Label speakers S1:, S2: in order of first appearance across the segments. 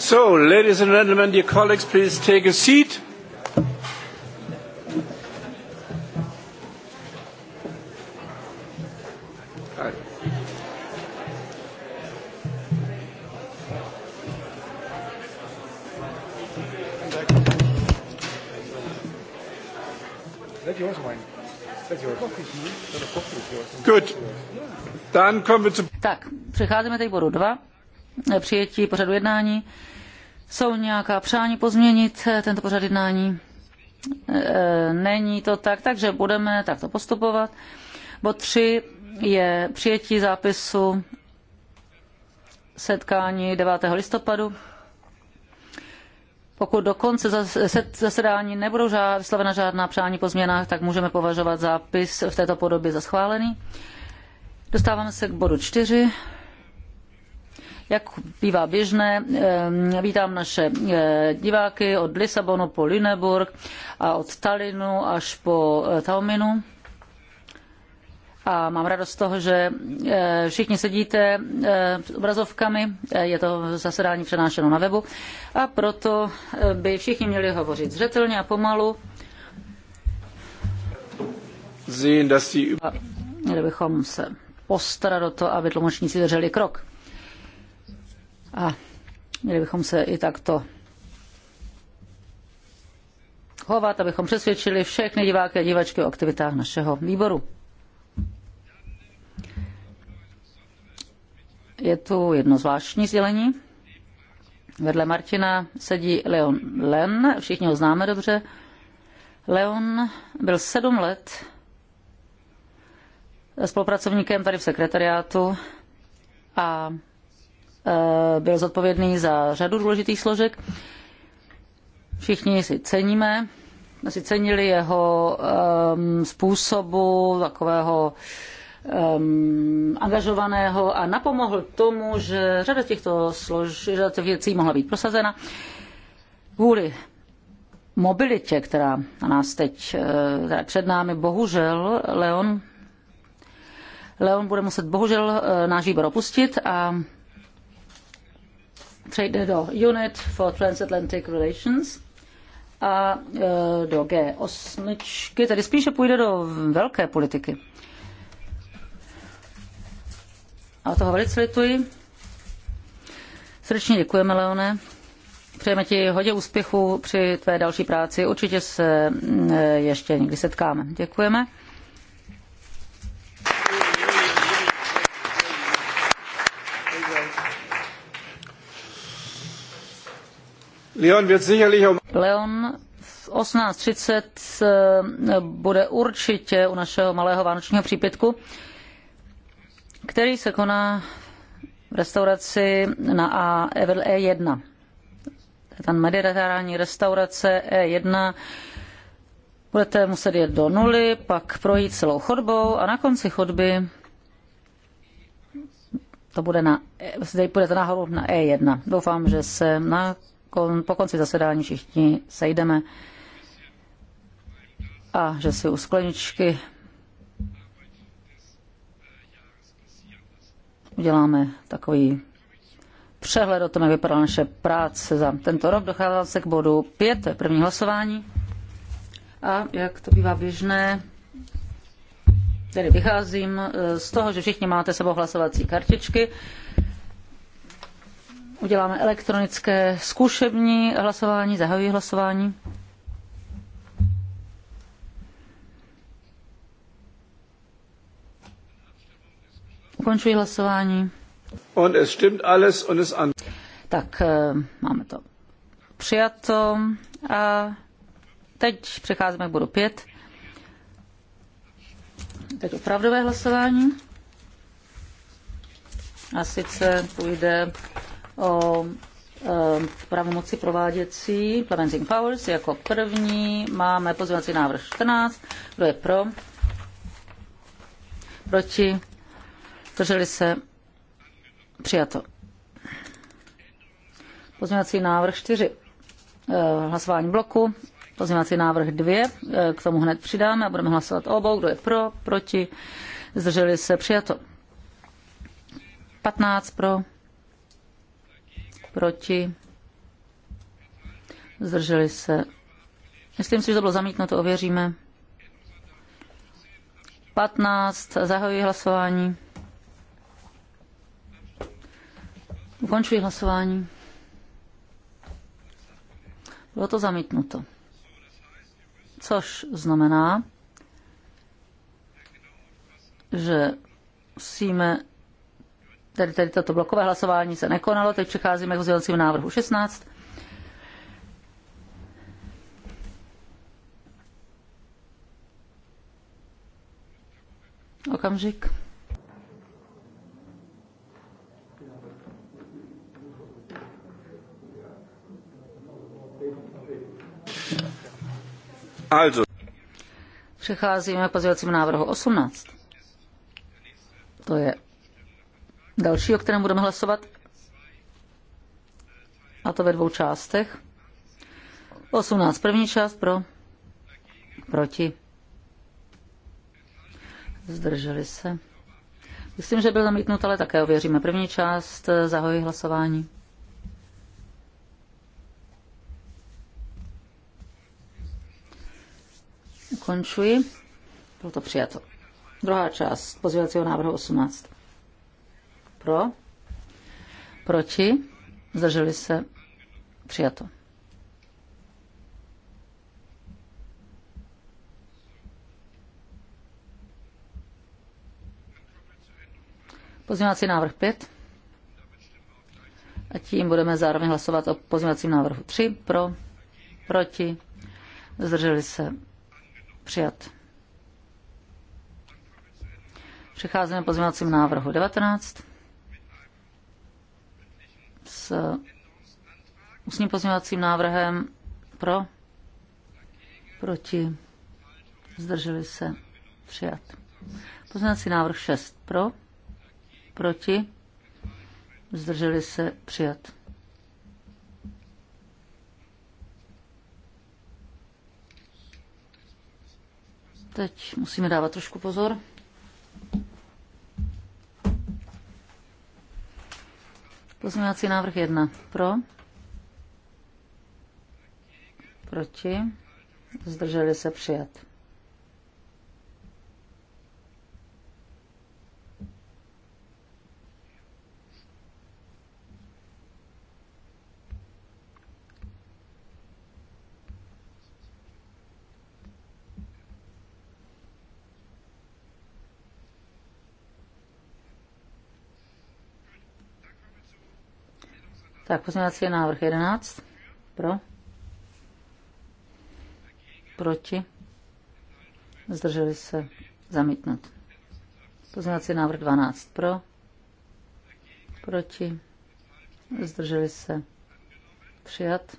S1: So, ladies and gentlemen, dear colleagues, please take a seat. Tak,
S2: přecházíme teď bodu 2, přijetí pořadu jednání. Jsou nějaká přání pozměnit tento pořad jednání? E, není to tak, takže budeme takto postupovat. Bod 3 je přijetí zápisu setkání 9. listopadu. Pokud do konce zasedání nebudou vyslovena žádná přání po změnách, tak můžeme považovat zápis v této podobě za schválený. Dostáváme se k bodu 4. Jak bývá běžné, eh, vítám naše eh, diváky od Lisabonu po Lüneburg a od Talinu až po eh, Tauminu a mám radost z toho, že všichni sedíte s obrazovkami, je to zasedání přenášeno na webu a proto by všichni měli hovořit zřetelně a pomalu. Měli bychom se postarat o to, aby tlumočníci drželi krok. A měli bychom se i takto chovat, abychom přesvědčili všechny diváky a divačky o aktivitách našeho výboru. Je tu jedno zvláštní sdělení. Vedle Martina sedí Leon Len, všichni ho známe dobře. Leon byl sedm let spolupracovníkem tady v sekretariátu a Eh, byl zodpovědný za řadu důležitých složek. Všichni si ceníme, si cenili jeho ehm, způsobu takového um, angažovaného a napomohl tomu, že řada těchto slož, řada těch věcí mohla být prosazena. Kvůli mobilitě, která na nás teď eh, teda před námi, bohužel Leon Leon bude muset bohužel eh, náš výbor opustit a přejde do Unit for Transatlantic Relations a e, do G8, tedy spíše půjde do velké politiky. A toho velice lituji. Srdečně děkujeme, Leone. Přejeme ti hodně úspěchů při tvé další práci. Určitě se e, ještě někdy setkáme. Děkujeme. Leon wird sicherlich um... Leon 18.30 eh, bude určitě u našeho malého vánočního přípitku, který se koná v restauraci na E1. E to je ta mediterální restaurace E1. Budete muset jet do nuly, pak projít celou chodbou a na konci chodby to bude na, e, zde půjdete nahoru na E1. Doufám, že se na po konci zasedání všichni sejdeme a že si u skleničky uděláme takový přehled o tom, jak vypadala naše práce za tento rok. Docházela se k bodu 5, první hlasování. A jak to bývá běžné, tedy vycházím eh, z toho, že všichni máte sebou hlasovací kartičky. Uděláme elektronické zkušební hlasování, zahajuji hlasování. Ukončuji hlasování.
S3: Und es stimmt alles und es an...
S2: Tak, eh, máme to přijato. A teď přecházíme k bodu 5. Teď opravdové hlasování. A sice půjde o e, pravomoci prováděcí, implementing powers, jako první máme pozvací návrh 14, kdo je pro, proti, drželi se, přijato. Pozvací návrh 4. E, hlasování bloku. pozvací návrh 2. E, k tomu hned přidáme a budeme hlasovat obou. Kdo je pro, proti, zdrželi se, přijato. 15 pro, proti, zdrželi se. Myslím si, že to bylo zamítnuto, ověříme. 15, zahajuji hlasování. Ukončuji hlasování. Bylo to zamítnuto. Což znamená, že musíme tedy, tedy toto blokové hlasování se nekonalo, teď přecházíme k pozdělacímu návrhu 16. Okamžik. Also. Přecházíme k pozdělacímu návrhu 18. To je další, o kterém budeme hlasovat, a to ve dvou částech. 18. První část pro, proti. Zdrželi se. Myslím, že byl zamítnut, ale také ověříme. První část, zahojí hlasování. Ukončuji. Bylo to přijato. Druhá část pozvěcího návrhu 18. Pro? Proti? Zdrželi se? Přijato. Pozměňovací návrh 5. A tím budeme zároveň hlasovat o pozměňovacím návrhu 3. Pro, proti, zdrželi se, přijat. Přicházíme k pozměňovacím návrhu 19 s ústním pozměňovacím návrhem pro, proti, zdrželi se, přijat. Pozměňovací návrh 6 pro, proti, zdrželi se, přijat. Teď musíme dávat trošku pozor. Pozměňovací návrh 1. Pro? Proti? Zdrželi se přijat. Tak pozměňovací návrh 11. Pro. Proti. Zdrželi se. zamítnout. Pozměňovací návrh 12. Pro. Proti. Zdrželi se. Přijat.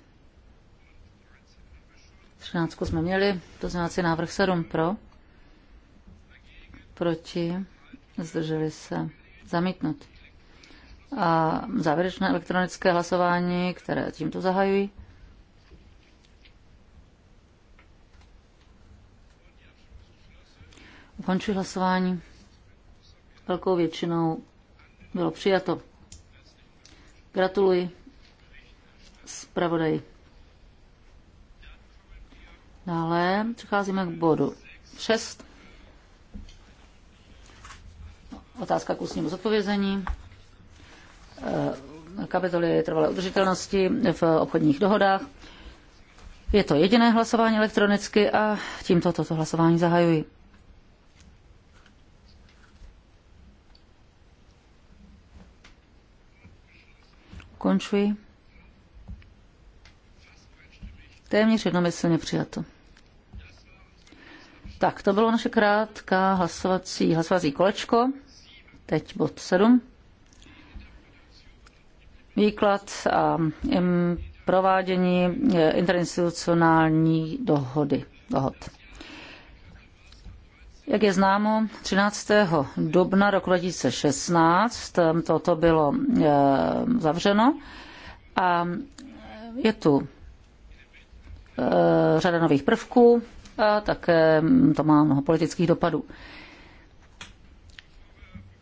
S2: 13 jsme měli. Pozměňovací návrh 7. Pro. Proti. Zdrželi se. zamítnout. A závěrečné elektronické hlasování, které tímto zahajují. Ukončuji hlasování. Velkou většinou bylo přijato. Gratuluji zpravodaji. Dále přicházíme k bodu 6. Otázka k ústnímu zodpovězení. Eh, kapitoly trvalé udržitelnosti v obchodních dohodách. Je to jediné hlasování elektronicky a tímto toto hlasování zahajuji. Končuji. Téměř jednomyslně přijato. Tak, to bylo naše krátká hlasovací, hlasovací kolečko. Teď bod 7 výklad a provádění eh, interinstitucionální dohody, dohod. Jak je známo, 13. dubna roku 2016 eh, toto bylo eh, zavřeno a je tu řada nových prvků a také mm, to má mnoho politických dopadů.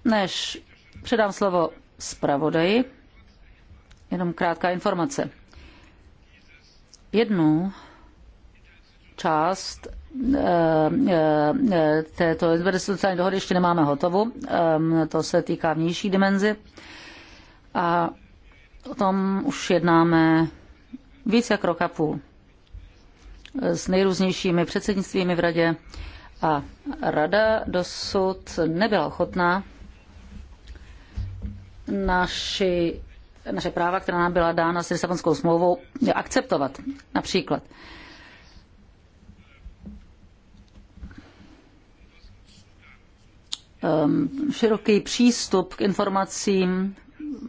S2: Než předám slovo zpravodaji, Jenom krátká informace. Jednu část eh, eh, této sociální dohody ještě nemáme hotovu. Ehm, to se týká vnější dimenzi. A o tom už jednáme více jak roka půl s nejrůznějšími předsednictvími v radě a rada dosud nebyla ochotná naši naše práva, která nám byla dána s Lisabonskou smlouvou, akceptovat. Například. Ehm, široký přístup k informacím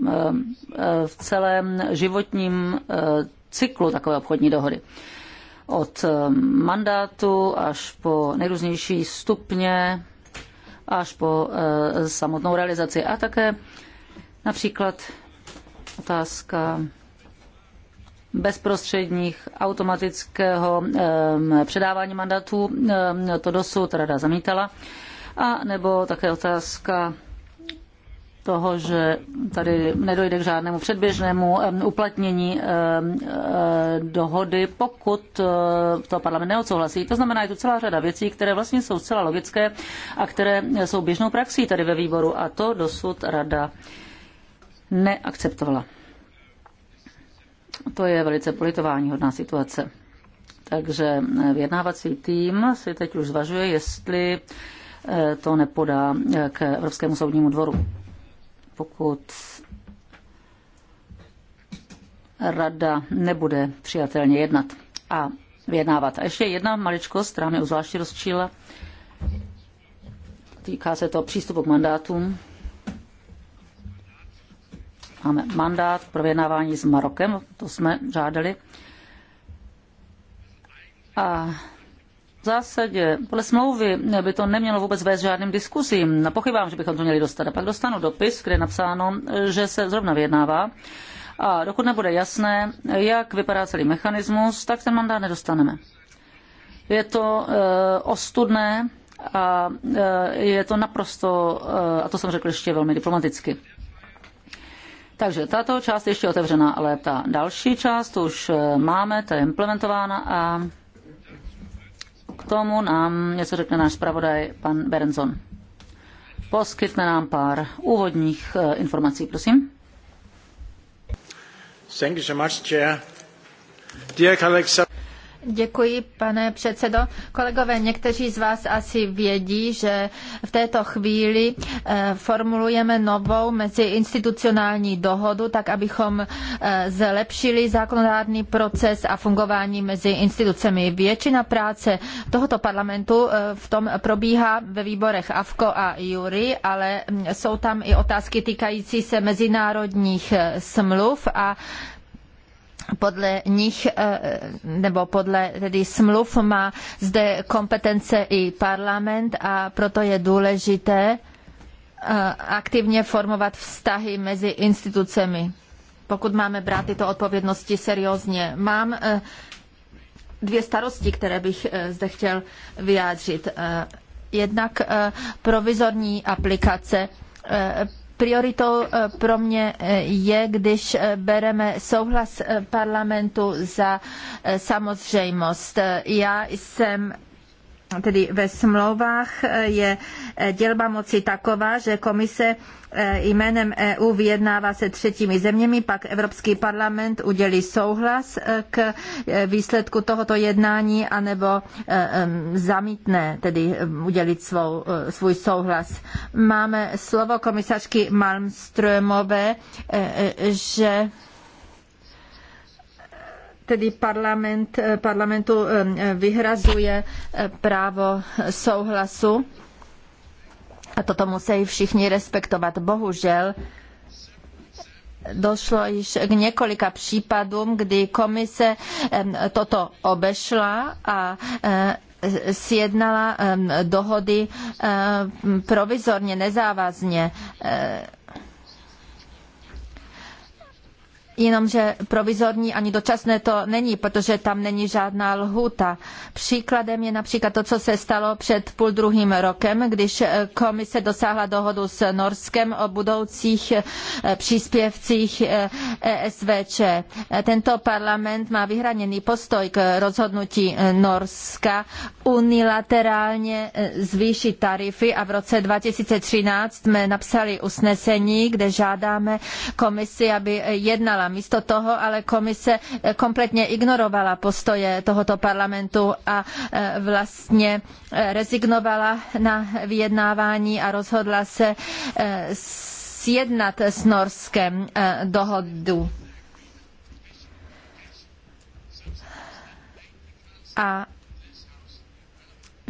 S2: ehm, ehm, v celém životním eh, cyklu takové obchodní dohody. Od mandátu až po nejrůznější stupně, až po eh, samotnou realizaci a také například otázka bezprostředních automatického předávání mandatů, to dosud rada zamítala, a nebo také otázka toho, že tady nedojde k žádnému předběžnému uplatnění eh, dohody, pokud eh, to parlament neodsouhlasí. To znamená, je tu celá řada věcí, které vlastně jsou zcela logické a které jsou běžnou praxí tady ve výboru a to dosud rada neakceptovala. To je velice politováníhodná situace. Takže eh, vyjednávací tým si teď už zvažuje, jestli eh, to nepodá eh, k Evropskému soudnímu dvoru. Pokud rada nebude přijatelně jednat a vyjednávat. A ještě jedna maličkost, která mě zvláště rozčíla. Týká se to přístupu k mandátům Máme mandát pro vyjednávání s Marokem, to jsme žádali. A v zásadě, podle smlouvy by to nemělo vůbec vést žádným diskuzím. No, pochybám, že bychom to měli dostat. A pak dostanu dopis, kde je napsáno, že se zrovna vyjednává. A dokud nebude jasné, jak vypadá celý mechanismus, tak ten mandát nedostaneme. Je to e, ostudné a e, je to naprosto, e, a to jsem řekl ještě velmi diplomaticky, takže tato část ještě otevřená, ale ta další část už eh, máme, ta je implementována a k tomu nám něco řekne náš zpravodaj, pan Berenson. Poskytne nám pár úvodních eh, informací, prosím.
S1: Thank you so much, Chair. Dear
S3: colleagues, Děkuji, pane předsedo. Kolegové, někteří z vás asi vědí, že v této chvíli eh, formulujeme novou meziinstitucionální dohodu, tak abychom eh, zlepšili zákonodárný proces a fungování mezi institucemi. Většina práce tohoto parlamentu eh, v tom probíhá ve výborech AFKO a Jury, ale mm, jsou tam i otázky týkající se mezinárodních smluv a podle nich eh, nebo podle tedy smluv má zde kompetence i parlament a proto je důležité eh, aktivně formovat vztahy mezi institucemi. Pokud máme brát tyto odpovědnosti seriózně, mám eh, dvě starosti, které bych zde chtěl vyjádřit. Jednak provizorní aplikace Prioritou eh, pro mě eh, je, když eh, bereme souhlas parlamentu za samozřejmost. Já jsem tedy ve smlouvách eh, je eh, dělba moci taková, že komise eh, jménem EU vyjednává se třetími zeměmi, pak Evropský parlament udělí souhlas k výsledku tohoto jednání, anebo zamítne, tedy udělit svou, svůj souhlas. Máme slovo komisařky Malmströmové, že tedy parlament, eh, parlamentu eh, vyhrazuje eh, právo souhlasu a toto musí všichni respektovat. Bohužel došlo již k několika případům, kdy komise toto obešla a sjednala dohody provizorně, nezávazně jenomže provizorní ani dočasné to není, protože tam není žádná lhůta. Příkladem je například to, co se stalo před půl druhým rokem, když eh, komise dosáhla dohodu s Norskem o budoucích eh, příspěvcích ESVČ. Eh, e tento parlament má vyhraněný postoj k rozhodnutí Norska unilaterálně eh, zvýšit tarify a v roce 2013 jsme napsali usnesení, kde žádáme komisi, aby eh, jednala. Místo toho ale komise eh, kompletně ignorovala postoje tohoto parlamentu a vlastně rezignovala na vyjednávání a rozhodla se sjednat s Norskem dohodu. A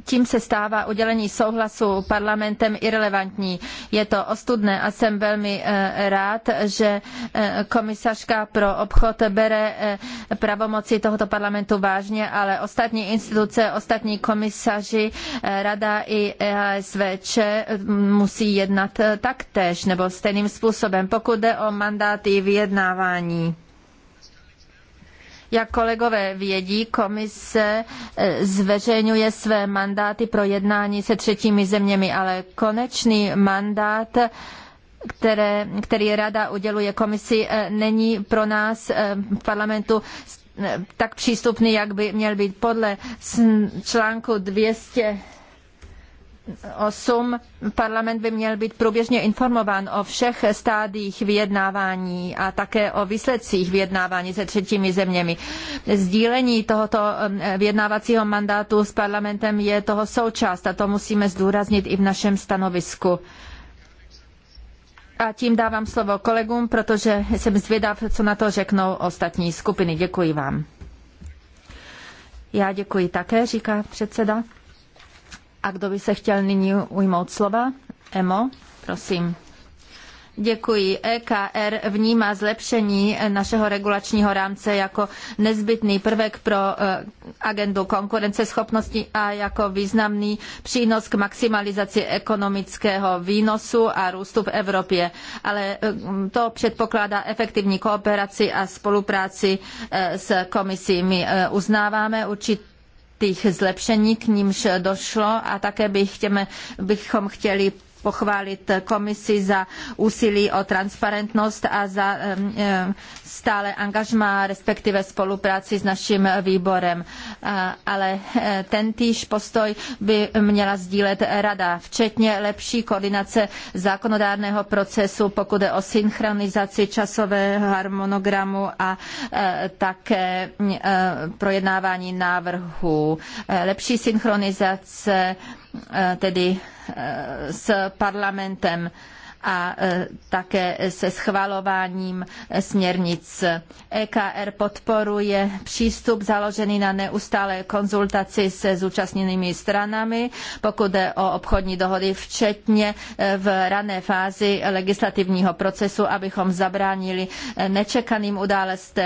S3: tím se stává udělení souhlasu parlamentem irrelevantní. Je to ostudné a jsem velmi eh, rád, že eh, komisařka pro obchod bere eh, pravomoci tohoto parlamentu vážně, ale ostatní instituce, ostatní komisaři, rada i EASVČ mm, musí jednat taktéž nebo stejným způsobem, pokud jde o mandáty vyjednávání. Jak kolegové vědí, komise eh, zveřejňuje své mandáty pro jednání se třetími zeměmi, ale konečný mandát které, který rada uděluje komisi, eh, není pro nás eh, v parlamentu tak přístupný, jak by měl být. Podle článku 200 8 parlament by měl být průběžně informován o všech stádiích vyjednávání a také o výsledcích vyjednávání se třetími zeměmi. Sdílení tohoto vyjednávacího mandátu s parlamentem je toho součást a to musíme zdůraznit i v našem stanovisku. A tím dávám slovo kolegům, protože jsem zvědav, co na to řeknou ostatní skupiny. Děkuji vám. Já děkuji také, říká předseda. A kdo by se chtěl nyní ujmout slova? Emo, prosím. Děkuji. EKR vnímá zlepšení našeho regulačního rámce jako nezbytný prvek pro e, agendu konkurenceschopnosti a jako významný přínos k maximalizaci ekonomického výnosu a růstu v Evropě. Ale e, to předpokládá efektivní kooperaci a spolupráci e, s komisí. My uznáváme určitě těch zlepšení, k nímž došlo a také bych chtěme, bychom chtěli pochválit komisi za úsilí o transparentnost a za stále angažmá, respektive spolupráci s naším výborem. Ale e, ten týž postoj by měla sdílet rada, včetně lepší koordinace zákonodárného procesu, pokud je o synchronizaci časového harmonogramu a e, také e, projednávání návrhů. Lepší synchronizace tedy s parlamentem a e, také se schvalováním směrnic. EKR podporuje přístup založený na neustálé konzultaci se zúčastněnými stranami, pokud jde o obchodní dohody, včetně e, v rané fázi legislativního procesu, abychom zabránili e, nečekaným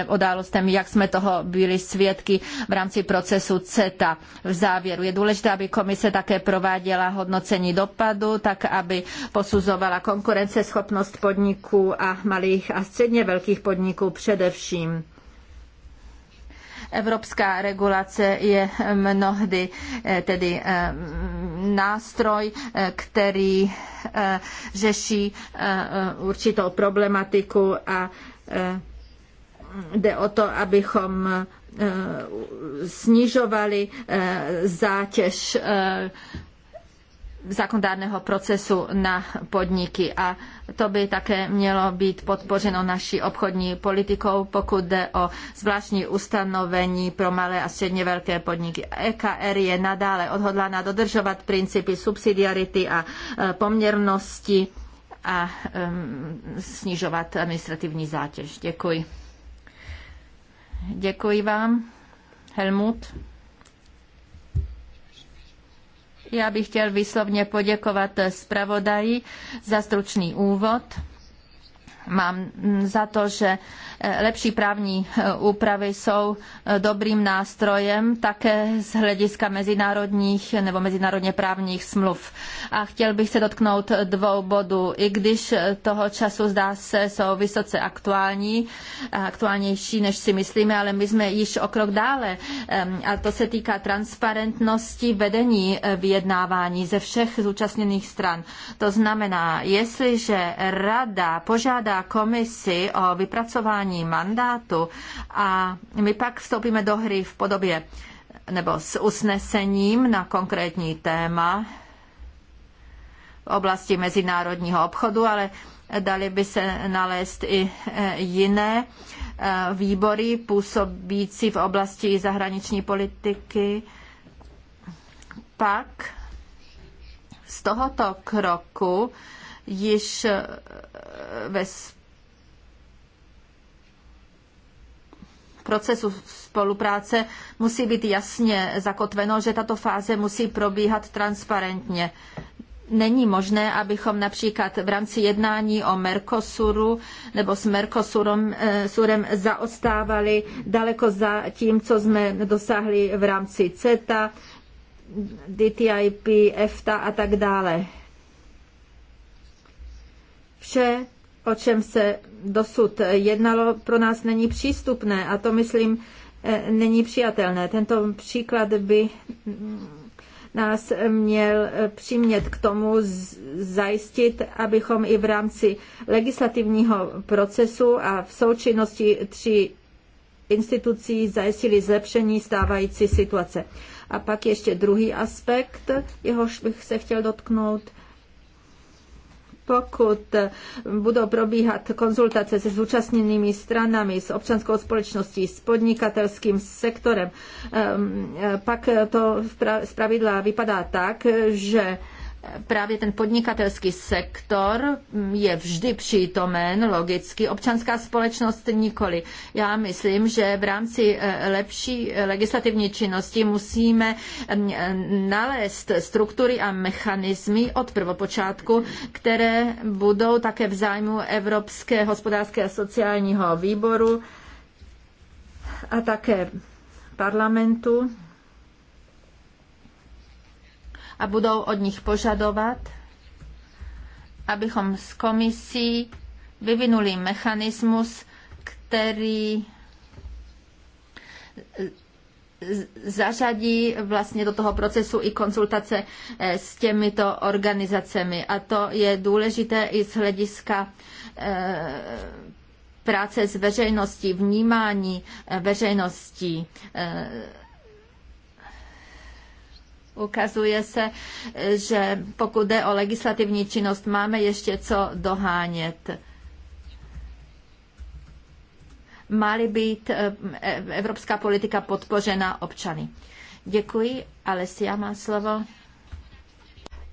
S3: událostem, jak jsme toho byli svědky v rámci procesu CETA. V závěru je důležité, aby komise také prováděla hodnocení dopadu, tak aby posuzovala konkurenci konkurenceschopnost podniků a malých a středně velkých podniků především evropská regulace je mnohdy eh, tedy eh, nástroj, eh, který řeší určitou problematiku a jde o to, abychom snižovali zátěž zákonodárného procesu na podniky a to by také mělo být podpořeno naší obchodní politikou, pokud jde o zvláštní ustanovení pro malé a středně velké podniky. EKR je nadále odhodlána dodržovat principy subsidiarity a e, poměrnosti a e, snižovat administrativní zátěž. Děkuji. Děkuji vám. Helmut. Já bych chtěl výslovně poděkovat zpravodaji za stručný úvod. Mám za to, že eh, lepší právní eh, úpravy jsou eh, dobrým nástrojem také z hlediska mezinárodních nebo mezinárodně právních smluv. A chtěl bych se dotknout dvou bodů, i když toho času zdá se, jsou vysoce aktuální, aktuálnější, než si myslíme, ale my jsme již o krok dále. A to se týká transparentnosti vedení vyjednávání ze všech zúčastněných stran. To znamená, jestliže rada požádá předseda komisi o vypracování mandátu a my pak vstoupíme do hry v podobě nebo s usnesením na konkrétní téma v oblasti mezinárodního obchodu, ale dali by se nalézt i e, jiné e, výbory působící v oblasti zahraniční politiky. Pak z tohoto kroku již e, ve procesu spolupráce musí být jasně zakotveno, že tato fáze musí probíhat transparentně. Není možné, abychom například v rámci jednání o Mercosuru nebo s Mercosurem eh, surem zaostávali daleko za tím, co jsme dosáhli v rámci CETA, DTIP, EFTA a tak dále. Vše o čem se dosud jednalo, pro nás není přístupné a to, myslím, eh, není přijatelné. Tento příklad by mm, nás měl eh, přimět k tomu zajistit, abychom i v rámci legislativního procesu a v součinnosti tři institucí zajistili zlepšení stávající situace. A pak ještě druhý aspekt, jehož bych se chtěl dotknout pokud eh, budou probíhat konzultace se zúčastněnými stranami, s občanskou společností, s podnikatelským sektorem, ehm, eh, pak to zpravidla vypadá tak, že právě ten podnikatelský sektor je vždy přítomen, logicky, občanská společnost nikoli. Já myslím, že v rámci eh, lepší eh, legislativní činnosti musíme mm, eh, nalézt struktury a mechanismy od prvopočátku, které budou také v zájmu Evropské hospodářské a sociálního výboru a také parlamentu a budou od nich požadovat, abychom s komisí vyvinuli mechanismus, který zařadí vlastně do toho procesu i konzultace eh, s těmito organizacemi. A to je důležité i z hlediska eh, práce s veřejností, vnímání eh, veřejností Ukazuje se, že pokud jde o legislativní činnost, máme ještě co dohánět. Máli být eh, eh, evropská politika podpořena občany. Děkuji, Alessia má slovo.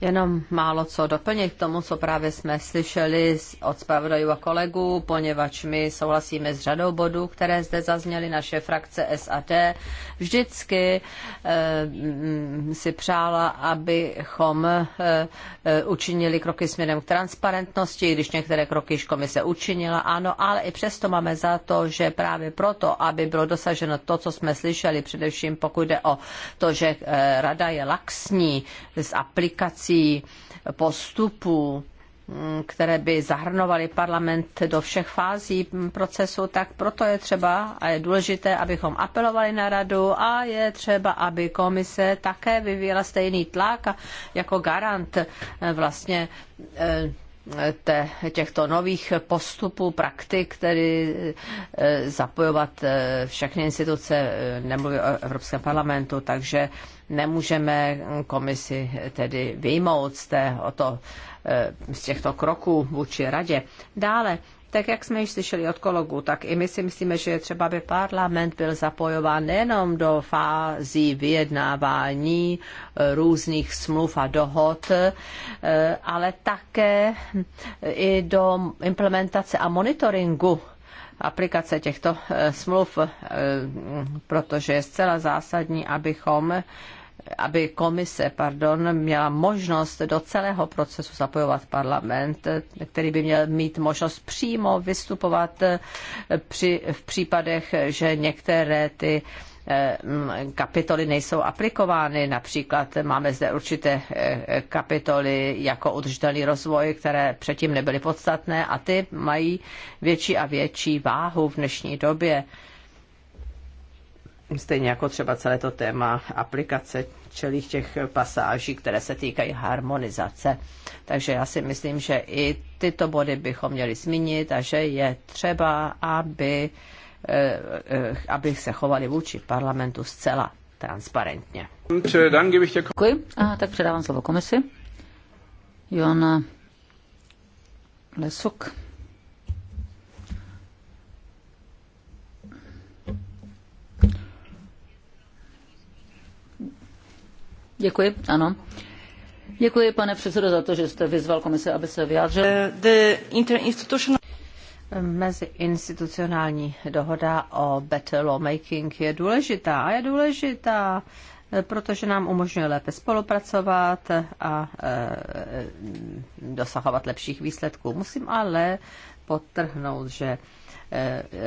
S3: Jenom
S1: málo co doplnit k tomu, co právě jsme slyšeli od zpravodajů a kolegů, poněvadž my souhlasíme s řadou bodů, které zde zazněly naše frakce SAD. Vždycky eh, mm, si přála, abychom eh, eh, učinili kroky směrem k transparentnosti, když některé kroky již komise učinila, ano, ale i přesto máme za to, že právě proto, aby bylo dosaženo to, co jsme slyšeli, především pokud jde o to, že eh, rada je laxní s aplikací pomocí postupů, mm, které by zahrnovaly parlament do všech fází mm, procesu, tak proto je třeba a je důležité, abychom apelovali na radu a je třeba, aby komise také vyvíjela stejný tlak jako garant eh, vlastně eh, te, těchto nových postupů, praktik, tedy eh, zapojovat všechny instituce, nemluvím o Evropském parlamentu, takže nemůžeme komisi tedy vyjmout z, té, o to, eh, z těchto kroků vůči radě. Dále, tak jak jsme již slyšeli od kolegů, tak i my si myslíme, že je třeba, aby parlament byl zapojován nejenom do fází vyjednávání eh, různých smluv a dohod, eh, ale také i do implementace a monitoringu aplikace těchto smluv, protože je zcela zásadní, abychom aby komise pardon, měla možnost do celého procesu zapojovat parlament, který by měl mít možnost přímo vystupovat eh, při, v případech, že některé ty eh, mm, kapitoly nejsou aplikovány. Například máme zde určité eh, kapitoly jako udržitelný rozvoj, které předtím nebyly podstatné a ty mají větší a větší váhu v dnešní době. Stejně jako třeba celé to téma aplikace čelých těch pasáží, které se týkají harmonizace. Takže já si myslím, že i tyto body bychom měli zmínit a že je třeba, aby, eh, eh, aby se chovali vůči parlamentu zcela transparentně. Děkuji. A tak předávám slovo komisi.
S2: Jona Lesuk. Děkuji, ano. Děkuji, pane předsedo,
S1: za to, že jste vyzval komise, aby se vyjádřil. Eh, the interinstitutional... Meziinstitucionální dohoda o better lawmaking je důležitá a je důležitá, eh, protože nám umožňuje lépe spolupracovat a eh, dosahovat lepších výsledků. Musím ale podtrhnout, že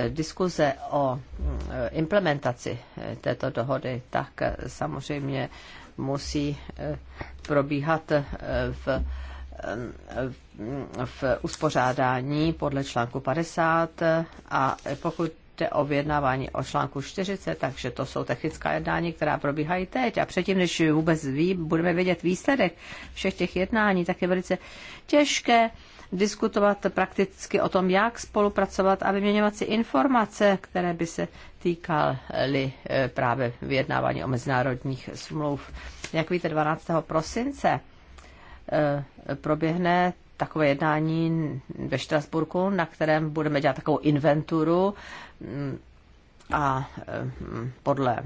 S1: diskuze o mm, implementaci této dohody, tak samozřejmě musí eh, probíhat eh, eh, v, v uspořádání podle článku 50 a pokud jde o vyjednávání o článku 40, takže to jsou technická jednání, která probíhají teď. A předtím, než vůbec ví, budeme vědět výsledek všech těch jednání, tak je velice těžké diskutovat prakticky o tom, jak spolupracovat a vyměňovat si informace, které by se týkaly eh, právě vyjednávání o mezinárodních smluv. Jak víte, 12. prosince eh, proběhne takové jednání ve Štrasburku, na kterém budeme dělat takovou inventuru mm, a eh, mm, podle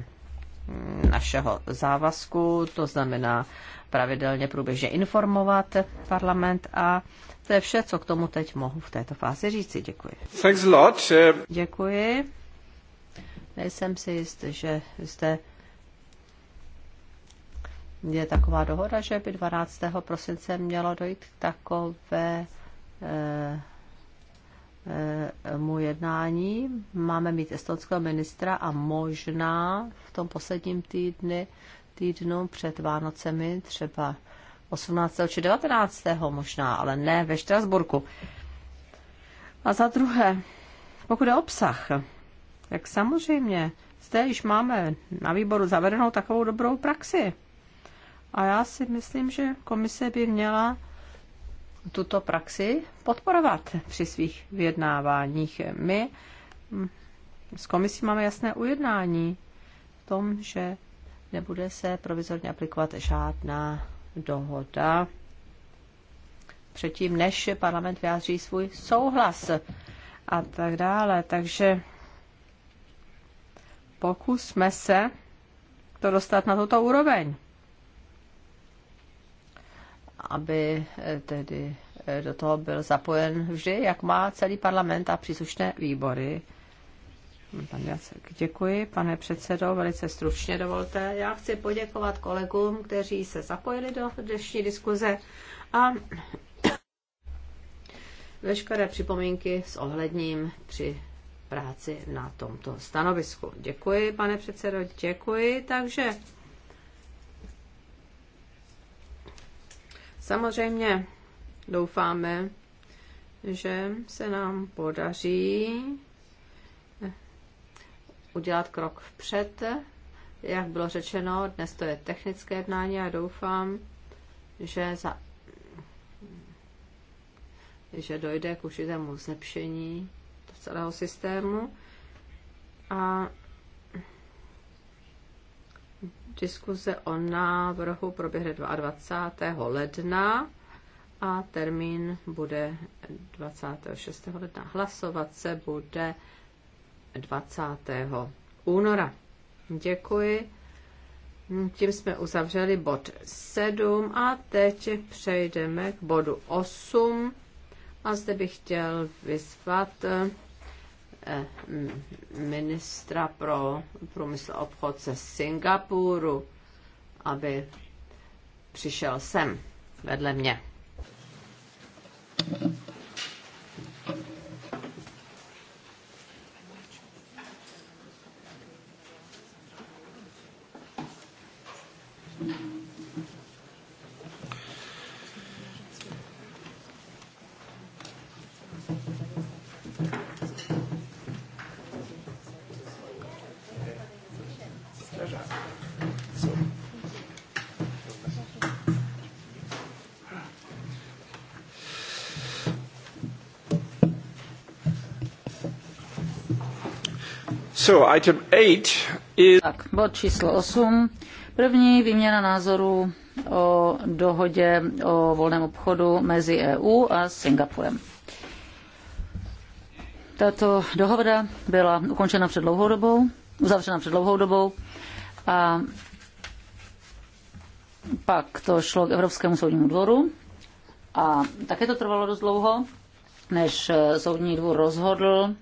S1: našeho závazku, to znamená pravidelně průběžně informovat parlament a to je vše, co k tomu teď mohu v této fázi říci. Děkuji. Thanks a lot. Eh. Děkuji. Nejsem si jist, že jste je taková dohoda, že by 12. prosince mělo dojít k takové eh, Eh, mu jednání. Máme mít estonského ministra a možná v tom posledním týdny, týdnu před Vánocemi, třeba 18. či 19. možná, ale ne ve Štrasburku. A za druhé, pokud je obsah, tak samozřejmě zde již máme na výboru zavedenou takovou dobrou praxi. A já si myslím, že komise by měla tuto praxi podporovat při svých vyjednáváních. My mm, s komisí máme jasné ujednání v tom, že nebude se provizorně aplikovat žádná dohoda předtím, než parlament vyjádří svůj souhlas a tak dále. Takže pokusme se to dostat na tuto úroveň aby eh, tedy eh, do toho byl zapojen vždy, jak má celý parlament a příslušné výbory. Pan Jacek, děkuji, pane předsedo, velice stručně dovolte. Já chci poděkovat kolegům, kteří se zapojili do dnešní diskuze a veškeré připomínky s ohledním při práci na tomto stanovisku. Děkuji, pane předsedo, děkuji. Takže Samozřejmě doufáme, že se nám podaří eh, udělat krok vpřed. Jak bylo řečeno, dnes to je technické jednání a doufám, že, za, že dojde k určitému zlepšení celého systému. A Diskuze o návrhu proběhne 22. ledna a termín bude 26. ledna. Hlasovat se bude 20. února. Děkuji. Tím jsme uzavřeli bod 7 a teď přejdeme k bodu 8. A zde bych chtěl vyzvat Eh, ministra pro průmysl obchod ze Singapuru, aby přišel sem vedle mě. So, item eight is... Tak, bod číslo
S2: 8. První výměna názoru o dohodě o volném obchodu mezi EU a Singapurem. Tato dohoda byla ukončena před dlouhou dobou, uzavřena před dlouhou dobou a pak to šlo k Evropskému soudnímu dvoru a také to trvalo dost dlouho, než soudní dvůr rozhodl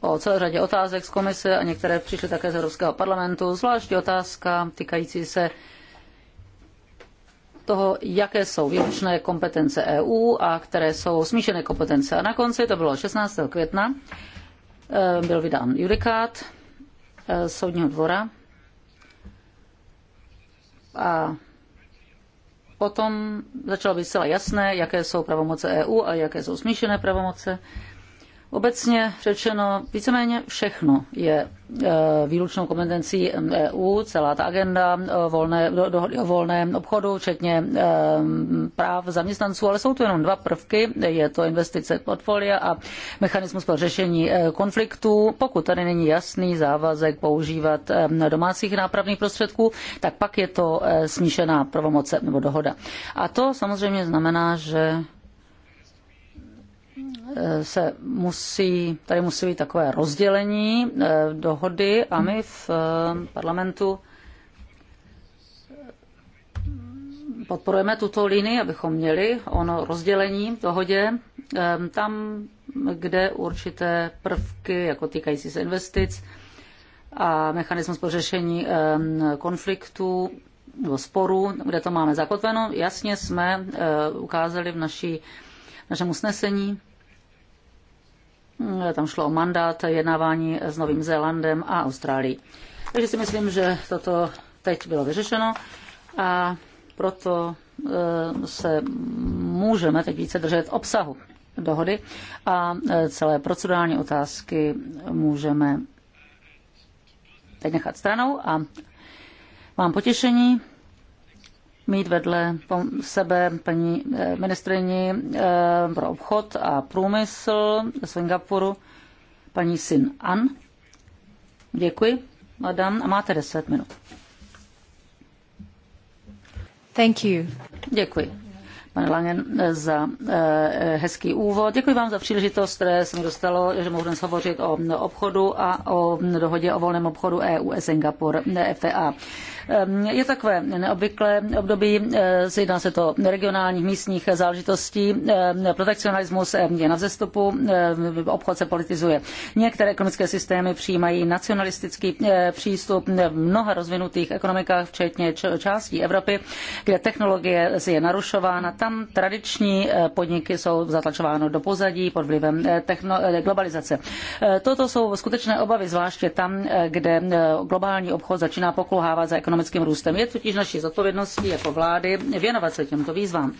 S2: o celé řadě otázek z komise a některé přišly také z Evropského parlamentu, zvláště otázka týkající se toho, jaké jsou výlučné kompetence EU a které jsou smíšené kompetence. A na konci, to bylo 16. května, eh, byl vydán judikát eh, soudního dvora a potom začalo být zcela jasné, jaké jsou pravomoce EU a jaké jsou smíšené pravomoce. Obecně řečeno, víceméně všechno je e, výlučnou kompetencí EU, celá ta agenda e, volné, dohody o volném obchodu, včetně e, práv zaměstnanců, ale jsou to jenom dva prvky, je to investice portfolia a mechanismus pro řešení konfliktů. Pokud tady není jasný závazek používat domácích nápravných prostředků, tak pak je to smíšená pravomoce nebo dohoda. A to samozřejmě znamená, že Eh, se musí, tady musí být takové rozdělení eh, dohody a my v eh, parlamentu podporujeme tuto linii, abychom měli ono rozdělení v dohodě tam, kde určité prvky, jako týkající se investic a mechanismus pro řešení konfliktů nebo sporů, kde to máme zakotveno, jasně jsme ukázali v naší, v našem usnesení, Eh, tam šlo o mandát jednávání s Novým Zélandem a Austrálií. Takže si myslím, že toto teď bylo vyřešeno a proto eh, se můžeme teď více držet obsahu dohody a eh, celé procedurální otázky můžeme teď nechat stranou a mám potěšení mít vedle sebe paní eh, ministrině eh, pro obchod a průmysl z Singapuru, paní Sin An. Děkuji, madam, a máte 10 minut. Thank you. Děkuji. Pane Langen, za eh, hezký úvod. Děkuji vám za příležitost, které jsem dostalo, že mohu dnes hovořit o obchodu a o dohodě o volném obchodu EU a Singapur FTA. Ehm, je takové neobvyklé období, eh, jedná se to regionálních místních záležitostí. Ehm, protekcionalismus ehm, je na vzestupu, obchod se politizuje. Některé ekonomické systémy přijímají nacionalistický eh, přístup v mnoha rozvinutých ekonomikách, včetně částí Evropy, kde technologie je narušována. Tam tradiční eh, podniky jsou zatlačovány do pozadí pod vlivem globalizace. Toto jsou skutečné obavy, zvláště tam, kde globální obchod začíná pokulhávat za ekonomickým ekonomickým růstem. Je totiž naší zodpovědností jako vlády věnovat se těmto výzvám.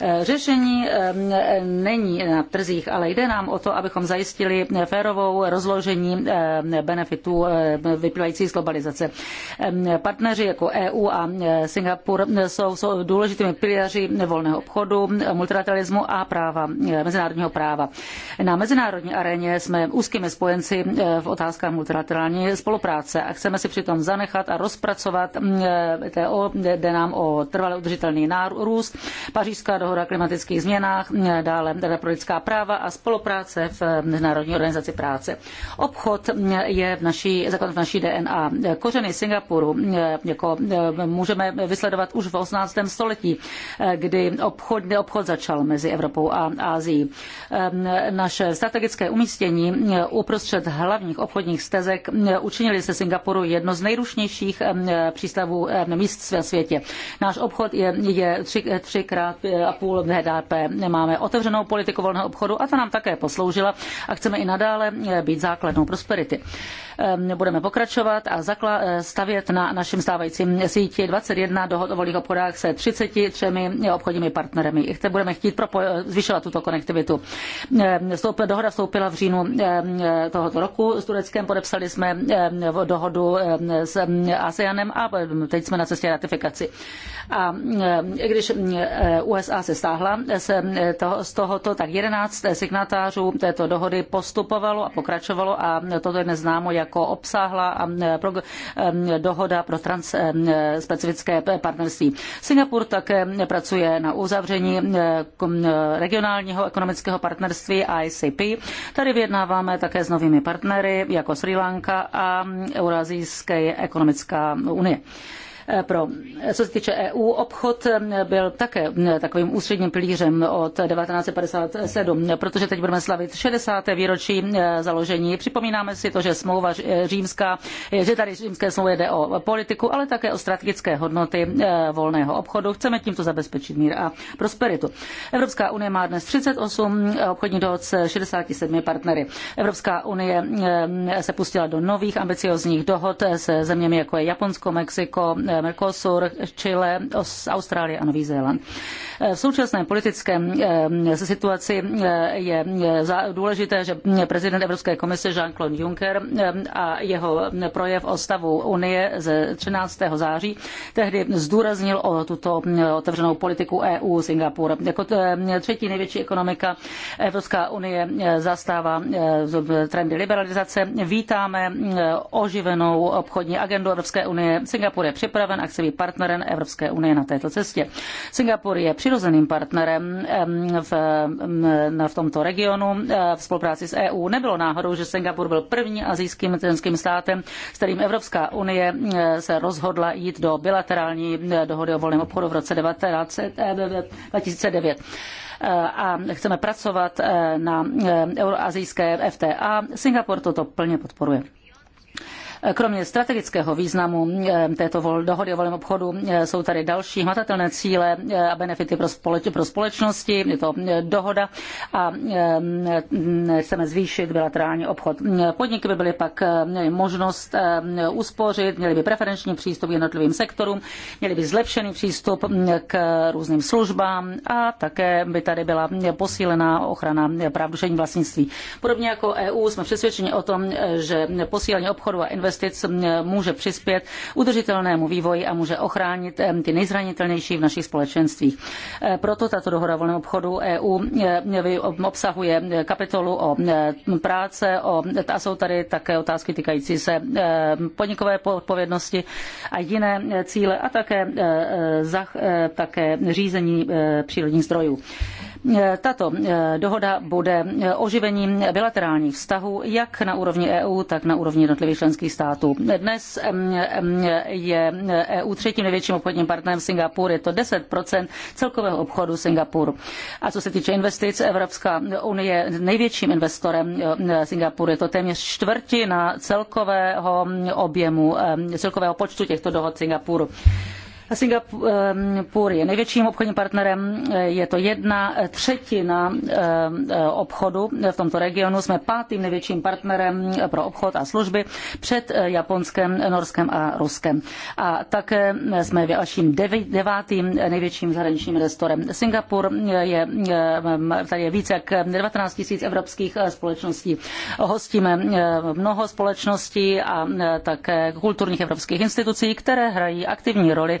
S2: Eh, řešení eh, není na trzích, ale jde nám o to, abychom zajistili férovou rozložení eh, benefitů vyplývající z globalizace. Partneři jako EU a Singapur jsou, jsou důležitými pilíři volného obchodu, multilateralismu a práva, mezinárodního práva. Na mezinárodní aréně jsme úzkými spojenci v otázkách multilaterální spolupráce a chceme si přitom zanechat a rozpracovat TO, jde nám o trvale udržitelný růst. Pařížská dohoda dohoda o klimatických změnách, dále Rada pro lidská práva a spolupráce v mezinárodní organizaci práce. Obchod je v naší, v naší DNA. Kořeny Singapuru jako můžeme vysledovat už v 18. století, kdy obchod, obchod začal mezi Evropou a Ázií. Naše strategické umístění uprostřed hlavních obchodních stezek učinili se Singapuru jedno z nejrušnějších přístavů eh, míst ve světě. Náš obchod je, je tři, třikrát a eh, 2,5 HDP. Máme otevřenou politiku volného obchodu a ta nám také posloužila a chceme i nadále být základnou prosperity. Ehm, budeme pokračovat a eh, stavět na našem stávajícím síti 21 dohod o volných obchodách se 33 obchodními partnery. Budeme chtít eh, zvyšovat tuto konektivitu. Ehm, dohoda vstoupila v říjnu ehm, eh, tohoto roku. S Tureckem podepsali jsme dohodu s ASEANem a teď jsme na cestě ratifikaci. A i když USA se stáhla z tohoto, tak 11 signatářů této dohody postupovalo a pokračovalo a toto je neznámo, jak jako obsáhla pro, dohoda pro trans, specifické partnerství. Singapur také pracuje na uzavření regionálního ekonomického partnerství ICP. Tady vyjednáváme také s novými partnery jako Sri Lanka a Eurazijské ekonomická unie. Eh, pro, eh, co se týče EU, obchod eh, byl také takovým ústředním pilířem od 1957, protože teď budeme slavit 60. výročí založení. Připomínáme si to, že smlouva římská, že tady římské smlouvě jde o politiku, ale také o strategické hodnoty volného obchodu. Chceme tímto zabezpečit mír a prosperitu. Evropská unie má dnes 38 obchodních dohod s 67 partnery. Evropská unie se pustila do nových ambiciozních dohod se zeměmi jako je Japonsko, Mexiko, Mercosur, Chile, Austrálie a Nový Zéland. Eh, v současné politické eh, situaci eh, je důležité, že prezident Evropské komise Jean-Claude Juncker a jeho projev o stavu Unie ze 13. září tehdy zdůraznil o tuto otevřenou politiku EU Singapur. Jako třetí největší ekonomika Evropská unie zastává trendy liberalizace. Vítáme oživenou obchodní agendu Evropské unie. Singapur je připraven připraven a chce být partnerem Evropské unie na této cestě. Singapur je přirozeným partnerem v, v tomto regionu eh, v spolupráci s EU. Nebylo náhodou, že Singapur byl první azijským členským státem, s kterým Evropská unie eh, se rozhodla jít do bilaterální eh, dohody o volném obchodu v roce 2009 a chceme pracovat na euroazijské FTA. Singapur toto plně podporuje. Kromě strategického významu eh, této dohody o volném obchodu eh, jsou tady další hmatatelné cíle eh, a benefity pro, společ- pro společnosti. Je to dohoda a mm, chceme zvýšit bilaterální obchod. Podniky by byly pak měly možnost uspořit, měly by preferenční přístup k jednotlivým sektorům, měly by zlepšený přístup mm, k různým službám a také by tady byla posílená ochrana práv duševní vlastnictví. Podobně jako EU jsme přesvědčeni o tom, že posílení obchodu a investic investic může přispět udržitelnému vývoji a může ochránit eh, ty nejzranitelnější v našich společenstvích. Eh, proto tato dohoda o volném obchodu EU eh, obsahuje kapitolu o práce o, a jsou tady také otázky týkající se podnikové odpovědnosti a jiné cíle a také, také řízení přírodních zdrojů. Eh, tato eh, dohoda bude eh, oživením bilaterálních vztahů jak na úrovni EU, tak na úrovni jednotlivých členských států. Dnes je EU e třetím největším obchodním partnerem Singapuru, je to 10 celkového obchodu Singapuru. A co se týče investic, Evropská unie je největším investorem Singapuru, je to téměř čtvrtina celkového objemu, celkového počtu těchto dohod Singapuru. Singapur eh, je největším obchodním partnerem, je to jedna třetina eh, eh, obchodu v tomto regionu. Jsme pátým největším partnerem pro obchod a služby před Japonskem, Norskem a Ruskem. A také jsme dalším devátým největším zahraničním investorem. Singapur je, tady je více jak 19 tisíc evropských společností. Hostíme mnoho společností a také kulturních evropských institucí, které hrají aktivní roli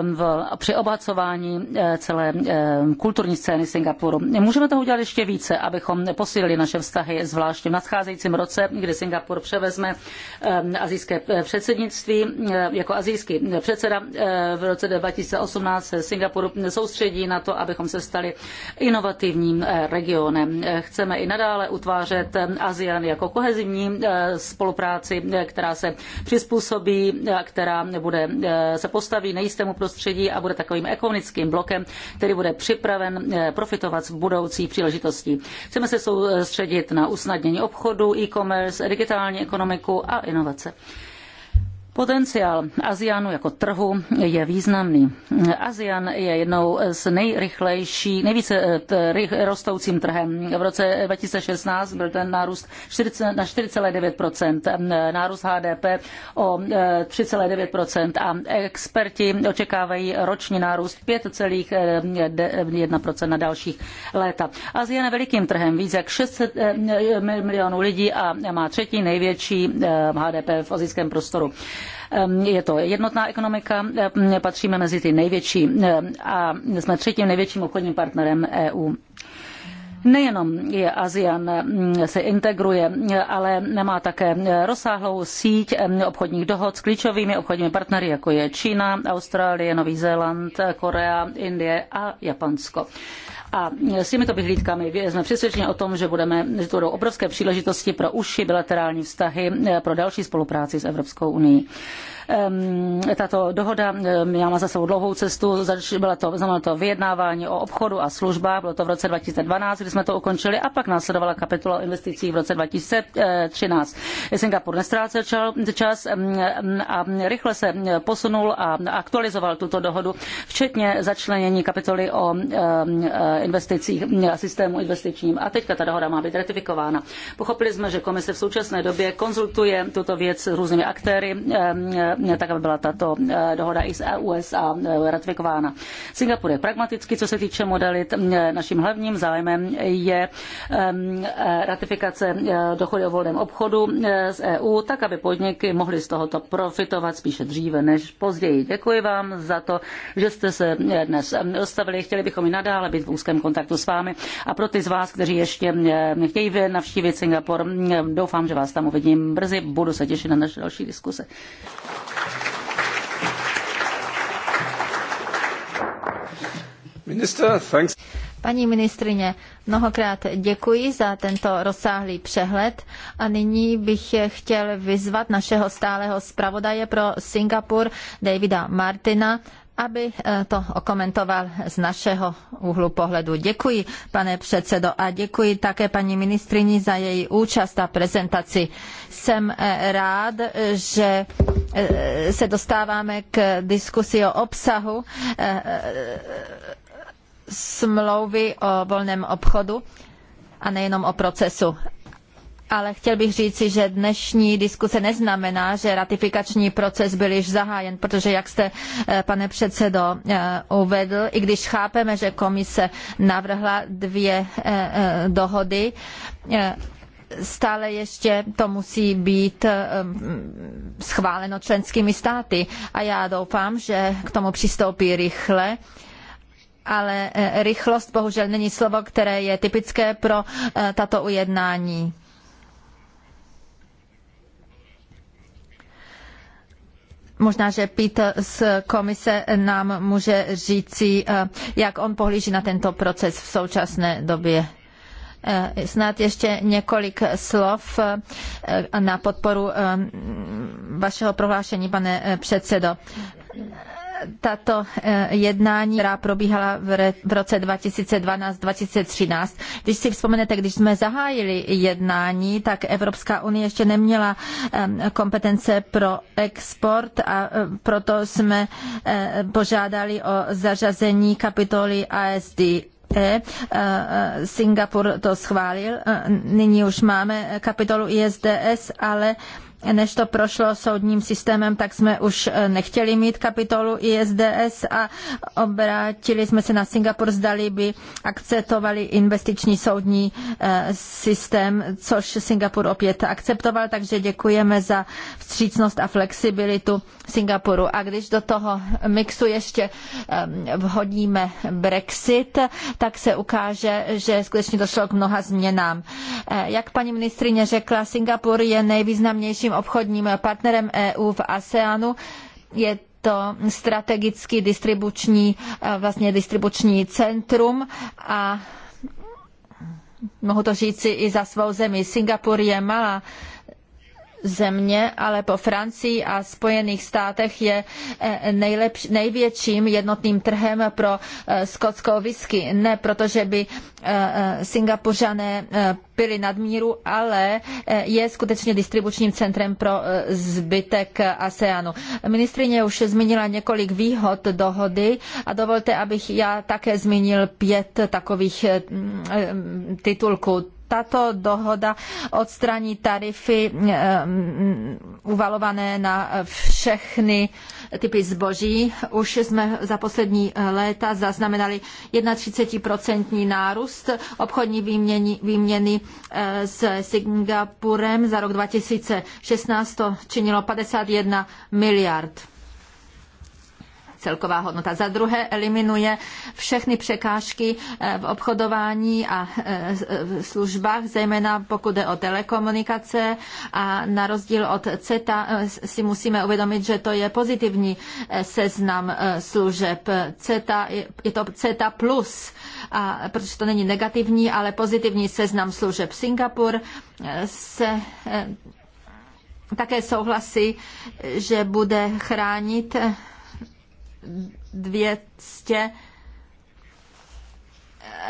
S2: Um, v, při obhacování eh, celé eh, kulturní scény Singapuru. Můžeme toho udělat ještě více, abychom posílili naše vztahy, zvláště v nadcházejícím roce, kdy Singapur převezme um, azijské eh, předsednictví. Jako azijský předseda v roce 2018 se Singapuru soustředí na to, abychom se stali inovativním regionem. Chceme i nadále utvářet ASEAN jako kohezivní spolupráci, která se přizpůsobí, která bude, se postaví nejisté systému prostředí a bude takovým ekonomickým blokem, který bude připraven eh, profitovat z budoucích příležitostí. Chceme se soustředit na usnadnění obchodu, e-commerce, digitální ekonomiku a inovace. Potenciál ASEANu jako trhu je významný. ASEAN je jednou z nejrychlejší, nejvíce eh, rostoucím trhem. V roce 2016 byl ten nárůst 40, na 4,9 eh, nárůst HDP o 3,9 eh, a experti očekávají roční nárůst 5,1 na dalších léta. ASEAN je velikým trhem, více jak 600 milionů lidí a má třetí největší HDP v azijském prostoru. Ehm, je to jednotná ekonomika, ehm, patříme mezi ty největší ehm, a jsme třetím největším obchodním partnerem EU. Nejenom je ASEAN se integruje, ale nemá také eh, rozsáhlou síť obchodních dohod s klíčovými obchodními partnery, jako je Čína, Austrálie, Nový Zéland, Korea, Indie a Japonsko. A s těmito vyhlídkami jsme přesvědčeni o tom, že, budeme, že to budou obrovské příležitosti pro užší bilaterální vztahy, eh, pro další spolupráci s Evropskou unii ehm, tato dohoda eh, měla za sebou dlouhou cestu, bylo to, znamenalo to vyjednávání o obchodu a službách, bylo to v roce 2012, kdy jsme to ukončili a pak následovala kapitola o investicích v roce 2013. Singapur nestrácel čas ehm, a rychle se eh, posunul a aktualizoval tuto dohodu, včetně začlenění kapitoly o ehm, investicích, mm, systému investičním. A teďka ta dohoda má být ratifikována. Pochopili jsme, že komise v současné době konzultuje tuto věc s různými aktéry, ehm, ehm, tak aby byla tato eh, dohoda i z e USA eh, ratifikována. Singapur je pragmatický, co se týče modalit. Mm, eh, naším hlavním zájmem je ehm, ratifikace dohody o volném obchodu z EU, tak aby podniky mohly z tohoto profitovat spíše dříve než později. Děkuji vám za to, že jste se dnes dostavili. Chtěli bychom i nadále být v úzké úzkém kontaktu s vámi. A pro ty z vás, kteří ještě eh, chtějí navštívit Singapur, eh, doufám, že vás tam uvidím brzy. Budu se těšit na naše další diskuse.
S1: Minister, thanks.
S3: Paní ministrině, mnohokrát děkuji za tento rozsáhlý přehled a nyní bych chtěl vyzvat našeho stálého zpravodaje pro Singapur Davida Martina, aby eh, to okomentoval z našeho úhlu pohledu. Děkuji, pane předsedo, a děkuji také paní ministrini za její účast a prezentaci. Jsem eh, rád, že eh, se dostáváme k diskusi o obsahu smlouvy o volném obchodu a nejenom o procesu ale chtěl bych říci, že dnešní diskuse neznamená, že ratifikační proces byl již zahájen, protože jak jste, eh, pane předsedo, eh, uvedl, i když chápeme, že komise navrhla dvě eh, dohody, stále ještě to musí být mm, schváleno členskými státy. A já doufám, že k tomu přistoupí rychle ale rychlost bohužel není slovo, které je typické pro tato ujednání. Možná, že Pete z komise nám může říci, eh, jak on pohlíží na tento proces v současné době. Eh, snad ještě několik slov eh, na podporu vašeho prohlášení, pane předsedo tato eh, jednání, která probíhala v roce 2012-2013. Když si vzpomenete, když jsme zahájili jednání, tak Evropská unie ještě neměla eh, kompetence pro export a eh, proto jsme požádali o zařazení kapitoly ASD e. Singapur to schválil. Nyní už máme kapitolu ISDS, ale než to prošlo soudním systémem, tak jsme už eh, nechtěli mít kapitolu ISDS a obrátili jsme se na Singapur, zdali by akceptovali investiční soudní eh, systém, což Singapur opět akceptoval, takže děkujeme za vstřícnost a flexibilitu Singapuru. A když do toho mixu ještě eh, vhodíme Brexit, tak se ukáže, že skutečně došlo k mnoha změnám. Jak paní ministrině řekla, Singapur je nejvýznamnějším největším obchodním partnerem EU v ASEANu. Je to strategický distribuční, eh, vlastně distribuční centrum a mohu to říci i za svou zemi. Singapur je malá země, ale po Francii a Spojených státech je eh, nejlepš, největším jednotným trhem pro eh, skotskou whisky. Ne proto, že by eh, Singapuřané pili nadmíru, ale je skutečně distribučním centrem pro zbytek ASEANu. Ministrině už zmínila několik výhod dohody a dovolte, abych já také zmínil pět takových titulků tato dohoda odstraní tarify eh, mm, uvalované na všechny typy zboží. Už jsme za poslední eh, léta zaznamenali 31% nárůst obchodní výměny, výměny eh, s Singapurem. Za rok 2016 to činilo 51 miliard celková hodnota. Za druhé eliminuje všechny překážky eh, v obchodování a eh, v službách, zejména pokud jde o telekomunikace a na rozdíl od CETA eh, si musíme uvědomit, že to je pozitivní seznam služeb. CETA, je to CETA plus, a, protože to není negativní, ale pozitivní seznam služeb. Singapur se také souhlasí, že bude chránit 200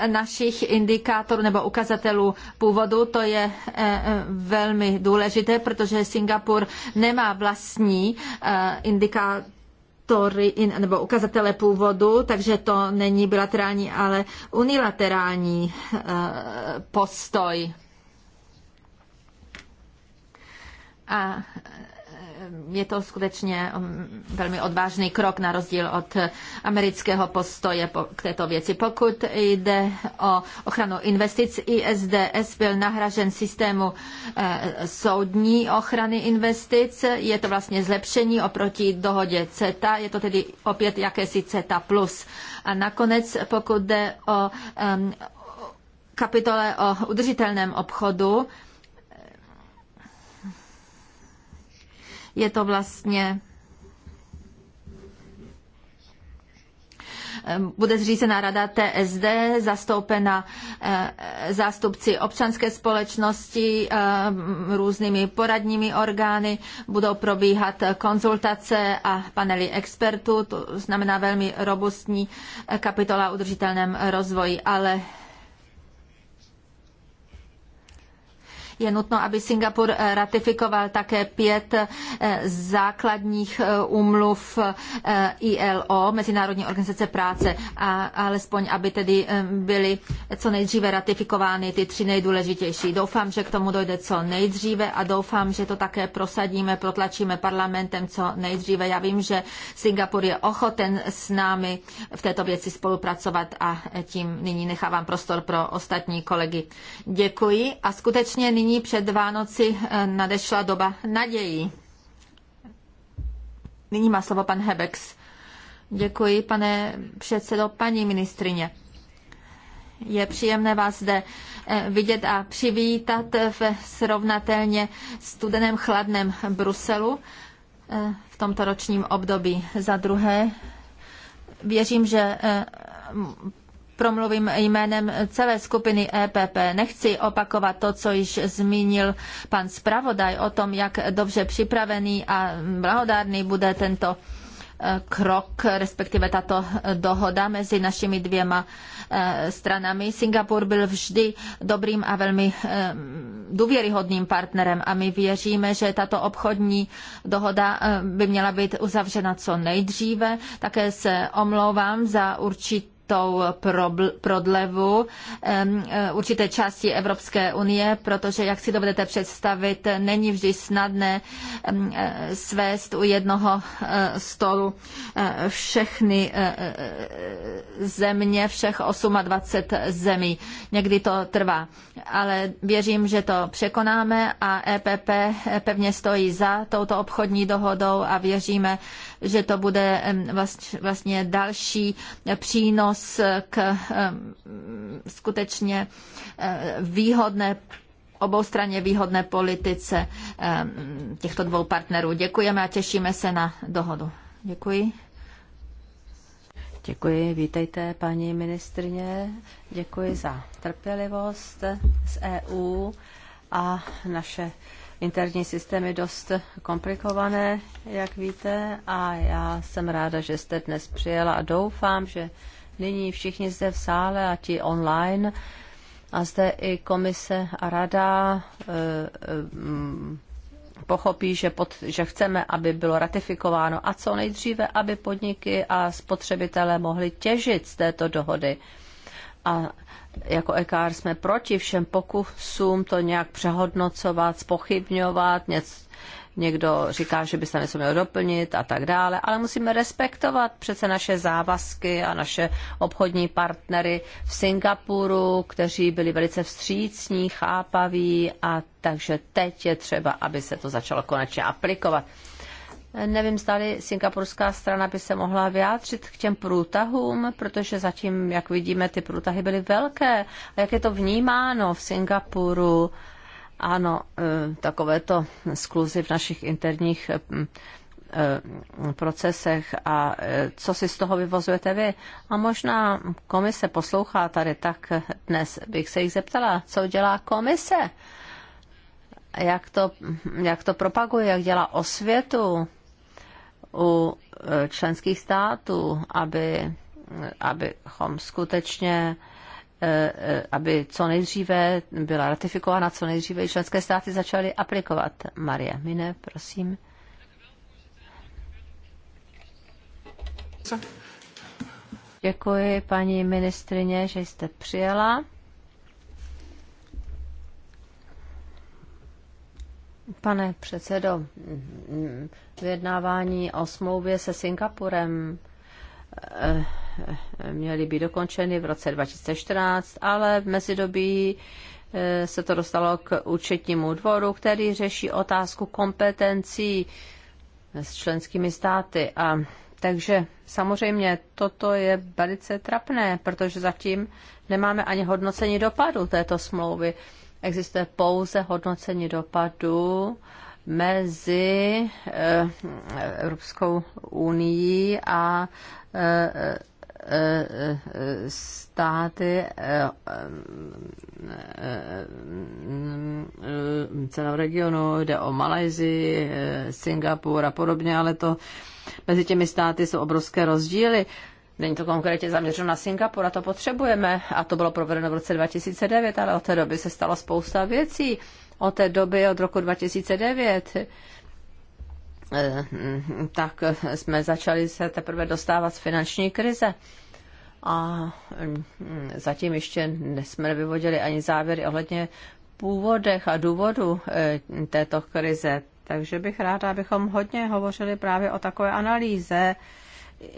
S3: našich indikátorů nebo ukazatelů původu. To je eh, velmi důležité, protože Singapur nemá vlastní eh, indikátor nebo ukazatele původu, takže to není bilaterální, ale unilaterální eh, postoj. A je to skutečně um, velmi odvážný krok na rozdíl od eh, amerického postoje k této věci. Pokud jde o ochranu investic, ISDS byl nahražen systému eh, soudní ochrany investic. Je to vlastně zlepšení oproti dohodě CETA, je to tedy opět jakési CETA+. plus. A nakonec, pokud jde o kapitole o udržitelném obchodu, Je to vlastně eh, bude zřízená rada TSD, zastoupena eh, zástupci občanské společnosti, eh, různými poradními orgány, budou probíhat konzultace a panely expertů, to znamená velmi robustní kapitola o udržitelném rozvoji, ale Je nutno, aby Singapur eh, ratifikoval také pět eh, základních eh, úmluv ILO, Mezinárodní organizace práce, a alespoň, aby tedy byly co nejdříve ratifikovány ty tři nejdůležitější. Doufám, že k tomu dojde co nejdříve a doufám, že to také prosadíme, protlačíme parlamentem co nejdříve. Já vím, že Singapur je ochoten s námi v této věci spolupracovat a tím nyní nechávám prostor pro ostatní kolegy. Děkuji a skutečně nyní nyní před Vánoci eh, nadešla doba naději. Nyní má slovo pan Hebex. Děkuji, pane předsedo, paní ministrině. Je příjemné vás zde eh, vidět a přivítat v srovnatelně studeném chladném Bruselu eh, v tomto ročním období. Za druhé, věřím, že promluvím jménem celé skupiny EPP. Nechci opakovat to, co již zmínil pan zpravodaj o tom, jak dobře připravený a blahodárný bude tento eh, krok, respektive tato dohoda mezi našimi dvěma eh, stranami. Singapur byl vždy dobrým a velmi eh, důvěryhodným partnerem a my věříme, že tato obchodní dohoda by měla být uzavřena co nejdříve. Také se omlouvám za určit určitou prodlevu eh, určité části Evropské unie, protože, jak si dovedete představit, není vždy snadné eh, svést u jednoho eh, stolu všechny země, všech 28 zemí. Někdy to trvá, ale věřím, že to překonáme a EPP pevně stojí za touto obchodní dohodou a věříme, že to bude vlastně další přínos k skutečně výhodné oboustranně výhodné politice těchto dvou partnerů. Děkujeme a těšíme se na dohodu. Děkuji.
S1: Děkuji, vítejte paní ministrně. děkuji za trpělivost z EU a naše interní systém je dost komplikované, jak víte, a já jsem ráda, že jste dnes přijela a doufám, že nyní všichni zde v sále a ti online a zde i komise a rada eh, eh, pochopí, že, pod, že chceme, aby bylo ratifikováno a co nejdříve, aby podniky a spotřebitelé mohli těžit z této dohody. A jako EKR jsme proti všem pokusům to nějak přehodnocovat, spochybňovat, něco, někdo říká, že by se něco mělo doplnit a tak dále, ale musíme respektovat přece naše závazky a naše obchodní partnery v Singapuru, kteří byli velice vstřícní, chápaví a takže teď je třeba, aby se to začalo konečně aplikovat. Nevím, zdali singapurská strana by se mohla vyjádřit k těm průtahům, protože zatím, jak vidíme, ty průtahy byly velké. A jak je to vnímáno v Singapuru? Ano, e, takové to skluzy v našich interních e, e, procesech a co si z toho vyvozujete vy. A možná komise poslouchá tady, tak dnes bych se jich zeptala, co dělá komise, jak to, jak to propaguje, jak dělá osvětu, u e, členských států, aby, abychom skutečně e, e, aby co nejdříve byla ratifikována, co nejdříve i členské státy začaly aplikovat. Maria Mine, prosím. Děkuji, paní ministrině, že jste přijela. Pane předsedo, vyjednávání o smlouvě se Singapurem eh, eh, měly být dokončeny v roce 2014, ale v mezidobí eh, se to dostalo k účetnímu dvoru, který řeší otázku kompetencí s členskými státy. A takže samozřejmě toto je velice trapné, protože zatím nemáme ani hodnocení dopadu této smlouvy. Existuje pouze hodnocení dopadu mezi eh, Evropskou unii a eh, eh, státy celého regionu, jde o Malajzii, Singapur a podobně, ale to mezi těmi státy jsou obrovské rozdíly. Není to konkrétně zaměřeno na Singapur a to potřebujeme. A to bylo provedeno v roce 2009, ale od té doby se stalo spousta věcí. Od té doby, od roku 2009, eh, tak jsme začali se teprve dostávat z finanční krize. A mm, zatím ještě jsme vyvodili ani závěry ohledně původech a důvodu eh, této krize. Takže bych ráda, abychom hodně hovořili právě o takové analýze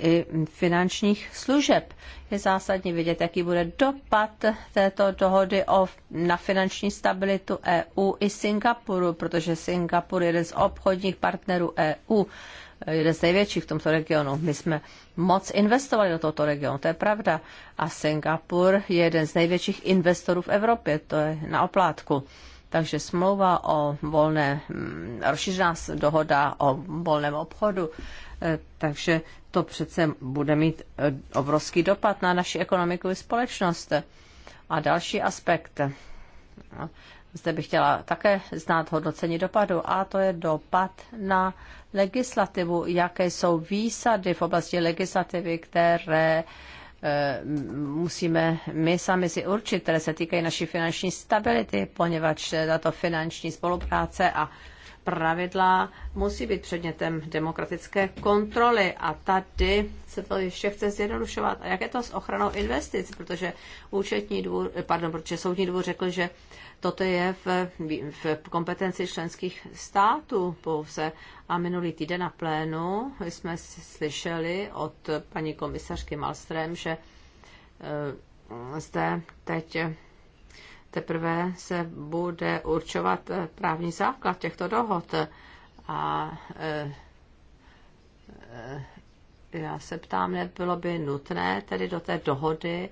S1: i finančních služeb. Je zásadně vidět, jaký bude dopad této dohody o, na finanční stabilitu EU i Singapuru, protože Singapur je jeden z obchodních partnerů EU, jeden z největších v tomto regionu. My jsme moc investovali do tohoto regionu, to je pravda. A Singapur je jeden z největších investorů v Evropě, to je na oplátku. Takže smlouva o volné, mm, rozšířená dohoda o volném obchodu, eh, takže to přece bude mít eh, obrovský dopad na naši ekonomiku i společnost. A další aspekt, zde bych chtěla také znát hodnocení dopadu, a to je dopad na legislativu. Jaké jsou výsady v oblasti legislativy, které musíme my sami si určit, které se týkají naší finanční stability, poněvadž tato finanční spolupráce a pravidla musí být předmětem demokratické kontroly a tady se to ještě chce zjednodušovat. A jak je to s ochranou investic? Protože účetní dvůr, pardon, protože soudní dvůr řekl, že toto je v, v kompetenci členských států pouze. A minulý týden na plénu jsme slyšeli od paní komisařky Malstrem, že eh, zde teď teprve se bude určovat eh, právní základ těchto dohod. A eh, já se ptám, nebylo by nutné tedy do té dohody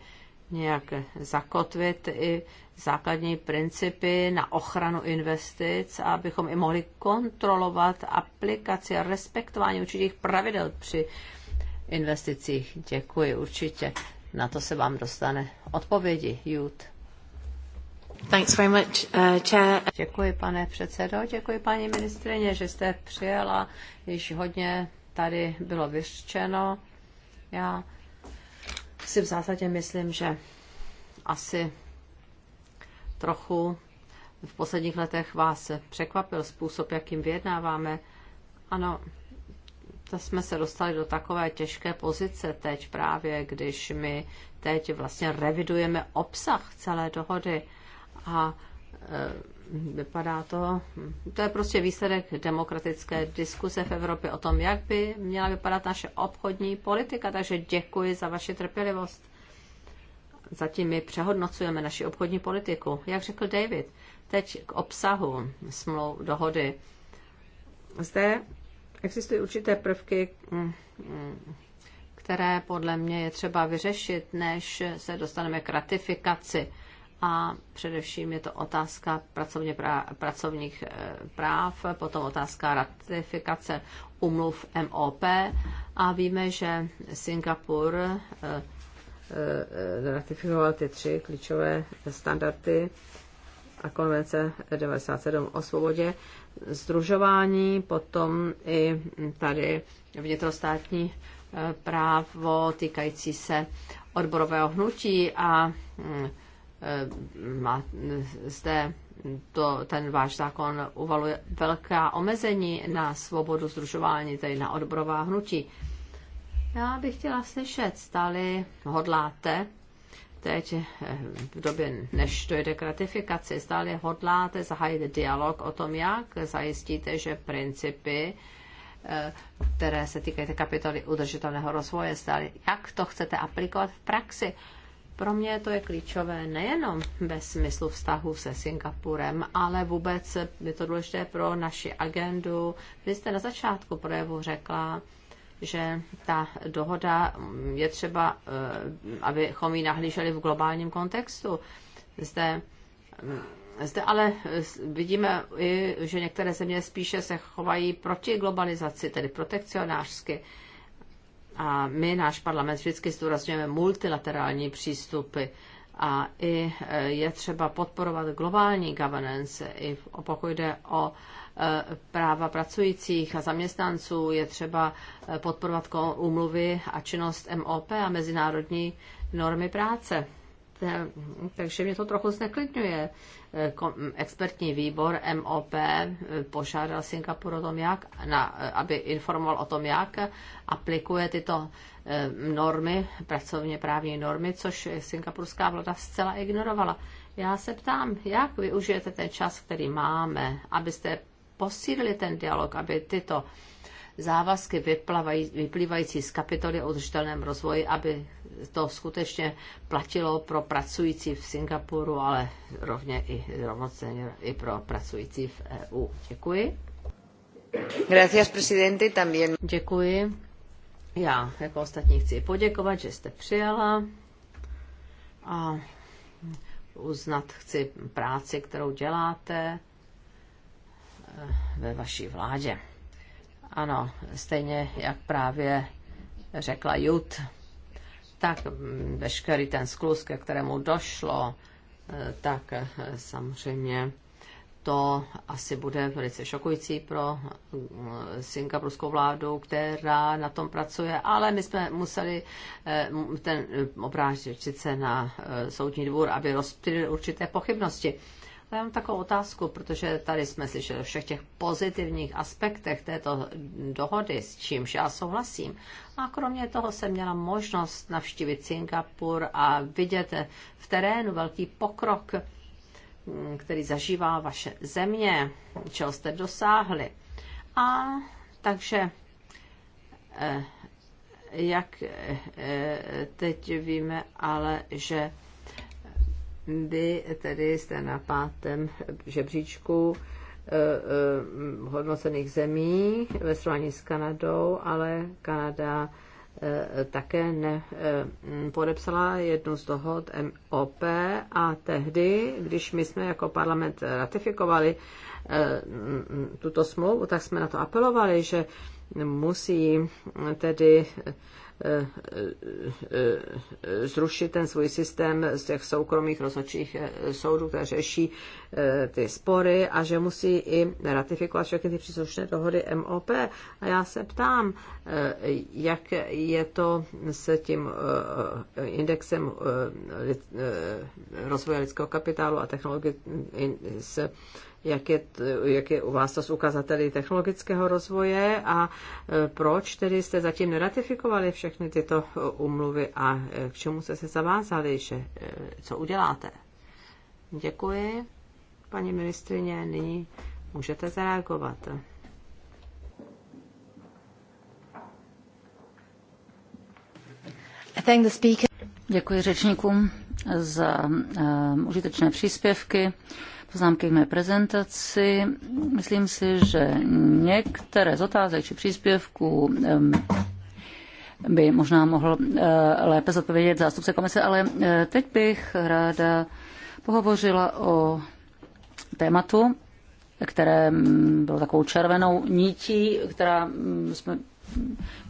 S1: nějak zakotvit i základní principy na ochranu investic, abychom i mohli kontrolovat aplikaci a respektování určitých pravidel při investicích. Děkuji určitě. Na to se vám dostane odpovědi, Jud. Thanks very much, uh, chair. Děkuji, pane předsedo, děkuji, paní ministrině, že jste přijela. Již hodně tady bylo vyřčeno. Já si v zásadě myslím, že asi trochu v posledních letech vás překvapil způsob, jakým vyjednáváme. Ano, to jsme se dostali do takové těžké pozice teď právě, když my teď vlastně revidujeme obsah celé dohody a e, vypadá to, to je prostě výsledek demokratické diskuse v Evropě o tom, jak by měla vypadat naše obchodní politika, takže děkuji za vaši trpělivost. Zatím my přehodnocujeme naši obchodní politiku. Jak řekl David, teď k obsahu smlou dohody. Zde existují určité prvky, mm, mm, které podle mě je třeba vyřešit, než se dostaneme k ratifikaci a především je to otázka pracovně prá, pracovních eh, práv, potom otázka ratifikace umluv MOP a víme, že Singapur eh, eh, ratifikoval ty tři klíčové standardy a konvence 97 o svobodě združování, potom i tady vnitrostátní právo týkající se odborového hnutí a hm, Eh, zde to, ten váš zákon uvaluje velká omezení na svobodu združování, tedy na odborová hnutí. Já bych chtěla slyšet, stali hodláte teď eh, v době, než dojde k ratifikaci, stále hodláte zahájit dialog o tom, jak zajistíte, že principy, eh, které se týkají té kapitoly udržitelného rozvoje, stále, jak to chcete aplikovat v praxi. Pro mě to je klíčové nejenom ve smyslu vztahu se Singapurem, ale vůbec je to důležité pro naši agendu. Vy jste na začátku projevu řekla, že ta dohoda je třeba, eh, abychom ji nahlíželi v globálním kontextu. Zde, eh, zde ale vidíme i, že některé země spíše se chovají proti globalizaci, tedy protekcionářsky. A my, náš parlament, vždycky zdůrazňujeme multilaterální přístupy a i e, je třeba podporovat globální governance, i pokud jde o e, práva pracujících a zaměstnanců, je třeba e, podporovat úmluvy a činnost MOP a mezinárodní normy práce. Takže mě to trochu zneklidňuje, expertní výbor MOP požádal Singapur o tom, jak, na, aby informoval o tom, jak aplikuje tyto eh, normy, pracovně právní normy, což singapurská vláda zcela ignorovala. Já se ptám, jak využijete ten čas, který máme, abyste posílili ten dialog, aby tyto závazky vyplývající z kapitoly o udržitelném rozvoji, aby to skutečně platilo pro pracující v Singapuru, ale rovně i rovnocenně i pro pracující v EU. Děkuji. Gracias, presidente, también. Děkuji. Já jako ostatní chci poděkovat, že jste přijala a uznat chci práci, kterou děláte eh, ve vaší vládě. Ano, stejně jak právě řekla Jud, tak veškerý ten sklus, ke kterému došlo, eh, tak eh, samozřejmě to asi bude velice šokující pro eh, singapurskou vládu, která na tom pracuje, ale my jsme museli ten obrážit se na soudní dvůr, aby rozptýlil určité pochybnosti. Já mám takovou otázku, protože tady jsme slyšeli o všech těch pozitivních aspektech této dohody, s čímž já souhlasím. A kromě toho jsem měla možnost navštívit Singapur a vidět v terénu velký pokrok, mm, který zažívá vaše země, čeho jste dosáhli. A takže eh, jak eh, eh, teď víme, ale že vy tedy jste na pátém žebříčku eh, eh, hodnocených zemí ve srovnání s Kanadou, ale Kanada eh, také ne, podepsala jednu z dohod MOP a tehdy, když my jsme jako parlament ratifikovali tuto smlouvu, tak jsme na to apelovali, že musí tedy zrušit ten svůj systém z těch soukromých rozhodčích eh, soudů, které řeší eh, ty spory a že musí i ratifikovat všechny ty příslušné dohody MOP. A já se ptám, eh, jak je to s tím indexem rozvoje lidského kapitálu a technologie s jak je, jak je u vás to s ukazateli technologického rozvoje a e, proč tedy jste zatím neratifikovali všechny tyto umluvy e, a e, k čemu jste se zavázali, že co uděláte? Děkuji, paní ministrině, nyní můžete zareagovat.
S2: Děkuji řečníkům za uh, užitečné příspěvky poznámky k mé prezentaci. Myslím si, že některé z otázek či příspěvků by možná mohl eh, lépe zodpovědět zástupce komise, ale eh, teď bych ráda pohovořila o tématu, které mm, bylo takovou červenou nítí, která mm, jsme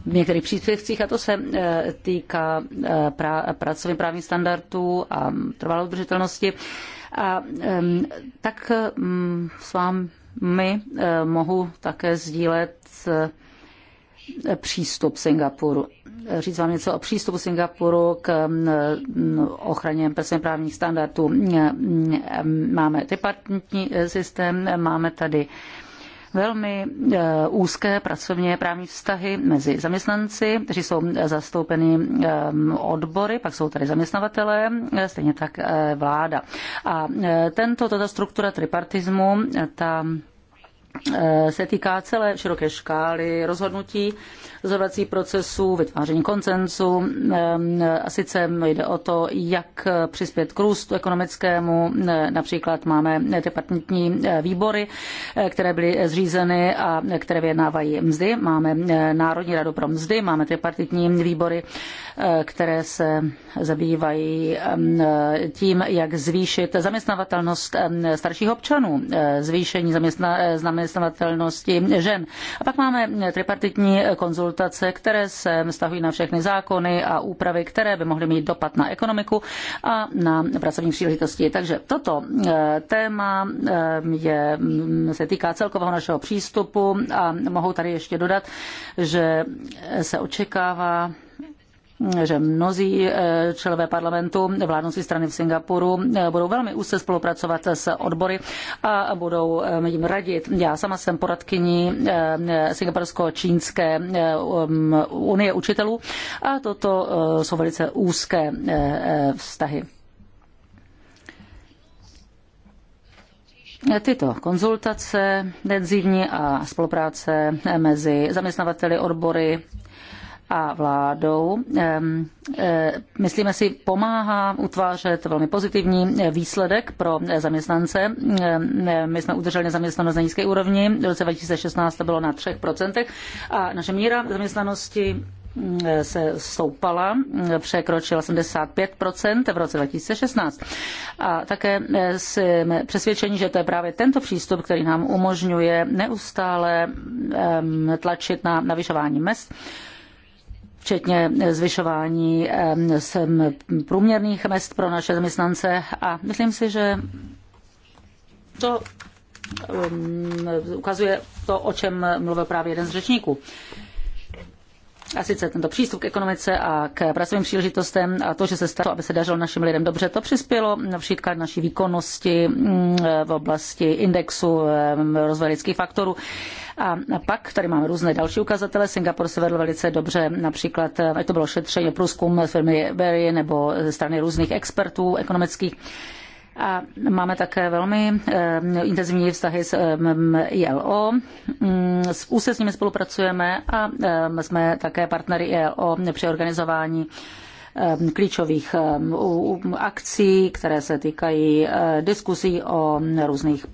S2: v některých příspěvcích, a to se eh, týká pra, pracovně právních standardů a trvalé udržitelnosti. A tak s vámi e, mohu také sdílet e, přístup Singapuru. Říct vám něco o přístupu Singapuru k ochraně právních standardů. Máme tripartitní e, systém, máme tady velmi eh, úzké pracovně právní vztahy mezi zaměstnanci, kteří jsou eh, zastoupeni eh, odbory, pak jsou tady zaměstnavatelé, stejně tak vláda. A tento, tato struktura tripartismu, ta se týká celé široké škály rozhodnutí rozhodovací procesů, vytváření koncensu. Ehm, a sice jde o to, jak přispět k růstu ekonomickému. E, například máme departmentní e, výbory, e, které byly zřízeny a které vyjednávají mzdy. Máme Národní radu pro mzdy, máme tripartitní výbory, které se zabývají ehm, tím, jak zvýšit zaměstnavatelnost ehm, starších občanů, zvýšení zaměstnavatelnosti žen. A pak máme tripartitní konzultace konzultace, které se vztahují na všechny zákony a úpravy, které by mohly mít dopad na ekonomiku a na pracovní příležitosti. Takže toto eh, téma eh, je, mm, se týká celkového našeho přístupu a mohu tady ještě dodat, že se očekává že mnozí eh, členové parlamentu vládnoucí strany v Singapuru eh, budou velmi úzce spolupracovat s odbory a budou eh, jim radit. Já sama jsem poradkyní Singapursko-čínské um, unie učitelů a toto jsou velice úzké vztahy. Tyto konzultace, denzivní a spolupráce mezi zaměstnavateli, odbory a vládou, e, myslíme si, pomáhá utvářet velmi pozitivní výsledek pro zaměstnance. E, my jsme udrželi nezaměstnanost na nízké úrovni, v roce 2016 to bylo na 3% a naše míra zaměstnanosti mm, e, se stoupala, mm, překročila 75% v roce 2016. A také jsme přesvědčeni, že to je právě tento přístup, který nám umožňuje neustále tlačit na navyšování mest včetně zvyšování průměrných mest pro naše zaměstnance a myslím si, že to ukazuje to, o čem mluvil právě jeden z řečníků. A sice tento přístup k ekonomice a k pracovním příležitostem a to, že se stalo, aby se dařilo našim lidem dobře, to přispělo například naší výkonnosti mm, v oblasti indexu mm, rozvoje lidských faktorů. A pak tady máme různé další ukazatele. Singapur se vedl velice dobře, například, ať to bylo šetření, průzkum firmy Berry nebo strany různých expertů ekonomických a máme také velmi eh, intenzivní vztahy s eh, ILO. Mm, s úse s nimi spolupracujeme a eh, jsme také partnery ILO při organizování klíčových akcí, které se týkají diskusí o různých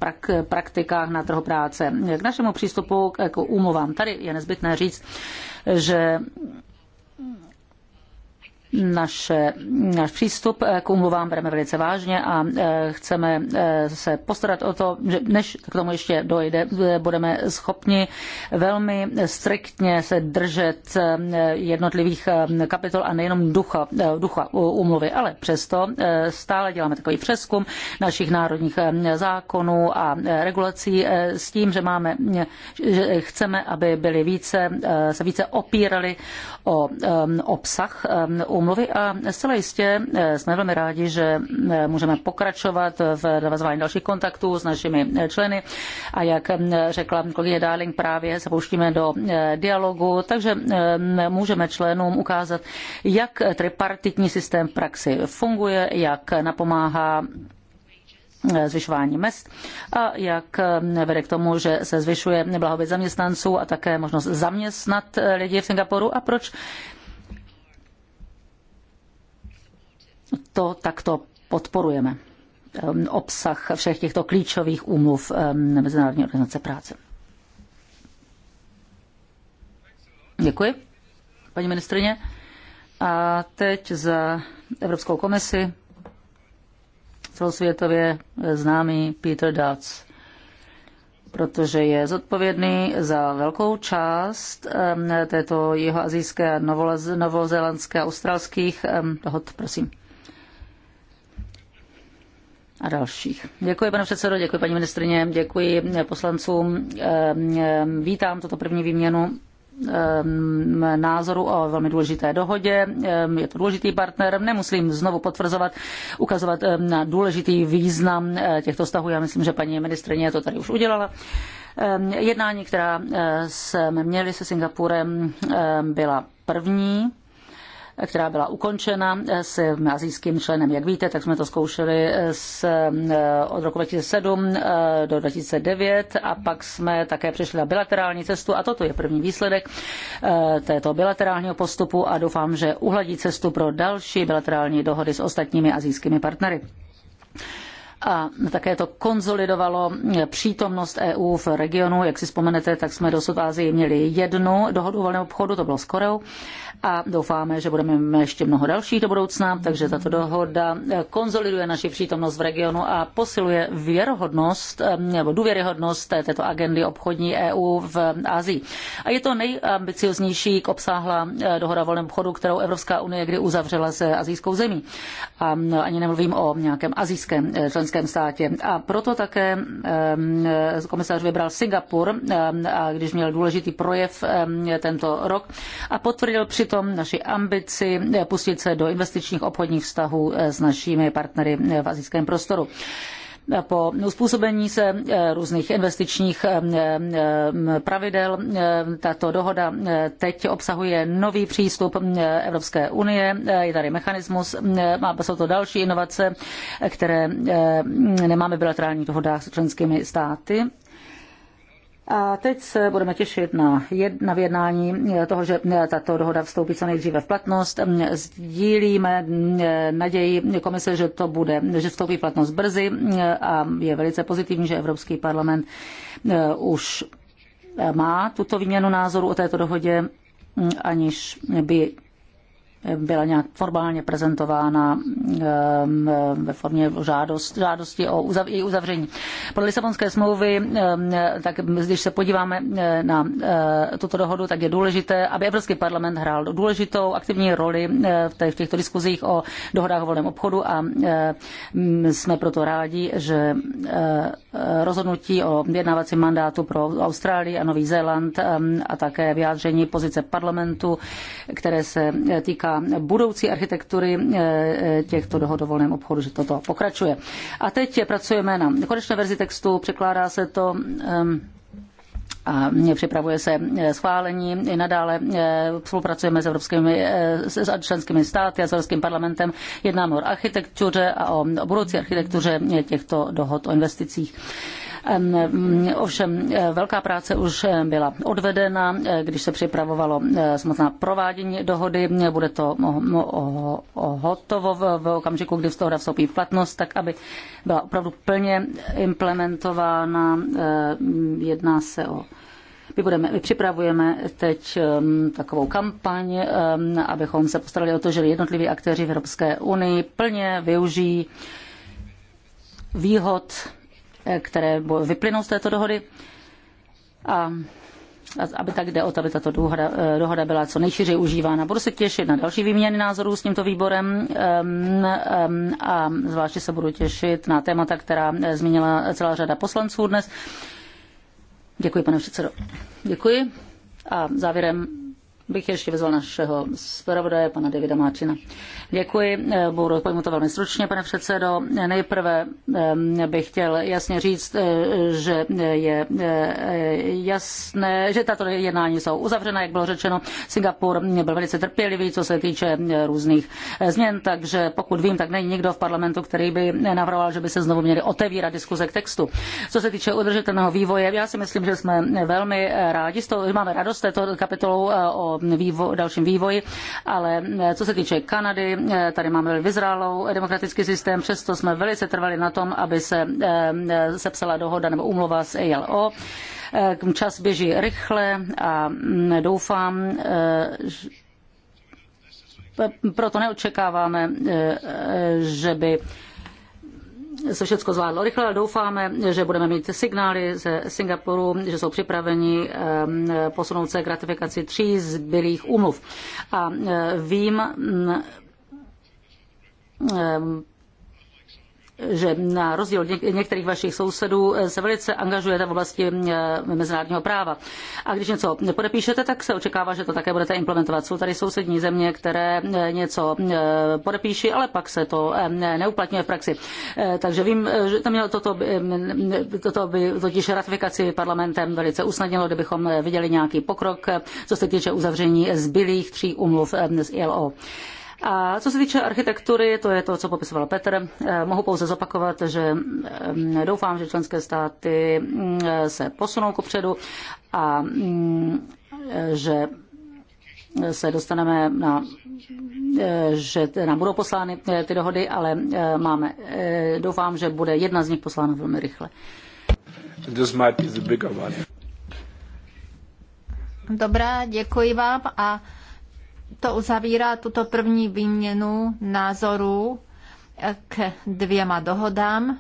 S2: praktikách na trhu práce. K našemu přístupu k úmluvám tady je nezbytné říct, že naše, náš přístup k umluvám bereme velice vážně a e, chceme e, se postarat o to, že než k tomu ještě dojde, e, budeme schopni velmi striktně se držet jednotlivých kapitol a nejenom ducha, ducha umluvy, ale přesto stále děláme takový přeskum našich národních zákonů a regulací s tím, že máme, že chceme, aby byly více, se více opírali o obsah úmluvy a zcela jistě eh, jsme velmi rádi, že eh, můžeme pokračovat v navazování dalších kontaktů s našimi eh, členy a jak řekla kolegyně Darling, právě se pouštíme do dialogu, takže můžeme členům ukázat, jak tripartitní systém v praxi funguje, jak napomáhá zvyšování mest a jak vede k tomu, že se zvyšuje blahobyt zaměstnanců a také možnost zaměstnat lidi v Singapuru a proč to takto podporujeme. Um, obsah všech těchto klíčových úmluv um, Mezinárodní organizace práce. Děkuji, paní ministrině. A teď za Evropskou komisi celosvětově známý Peter Dutz, protože je zodpovědný za velkou část um, této jeho azijské, novozelandské a australských dohod. Prosím a dalších. Děkuji, pane předsedo, děkuji, paní ministrině, děkuji poslancům. Ehm, ehm, vítám toto první výměnu ehm, názoru o velmi důležité dohodě. Je to důležitý partner, nemusím znovu potvrzovat, ukazovat na důležitý význam eh, těchto vztahů. Já myslím, že paní ministrině to tady už udělala. Jednání, která eh, jsme měli se Singapurem, byla první která byla ukončena eh, s azijským členem. Jak víte, tak jsme to zkoušeli eh, s, eh, od roku 2007 do 2009 a pak jsme také přišli na bilaterální cestu a toto je první výsledek této bilaterálního postupu a doufám, že uhladí cestu pro další bilaterální dohody s ostatními azijskými partnery a také to konzolidovalo přítomnost EU v regionu. Jak si vzpomenete, tak jsme dosud v Ázii měli jednu dohodu volného obchodu, to bylo s Koreou a doufáme, že budeme mít ještě mnoho dalších do budoucna, takže tato dohoda eh, konzoliduje naši přítomnost v regionu a posiluje věrohodnost eh, nebo důvěryhodnost této agendy obchodní EU v Asii. A je to nejambicioznější obsáhla eh, dohoda volném obchodu, kterou Evropská unie kdy uzavřela se azijskou zemí. A ani nemluvím o nějakém azijském členském státě. A proto také komisař vybral Singapur, když měl důležitý projev tento rok a potvrdil při přitom naši ambici pustit se do investičních obchodních vztahů eh, s našimi partnery eh, v azijském prostoru po uspůsobení se eh, různých investičních pravidel. Tato dohoda teď obsahuje nový přístup Evropské unie, je tady mechanismus, jsou to další inovace, které nemáme v bilaterálních dohodách s členskými státy a teď se budeme těšit na, jed, na vyjednání eh, toho, že eh, tato dohoda vstoupí co nejdříve v platnost. Mm, eh, sdílíme mm, naději komise, že to bude, že vstoupí v platnost brzy mm, a je velice pozitivní, že Evropský parlament už má tuto výměnu názoru o této dohodě, aniž by byla nějak formálně prezentována ve formě žádost, žádosti o uzav, její uzavření. Podle Lisabonské smlouvy, tak když se podíváme e, na e, tuto dohodu, tak je důležité, aby Evropský parlament hrál důležitou aktivní roli e, v těchto diskuzích o dohodách o volném obchodu a jsme proto rádi, že rozhodnutí o vyjednávacím mandátu pro Austrálii a Nový Zéland a také vyjádření pozice parlamentu, které se týká otázka budoucí architektury eh, eh, těchto dohod o volném obchodu, že toto pokračuje. A teď pracujeme na konečné verzi textu, překládá se to ehm, a připravuje se eh, schválení. I nadále spolupracujeme s evropskými s členskými státy a s Evropským parlamentem. Jednáme o architektuře a o budoucí architektuře těchto dohod o investicích. Ovšem eh, velká práce už eh, byla odvedena, eh, když se připravovalo samotná provádění dohody. Bude to hotovo v okamžiku, kdy dohoda vstoupí v platnost, tak aby byla opravdu plně implementována. Jedná se o my, budeme, my připravujeme teď takovou kampaň, abychom se postarali o to, že jednotliví aktéři v Evropské unii plně využijí výhod Eh, které vyplynou z této dohody. A aby tak jde o to, aby tato dohoda, eh, dohoda byla co nejšířeji užívána. Budu se těšit na další výměny názorů s tímto výborem um, um, a zvláště se budu těšit na témata, která eh, zmínila celá řada poslanců dnes. Děkuji, pane předsedo. Děkuji. A závěrem bych ještě vyzval našeho zpravodaje, pana Davida Máčina. Děkuji, eh, budu pojmu to velmi stručně, pane předsedo. Nejprve eh, bych chtěl jasně říct, eh, že je jasné, že tato jednání jsou uzavřena, jak bylo řečeno. Singapur byl velice trpělivý, co se týče různých změn, takže pokud vím, tak není nikdo v parlamentu, který by navrhoval, že by se znovu měli otevírat diskuze k textu. Co se týče udržitelného vývoje, já si myslím, že jsme velmi rádi, z toho, že máme radost této kapitolu o o vývo, dalším vývoji, ale eh, co se týče Kanady, eh, tady máme vyzrálou eh, demokratický systém, přesto jsme velice trvali na tom, aby se sepsala dohoda nebo umluva s ALO. Čas běží rychle a mm, doufám, proto neočekáváme, že by se všechno zvládlo rychle, ale doufáme, že budeme mít signály ze Singapuru, že jsou připraveni posunout se k ratifikaci tří zbylých úmluv. A vím, že na rozdíl od některých vašich sousedů eh, se velice angažujete v oblasti eh, mezinárodního práva. A když něco podepíšete, tak se očekává, že to také budete implementovat. Jsou tady sousední země, které eh, něco podepíší, ale pak se to neuplatňuje v praxi. Takže vím, že to mělo toto, toto by totiž ratifikaci parlamentem velice usnadnilo, kdybychom viděli nějaký pokrok, co se týče uzavření zbylých tří umluv z ILO. A co se týče architektury, to je to, co popisoval Petr, eh, mohu pouze zopakovat, že eh, doufám, že členské státy eh, se posunou kopředu a mm, že se dostaneme na, že nám budou poslány ty dohody, ale máme, doufám, že bude jedna z nich poslána velmi rychle.
S1: This might be the bigger one.
S3: Dobrá, děkuji vám a to uzavírá tuto první výměnu názorů eh, k dvěma dohodám.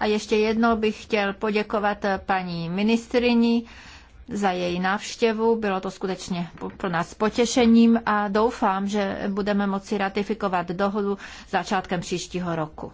S3: A ještě jednou bych chtěl poděkovat eh, paní ministrini za její návštěvu. Bylo to skutečně pro nás potěšením a doufám, že budeme moci ratifikovat dohodu začátkem příštího roku.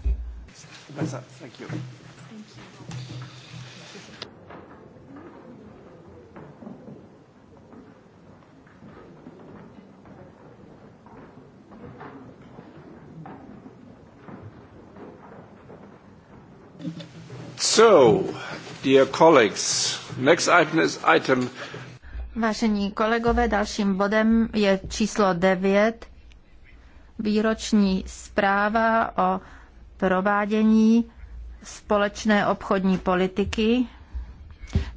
S1: So, dear colleagues, next item is item
S3: Vážení kolegové, dalším bodem je číslo 9, výroční zpráva o provádění společné obchodní politiky.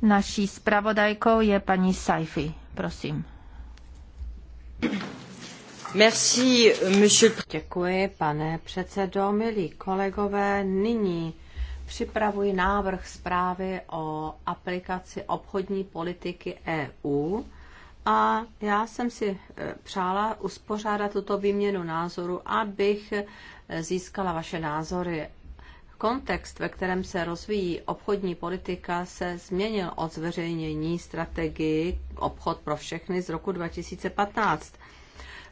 S3: Naší zpravodajkou je paní Saifi. Prosím.
S1: Merci, monsieur... Děkuji, pane předsedo, milí kolegové. Nyní připravuji návrh zprávy o aplikaci obchodní politiky EU a já jsem si e, přála uspořádat tuto výměnu názoru, abych e, získala vaše názory. Kontext, ve kterém se rozvíjí obchodní politika, se změnil od zveřejnění strategii Obchod pro všechny z roku 2015.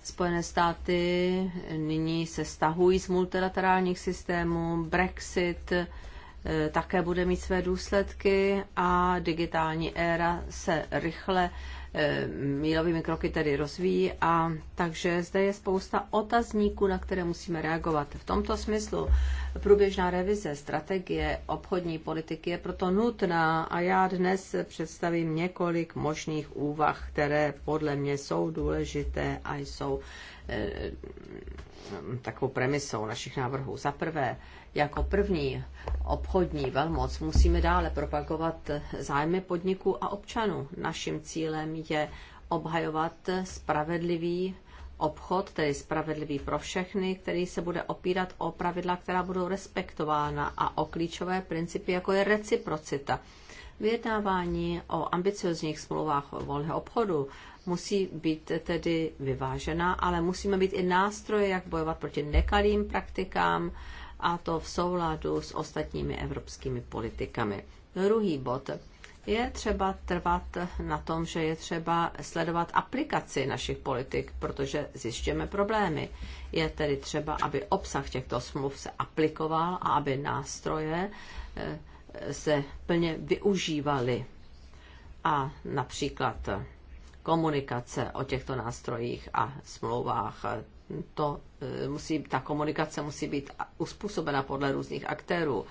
S1: Spojené státy nyní se stahují z multilaterálních systémů, Brexit, Eh, také bude mít své důsledky a digitální éra se rychle eh, mílovými kroky tedy rozvíjí a takže zde je spousta otazníků, na které musíme reagovat. V tomto smyslu průběžná revize strategie obchodní politiky je proto nutná a já dnes představím několik možných úvah, které podle mě jsou důležité a jsou eh, Um, takovou premisou našich návrhů. Za prvé, jako první obchodní velmoc musíme dále propagovat zájmy podniků a občanů. Naším cílem je obhajovat spravedlivý obchod, tedy spravedlivý pro všechny, který se bude opírat o pravidla, která budou respektována a o klíčové principy, jako je reciprocita. Vyjednávání o ambiciozních smlouvách o volného obchodu musí být tedy vyvážená, ale musíme být i nástroje, jak bojovat proti nekalým praktikám a to v souladu s ostatními evropskými politikami. Druhý bod. Je třeba trvat na tom, že je třeba sledovat aplikaci našich politik, protože zjišťujeme problémy. Je tedy třeba, aby obsah těchto smluv se aplikoval a aby nástroje eh, se plně využívaly. A například komunikace o těchto nástrojích a smlouvách. To e, musí, ta komunikace musí být uspůsobena podle různých aktérů.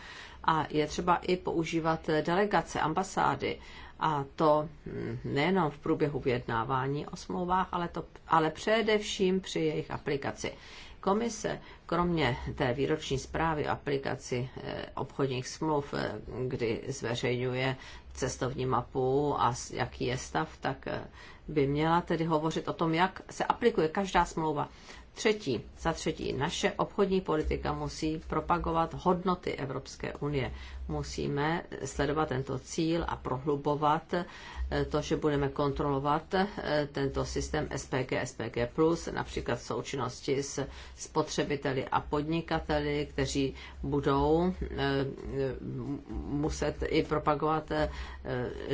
S1: A je třeba i používat delegace, ambasády, a to nejenom v průběhu vyjednávání o smlouvách, ale, to, ale především při jejich aplikaci. Komise, kromě té výroční zprávy o aplikaci e, obchodních smluv, e, kdy zveřejňuje cestovní mapu a jaký je stav, tak eh, by měla tedy hovořit o tom, jak se aplikuje každá smlouva. Třetí, za třetí, naše obchodní politika musí propagovat hodnoty Evropské unie. Musíme sledovat tento cíl a prohlubovat eh, to, že budeme kontrolovat eh, tento systém SPG, SPG+, například v součinnosti s spotřebiteli a podnikateli, kteří budou eh, muset i propagovat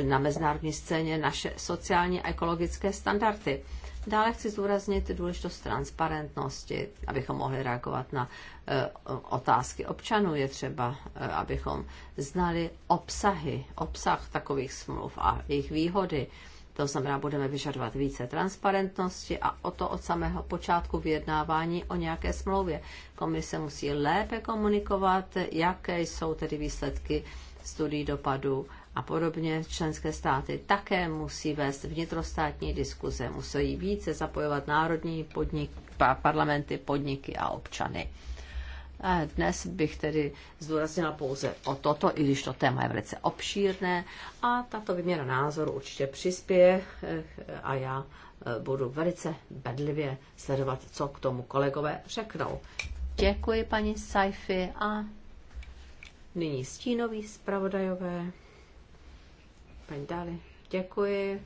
S1: na mezinárodní scéně naše sociální a ekologické standardy. Dále chci zúraznit důležitost transparentnosti, abychom mohli reagovat na e, otázky občanů. Je třeba, e, abychom znali obsahy, obsah takových smluv a jejich výhody. To znamená, budeme vyžadovat více transparentnosti a o to od samého počátku vyjednávání o nějaké smlouvě. Komise musí lépe komunikovat, jaké jsou tedy výsledky studií dopadu a podobně členské státy také musí vést vnitrostátní diskuze, musí více zapojovat národní podnik, parlamenty, podniky a občany. dnes bych tedy zdůraznila pouze o toto, i když to téma je velice obšírné a tato vyměna názoru určitě přispěje eh, a já eh, budu velice bedlivě sledovat, co k tomu kolegové řeknou. Děkuji paní Saifi a nyní stínový zpravodajové paní Dali. Děkuji.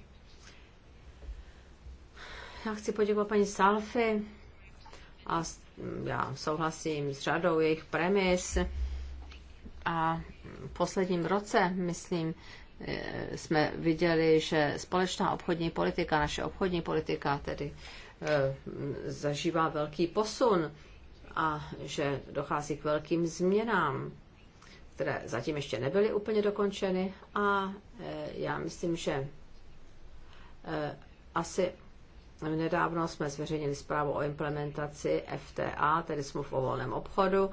S1: Já chci poděkovat paní Salfi a já souhlasím s řadou jejich premis. A v posledním roce, myslím, eh, jsme viděli, že společná obchodní politika, naše obchodní politika tedy eh, zažívá velký posun a že dochází k velkým změnám které zatím ještě nebyly úplně dokončeny a e, já myslím, že e, asi nedávno jsme zveřejnili zprávu o implementaci FTA, tedy smluv o volném obchodu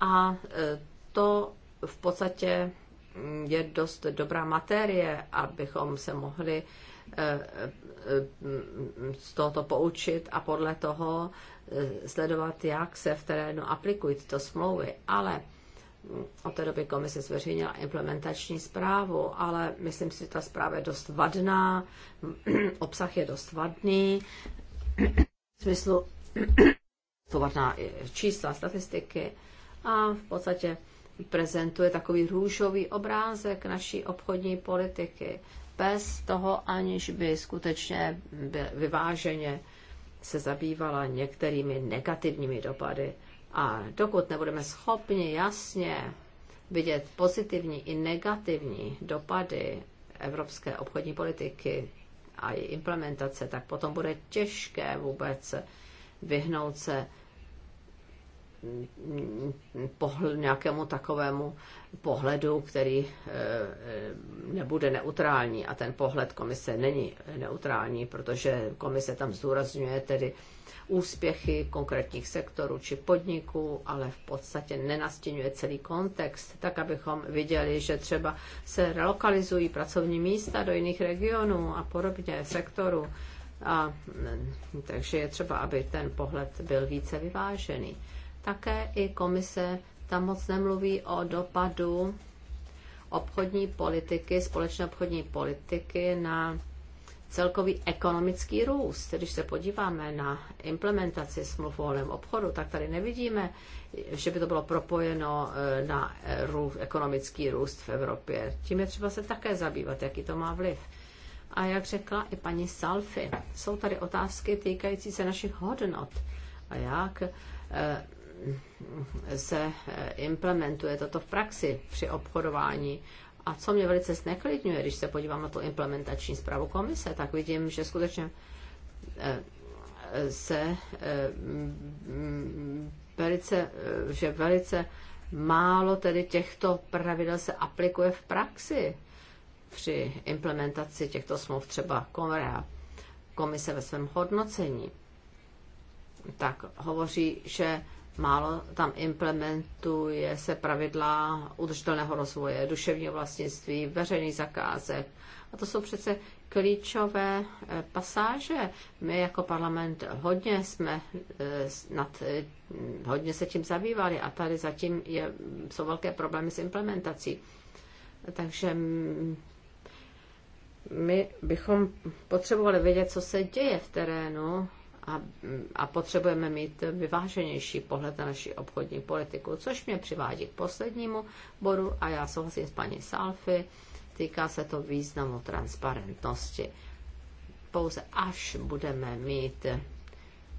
S1: a e, to v podstatě mm, je dost dobrá materie, abychom se mohli z tohoto poučit a podle toho sledovat, jak se v terénu aplikují tyto smlouvy. Ale od té doby komise zveřejnila implementační zprávu, ale myslím si, že ta zpráva je dost vadná, obsah je dost vadný, v smyslu to vadná čísla, statistiky a v podstatě prezentuje takový růžový obrázek naší obchodní politiky bez toho, aniž by skutečně vyváženě se zabývala některými negativními dopady a dokud nebudeme schopni jasně vidět pozitivní i negativní dopady evropské obchodní politiky a její implementace, tak potom bude těžké vůbec vyhnout se pohl, nějakému takovému pohledu, který e, nebude neutrální. A ten pohled komise není neutrální, protože komise tam zdůrazňuje tedy úspěchy konkrétních sektorů či podniků, ale v podstatě nenastínuje celý kontext, tak abychom viděli, že třeba se relokalizují pracovní místa do jiných regionů a podobně sektorů. A, mm, takže je třeba, aby ten pohled byl více vyvážený. Také i komise tam moc nemluví o dopadu obchodní politiky, společné obchodní politiky na celkový ekonomický růst. Když se podíváme na implementaci smluv o volném obchodu, tak tady nevidíme, že by to bylo propojeno eh, na eh, růst, ekonomický růst v Evropě. Tím je třeba se také zabývat, jaký to má vliv. A jak řekla i paní Salfi, jsou tady otázky týkající se našich hodnot a jak eh, se implementuje toto v praxi při obchodování a co mě velice zneklidňuje, když se podívám na tu implementační zprávu komise, tak vidím, že skutečně eh, eh, se eh, velice, že velice málo tedy těchto pravidel se aplikuje v praxi při implementaci těchto smluv, třeba komise ve svém hodnocení, tak hovoří, že málo tam implementuje se pravidla udržitelného rozvoje, duševního vlastnictví, veřejných zakázek. A to jsou přece klíčové eh, pasáže. My jako parlament hodně jsme eh, nad, eh, hodně se tím zabývali a tady zatím je, jsou velké problémy s implementací. Takže my bychom potřebovali vědět, co se děje v terénu a, a potřebujeme mít vyváženější pohled na naši obchodní politiku, což mě přivádí k poslednímu bodu a já souhlasím s paní Salfy, týká se to významu transparentnosti. Pouze až budeme mít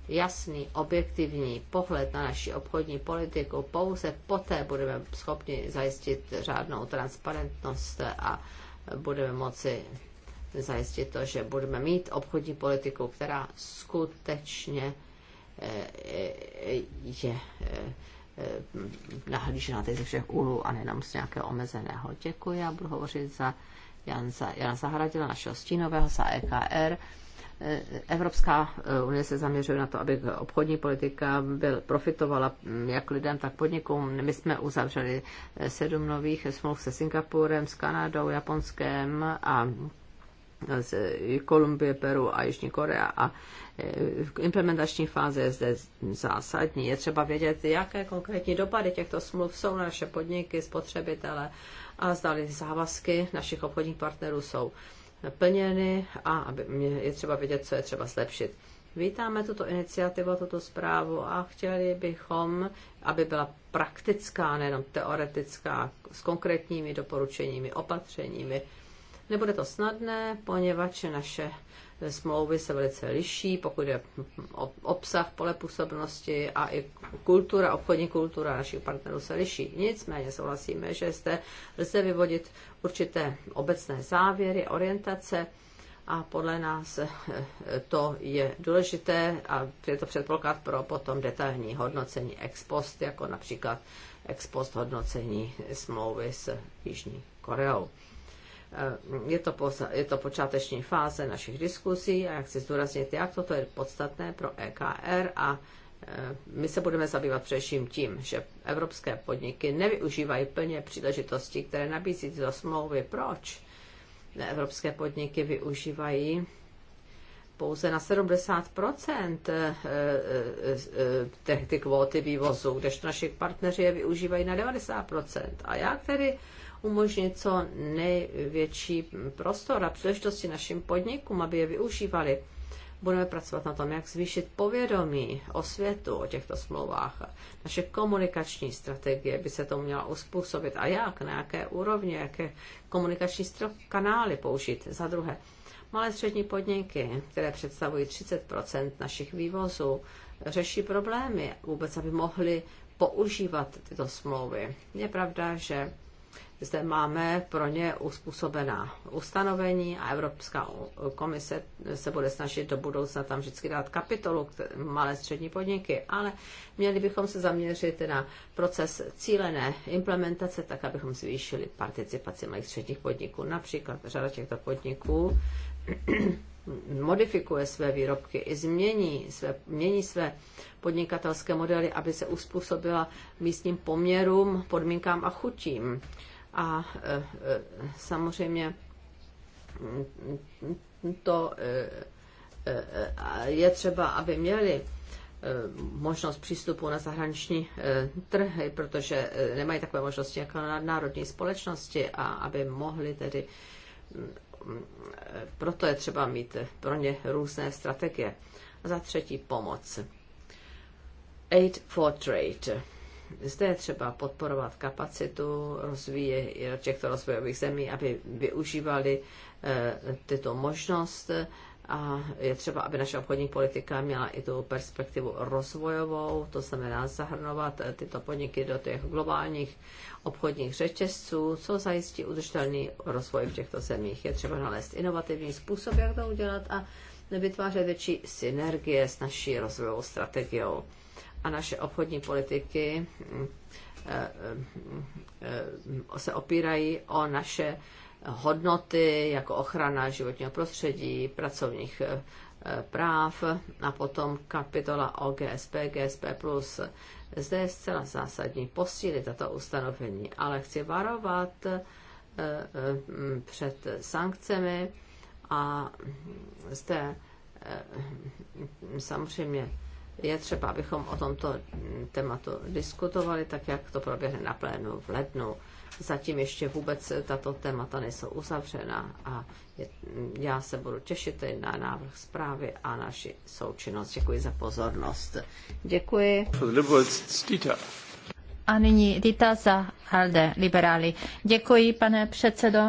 S1: jasný, objektivní pohled na naši obchodní politiku, pouze poté budeme schopni zajistit řádnou transparentnost a budeme moci zajistit to, že budeme mít obchodní politiku, která skutečně eh, eh, je eh, nahlížena teď ze všech úlů a nejenom z nějakého omezeného. Děkuji a budu hovořit za za, Jana Zahradila, našeho stínového, za EKR. Evropská unie se zaměřuje na to, aby obchodní politika byl, profitovala hm, jak lidem, tak podnikům. My jsme uzavřeli sedm nových smluv se Singapurem, s Kanadou, Japonskem a z Kolumbie, Peru a Jižní Korea a e, implementační fáze je zde zásadní. Je třeba vědět, jaké konkrétní dopady těchto smluv jsou na naše podniky, spotřebitele a zdali závazky našich obchodních partnerů jsou plněny a je třeba vědět, co je třeba zlepšit. Vítáme tuto iniciativu, tuto zprávu a chtěli bychom, aby byla praktická, nejenom teoretická, s konkrétními doporučeními, opatřeními, Nebude to snadné, poněvadž naše smlouvy se velice liší, pokud je obsah pole působnosti a i kultura, obchodní kultura našich partnerů se liší. Nicméně souhlasíme, že jste lze vyvodit určité obecné závěry, orientace a podle nás eh, eh, to je důležité a je to předpoklad pro potom detailní hodnocení ex post, jako například ex post hodnocení smlouvy s Jižní Koreou. Eh, je to, po, je to počáteční fáze našich diskusí a jak chci zdůraznit, jak toto je podstatné pro EKR a eh, my se budeme zabývat především tím, že evropské podniky nevyužívají plně příležitosti, které nabízí tyto smlouvy. Proč? Evropské podniky využívají pouze na 70 eh, ty kvóty vývozu, kdežto naši partneři je využívají na 90 A jak tedy umožnit co největší prostor a příležitosti našim podnikům, aby je využívali. Budeme pracovat na tom, jak zvýšit povědomí o světu, o těchto smlouvách. Naše komunikační strategie by se to měla uspůsobit a jak, na jaké úrovni, jaké komunikační kanály použít. Za druhé, malé střední podniky, které představují 30 našich vývozů, řeší problémy vůbec, aby mohly používat tyto smlouvy. Je pravda, že zde máme pro ně uspůsobená ustanovení a Evropská komise se bude snažit do budoucna tam vždycky dát kapitolu malé střední podniky, ale měli bychom se zaměřit na proces cílené implementace, tak abychom zvýšili participaci malých středních podniků. Například řada těchto podniků modifikuje své výrobky i změní své, mění své podnikatelské modely, aby se uspůsobila místním poměrům, podmínkám a chutím. A e, e, samozřejmě to e, je třeba, aby měli možnost přístupu na zahraniční trhy, protože nemají takové možnosti jako na národní společnosti a aby mohli tedy mm, proto je třeba mít pro ně různé strategie. Za třetí pomoc. Aid for Trade zde je třeba podporovat kapacitu rozvíje těchto rozvojových zemí, aby využívali eh, tyto možnost a je třeba, aby naše obchodní politika měla i tu perspektivu rozvojovou, to znamená zahrnovat eh, tyto podniky do těch globálních obchodních řetězců, co zajistí udržitelný rozvoj v těchto zemích. Je třeba nalézt inovativní způsob, jak to udělat a vytvářet větší synergie s naší rozvojovou strategiou a naše obchodní politiky mm, eh, eh, se opírají o naše hodnoty jako ochrana životního prostředí, pracovních eh, práv a potom kapitola o GSP, GSP+. Zde je zcela zásadní posílit tato ustanovení, ale chci varovat před sankcemi a zde samozřejmě je třeba, abychom o tomto tématu diskutovali, tak jak to proběhne na plénu v lednu. Zatím ještě vůbec tato témata nejsou uzavřena a je, já se budu těšit na návrh zprávy a naši součinnost. Děkuji za pozornost.
S3: Děkuji. A nyní Dita za Halde, liberáli. Děkuji, pane předsedo.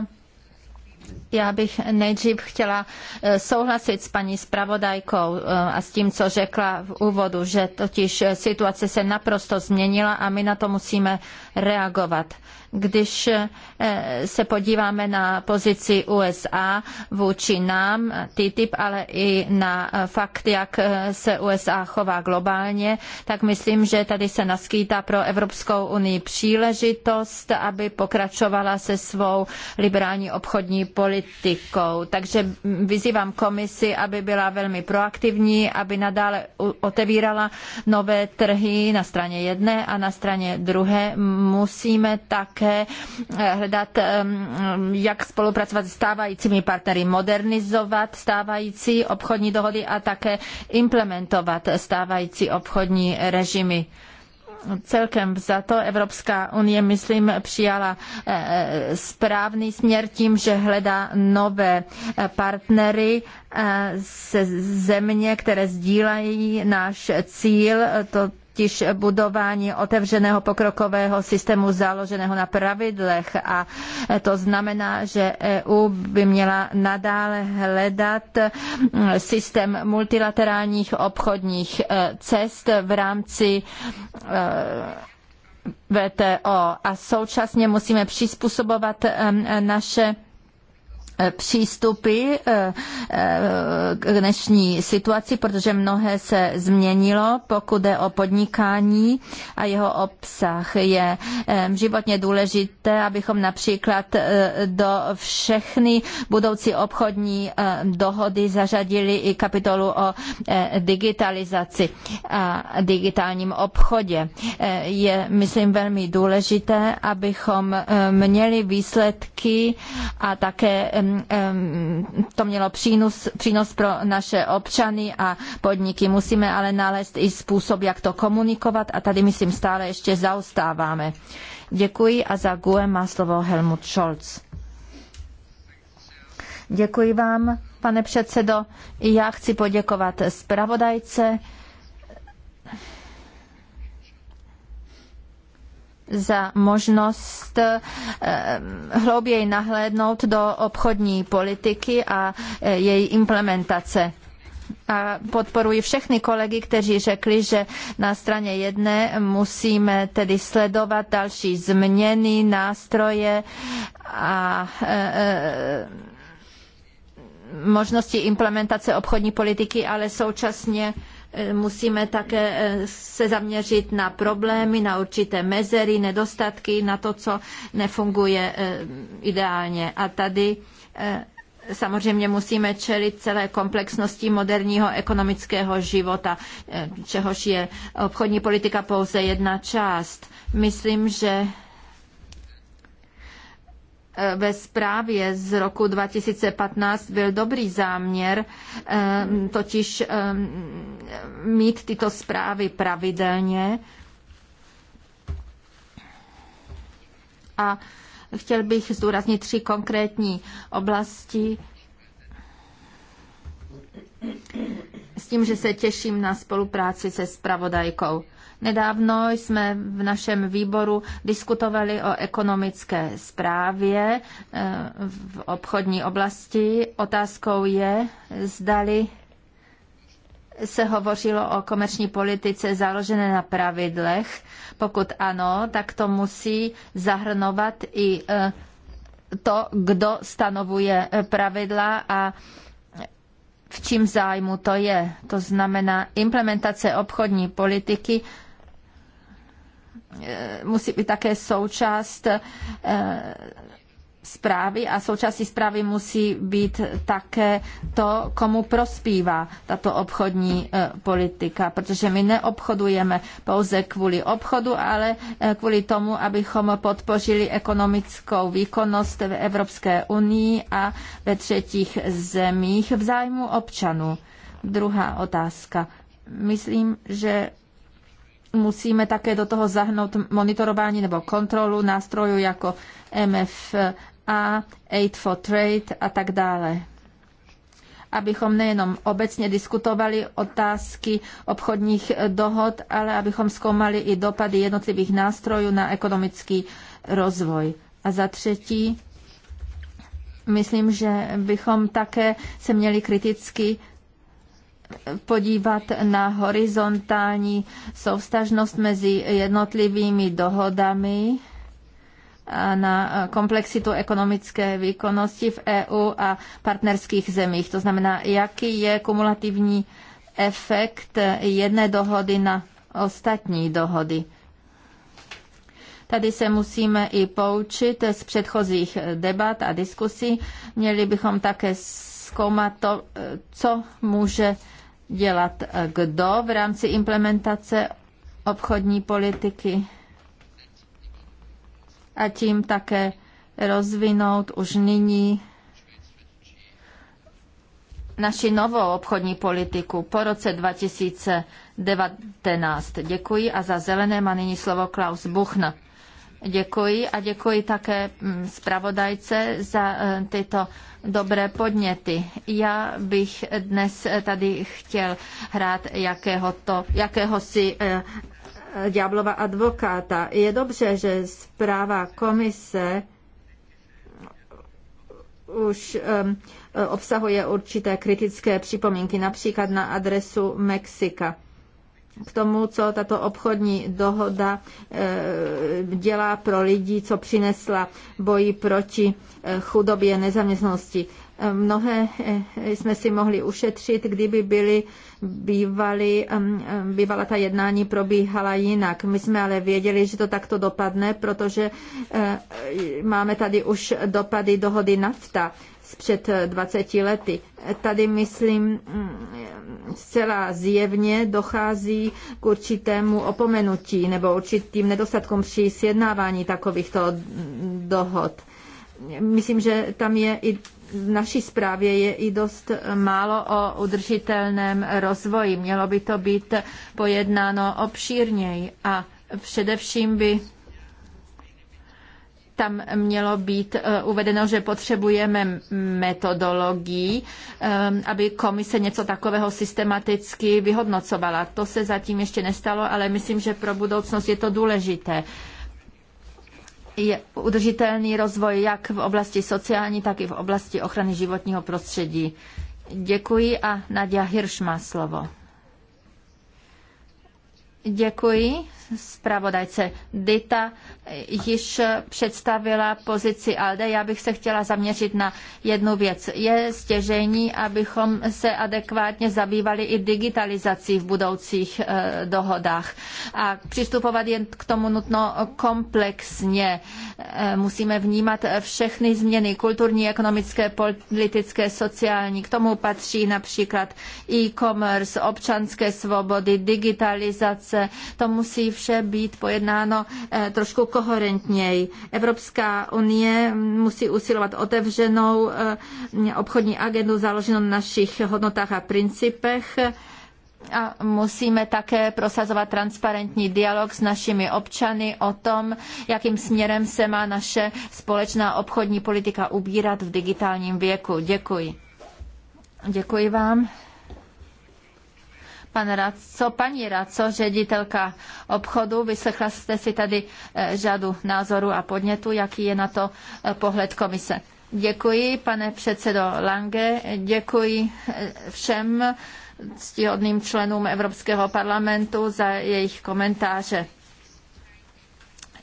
S3: Já bych nejdřív chtěla eh, souhlasit s paní zpravodajkou eh, a s tím, co řekla v úvodu, že totiž eh, situace se naprosto změnila a my na to musíme reagovat. Když eh, se podíváme na pozici USA vůči nám, TTIP, ale i na eh, fakt, jak eh, se USA chová globálně, tak myslím, že tady se naskýtá pro Evropskou unii příležitost, aby pokračovala se svou liberální obchodní politikou. Takže vyzývám komisi, aby byla velmi proaktivní, aby nadále otevírala nové trhy na straně jedné a na straně druhé. Musíme tak také eh, hledat, ehm, jak spolupracovat s stávajícími partnery, modernizovat stávající obchodní dohody a také implementovat stávající obchodní režimy celkem za to Evropská unie, myslím, přijala eh, správný směr tím, že hledá nové eh, partnery se země, které sdílají náš cíl, to totiž budování otevřeného pokrokového systému založeného na pravidlech a to znamená, že EU by měla nadále hledat mm, systém multilaterálních obchodních e, cest v rámci e, VTO a současně musíme přizpůsobovat e, naše přístupy eh, eh, k dnešní situaci, protože mnohé se změnilo, pokud je o podnikání a jeho obsah. Je eh, životně důležité, abychom například do všechny budoucí obchodní dohody zařadili i kapitolu o digitalizaci a digitálním obchodě. Je, myslím, velmi důležité, abychom měli výsledky a také Um, um, to mělo přínos, přínos pro naše občany a podniky. Musíme ale nalézt i způsob, jak to komunikovat a tady, myslím, stále ještě zaostáváme. Děkuji a za GUE má slovo Helmut Scholz. Děkuji vám, pane předsedo. I já chci poděkovat zpravodajce. za možnost eh, hlouběji nahlédnout do obchodní politiky a eh, její implementace. A podporuji všechny kolegy, kteří řekli, že na straně jedné musíme tedy sledovat další změny, nástroje a eh, možnosti implementace obchodní politiky, ale současně E, musíme také e, se zaměřit na problémy, na určité mezery, nedostatky, na to, co nefunguje e, ideálně. A tady samozřejmě musíme čelit celé komplexnosti moderního ekonomického života, čehož je obchodní politika pouze jedna část. Myslím, že ve zprávě z roku 2015 byl dobrý záměr, ehm, totiž ehm, mít tyto zprávy pravidelně. A chtěl bych zdůraznit tři konkrétní oblasti, s tím, že se těším na spolupráci se spravodajkou. Nedávno jsme v našem výboru diskutovali o ekonomické správě eh, v obchodní oblasti. Otázkou je, zdali se hovořilo o komerční politice založené na pravidlech. Pokud ano, tak to musí zahrnovat i eh, to, kdo stanovuje eh, pravidla a v čím zájmu to je. To znamená, implementace obchodní politiky Eh, musí být také součást eh, zprávy a součástí zprávy musí být také to, komu prospívá tato obchodní eh, politika, protože my neobchodujeme pouze kvůli obchodu, ale kvůli tomu, abychom podpořili ekonomickou výkonnost v Evropské unii a ve třetích zemích v zájmu občanů. Druhá otázka. Myslím, že musíme také do toho zahnout monitorování nebo kontrolu nástrojů jako MFA, Aid for Trade a tak dále abychom nejenom obecně diskutovali otázky obchodních dohod, ale abychom zkoumali i dopady jednotlivých nástrojů na ekonomický rozvoj. A za třetí, myslím, že bychom také se měli kriticky podívat na horizontální soustažnost mezi jednotlivými dohodami a na komplexitu ekonomické výkonnosti v EU a partnerských zemích. To znamená, jaký je kumulativní efekt jedné dohody na ostatní dohody. Tady se musíme i poučit z předchozích debat a diskusí. Měli bychom také zkoumat to, co může dělat eh, kdo v rámci implementace obchodní politiky a tím také rozvinout už nyní naši novou obchodní politiku po roce 2019. Děkuji a za zelené má nyní slovo Klaus Buchner. Děkuji a děkuji také mm, zpravodajce za e, tyto dobré podněty. Já bych dnes e, tady chtěl hrát jakého to, jakého si Diablova e, advokáta. Je dobře, že zpráva komise už obsahuje určité kritické připomínky, například na adresu Mexika k tomu, co tato obchodní dohoda eh, dělá pro lidi, co přinesla boji proti eh, chudobě, nezaměstnosti. Eh, mnohé jsme si mohli ušetřit, kdyby byly bývaly, bývala ta jednání probíhala jinak. My jsme ale věděli, že to takto dopadne, protože máme tady už dopady dohody NAFTA před 20 lety. Tady, myslím, mm, zcela zjevně dochází k určitému opomenutí nebo určitým nedostatkům při sjednávání takovýchto dohod. Myslím, že tam je i v naší zprávě je i dost málo o udržitelném rozvoji. Mělo by to být pojednáno obšírněji a především by tam mělo být eh, uvedeno, že potřebujeme metodologii, eh, aby komise něco takového systematicky vyhodnocovala. To se zatím ještě nestalo, ale myslím, že pro budoucnost je to důležité je udržitelný rozvoj jak v oblasti sociální, tak i v oblasti ochrany životního prostředí. Děkuji a Nadia Hirš má slovo. Děkuji zpravodajce. Dita již představila pozici ALDE. Já bych se chtěla zaměřit na jednu věc. Je stěžení, abychom se adekvátně zabývali i digitalizací v budoucích eh, dohodách. A přistupovat jen k tomu nutno komplexně. Eh, musíme vnímat všechny změny kulturní, ekonomické, politické, sociální. K tomu patří například e-commerce, občanské svobody, digitalizace. To musí vše být pojednáno eh, trošku koherentněji. Evropská unie musí usilovat otevřenou eh, obchodní agendu založenou na našich hodnotách a principech. A musíme také prosazovat transparentní dialog s našimi občany o tom, jakým směrem se má naše společná obchodní politika ubírat v digitálním věku. Děkuji. Děkuji vám pan Raco. Paní Raco, ředitelka obchodu, vyslechla jste si tady e, řadu názorů a podnětů, jaký je na to e, pohled komise. Děkuji, pane předsedo Lange, děkuji e, všem ctihodným členům Evropského parlamentu za jejich komentáře.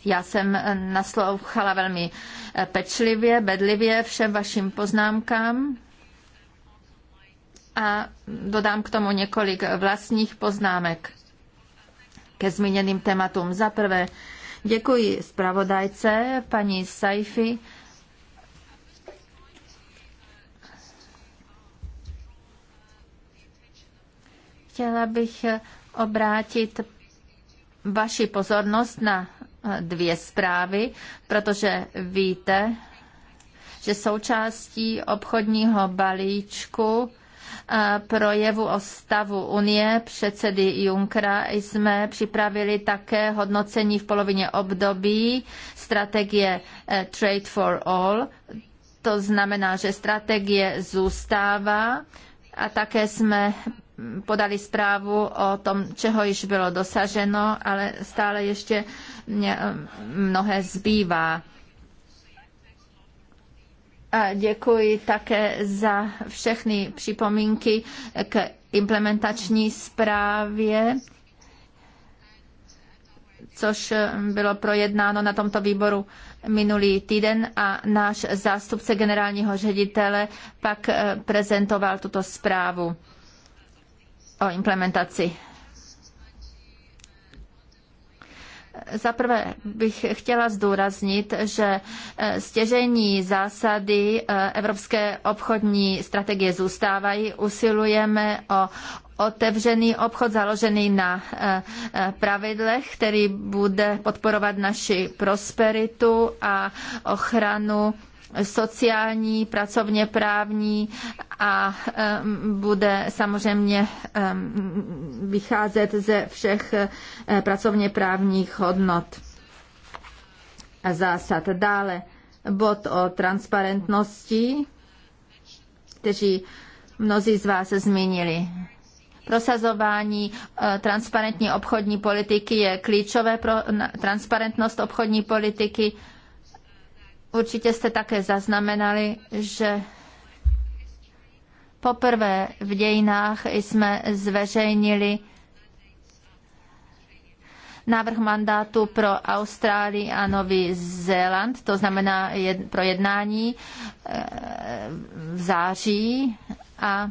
S3: Já jsem naslouchala velmi pečlivě, bedlivě všem vašim poznámkám a dodám k tomu několik vlastních poznámek ke zmíněným tématům. Za prvé, děkuji zpravodajce paní Saifi chtěla bych obrátit vaši pozornost na dvě zprávy, protože víte, že součástí obchodního balíčku projevu o stavu Unie předsedy Junckera jsme připravili také hodnocení v polovině období strategie e, Trade for All. To znamená, že strategie zůstává a také jsme podali zprávu o tom, čeho již bylo dosaženo, ale stále ještě e, mnohé zbývá. Děkuji také za všechny připomínky k implementační zprávě, což bylo projednáno na tomto výboru minulý týden a náš zástupce generálního ředitele pak prezentoval tuto zprávu o implementaci Za prvé bych chtěla zdůraznit, že eh, stěžení zásady eh, Evropské obchodní strategie zůstávají. Usilujeme o otevřený obchod založený na eh, pravidlech, který bude podporovat naši prosperitu a ochranu sociální, pracovně právní a bude samozřejmě vycházet ze všech eh, pracovně právních hodnot a zásad. Dále bod o transparentnosti, kteří mnozí z vás zmínili. Prosazování eh, transparentní obchodní politiky je klíčové pro transparentnost obchodní politiky Určitě jste také zaznamenali, že poprvé v dějinách jsme zveřejnili návrh mandátu pro Austrálii a Nový Zéland, to znamená jed, pro jednání e, v září a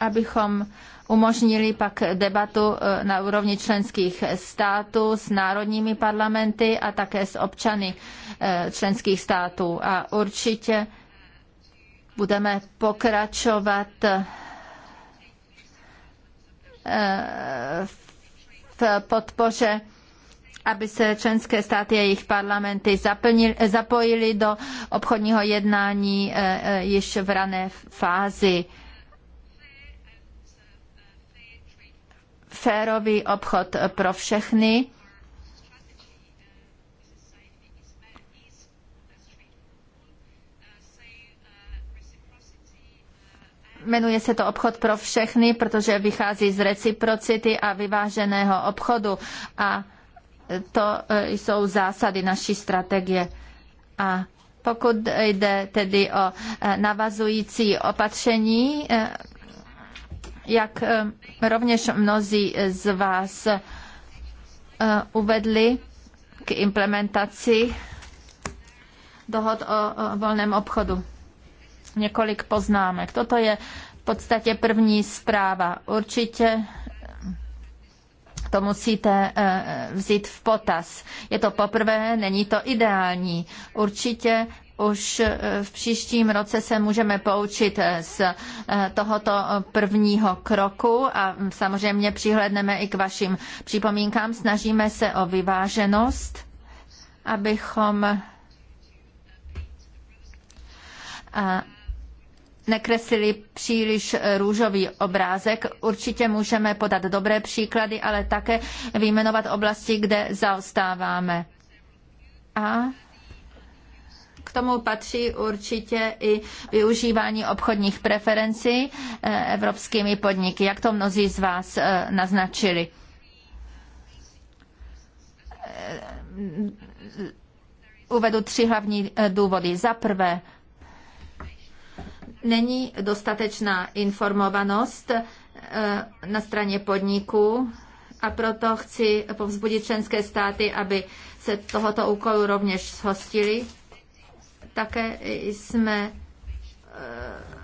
S3: abychom umožnili pak debatu e, na úrovni členských států s národními parlamenty a také s občany Eh, členských států a určitě budeme pokračovat eh, v podpoře aby se členské státy a jejich parlamenty zaplnili, zapojili do obchodního jednání eh, již v rané fázi. Férový obchod pro všechny Jmenuje se to obchod pro všechny, protože vychází z reciprocity a vyváženého obchodu a to e, jsou zásady naší strategie. A pokud jde tedy o e, navazující opatření, e, jak rovněž mnozí z vás uvedli k implementaci dohod o volném obchodu několik poznámek. Toto je v podstatě první zpráva. Určitě to musíte eh, vzít v potaz. Je to poprvé, není to ideální. Určitě už eh, v příštím roce se můžeme poučit eh, z tohoto prvního kroku a hm, samozřejmě přihledneme i k vašim připomínkám. Snažíme se o vyváženost, abychom nekreslili příliš eh, růžový obrázek. Určitě můžeme podat dobré příklady, ale také vyjmenovat oblasti, kde zaostáváme. A k tomu patří určitě i využívání obchodních preferencí eh, evropskými podniky, jak to mnozí z vás eh, naznačili uvedu tři hlavní důvody. Za prvé, není dostatečná informovanost eh, na straně podniků a proto chci povzbudit členské státy, aby se tohoto úkolu rovněž zhostili. Také jsme eh,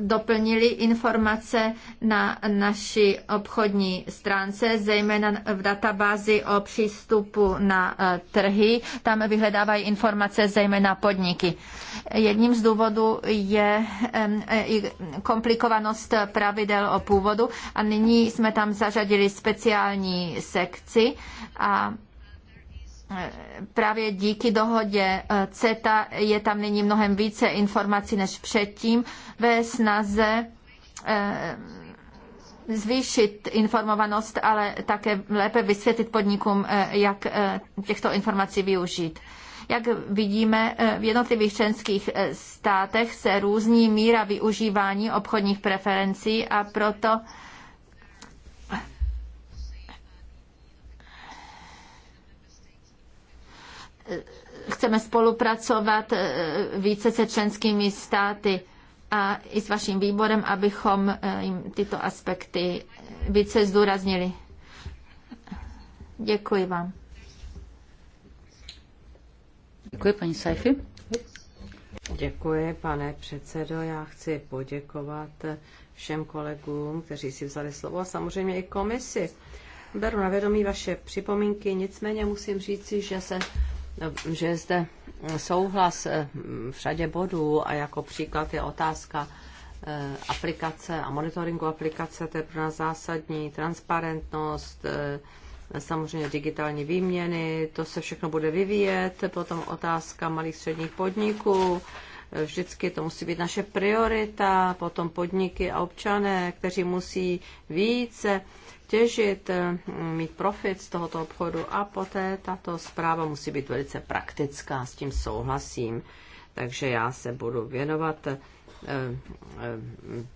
S3: doplnili informace na naší obchodní stránce, zejména v databázi o přístupu na e, trhy. Tam vyhledávají informace zejména podniky. Jedním z důvodů je e, komplikovanost pravidel o původu a nyní jsme tam zařadili speciální sekci a právě díky dohodě eh, CETA je tam nyní mnohem více informací než předtím ve snaze eh, zvýšit informovanost, ale také lépe vysvětlit podnikům, eh, jak těchto informací využít. Jak vidíme, v jednotlivých členských státech se různí míra využívání obchodních preferencí a proto chceme spolupracovat eh, více se členskými státy a i s vaším výborem, abychom eh, jim tyto aspekty více zdůraznili. Děkuji vám.
S1: Děkuji, paní Saifi. Děkuji, pane předsedo. Já chci poděkovat všem kolegům, kteří si vzali slovo a samozřejmě i komisi. Beru na vědomí vaše připomínky, nicméně musím říci, že se že zde souhlas eh, v řadě bodů a jako příklad je otázka eh, aplikace a monitoringu aplikace, to je pro nás zásadní, transparentnost, eh, samozřejmě digitální výměny, to se všechno bude vyvíjet, potom otázka malých středních podniků, vždycky to musí být naše priorita, potom podniky a občané, kteří musí více těžit, eh, mít profit z tohoto obchodu a poté tato zpráva musí být velice praktická, s tím souhlasím. Takže já se budu věnovat eh, eh,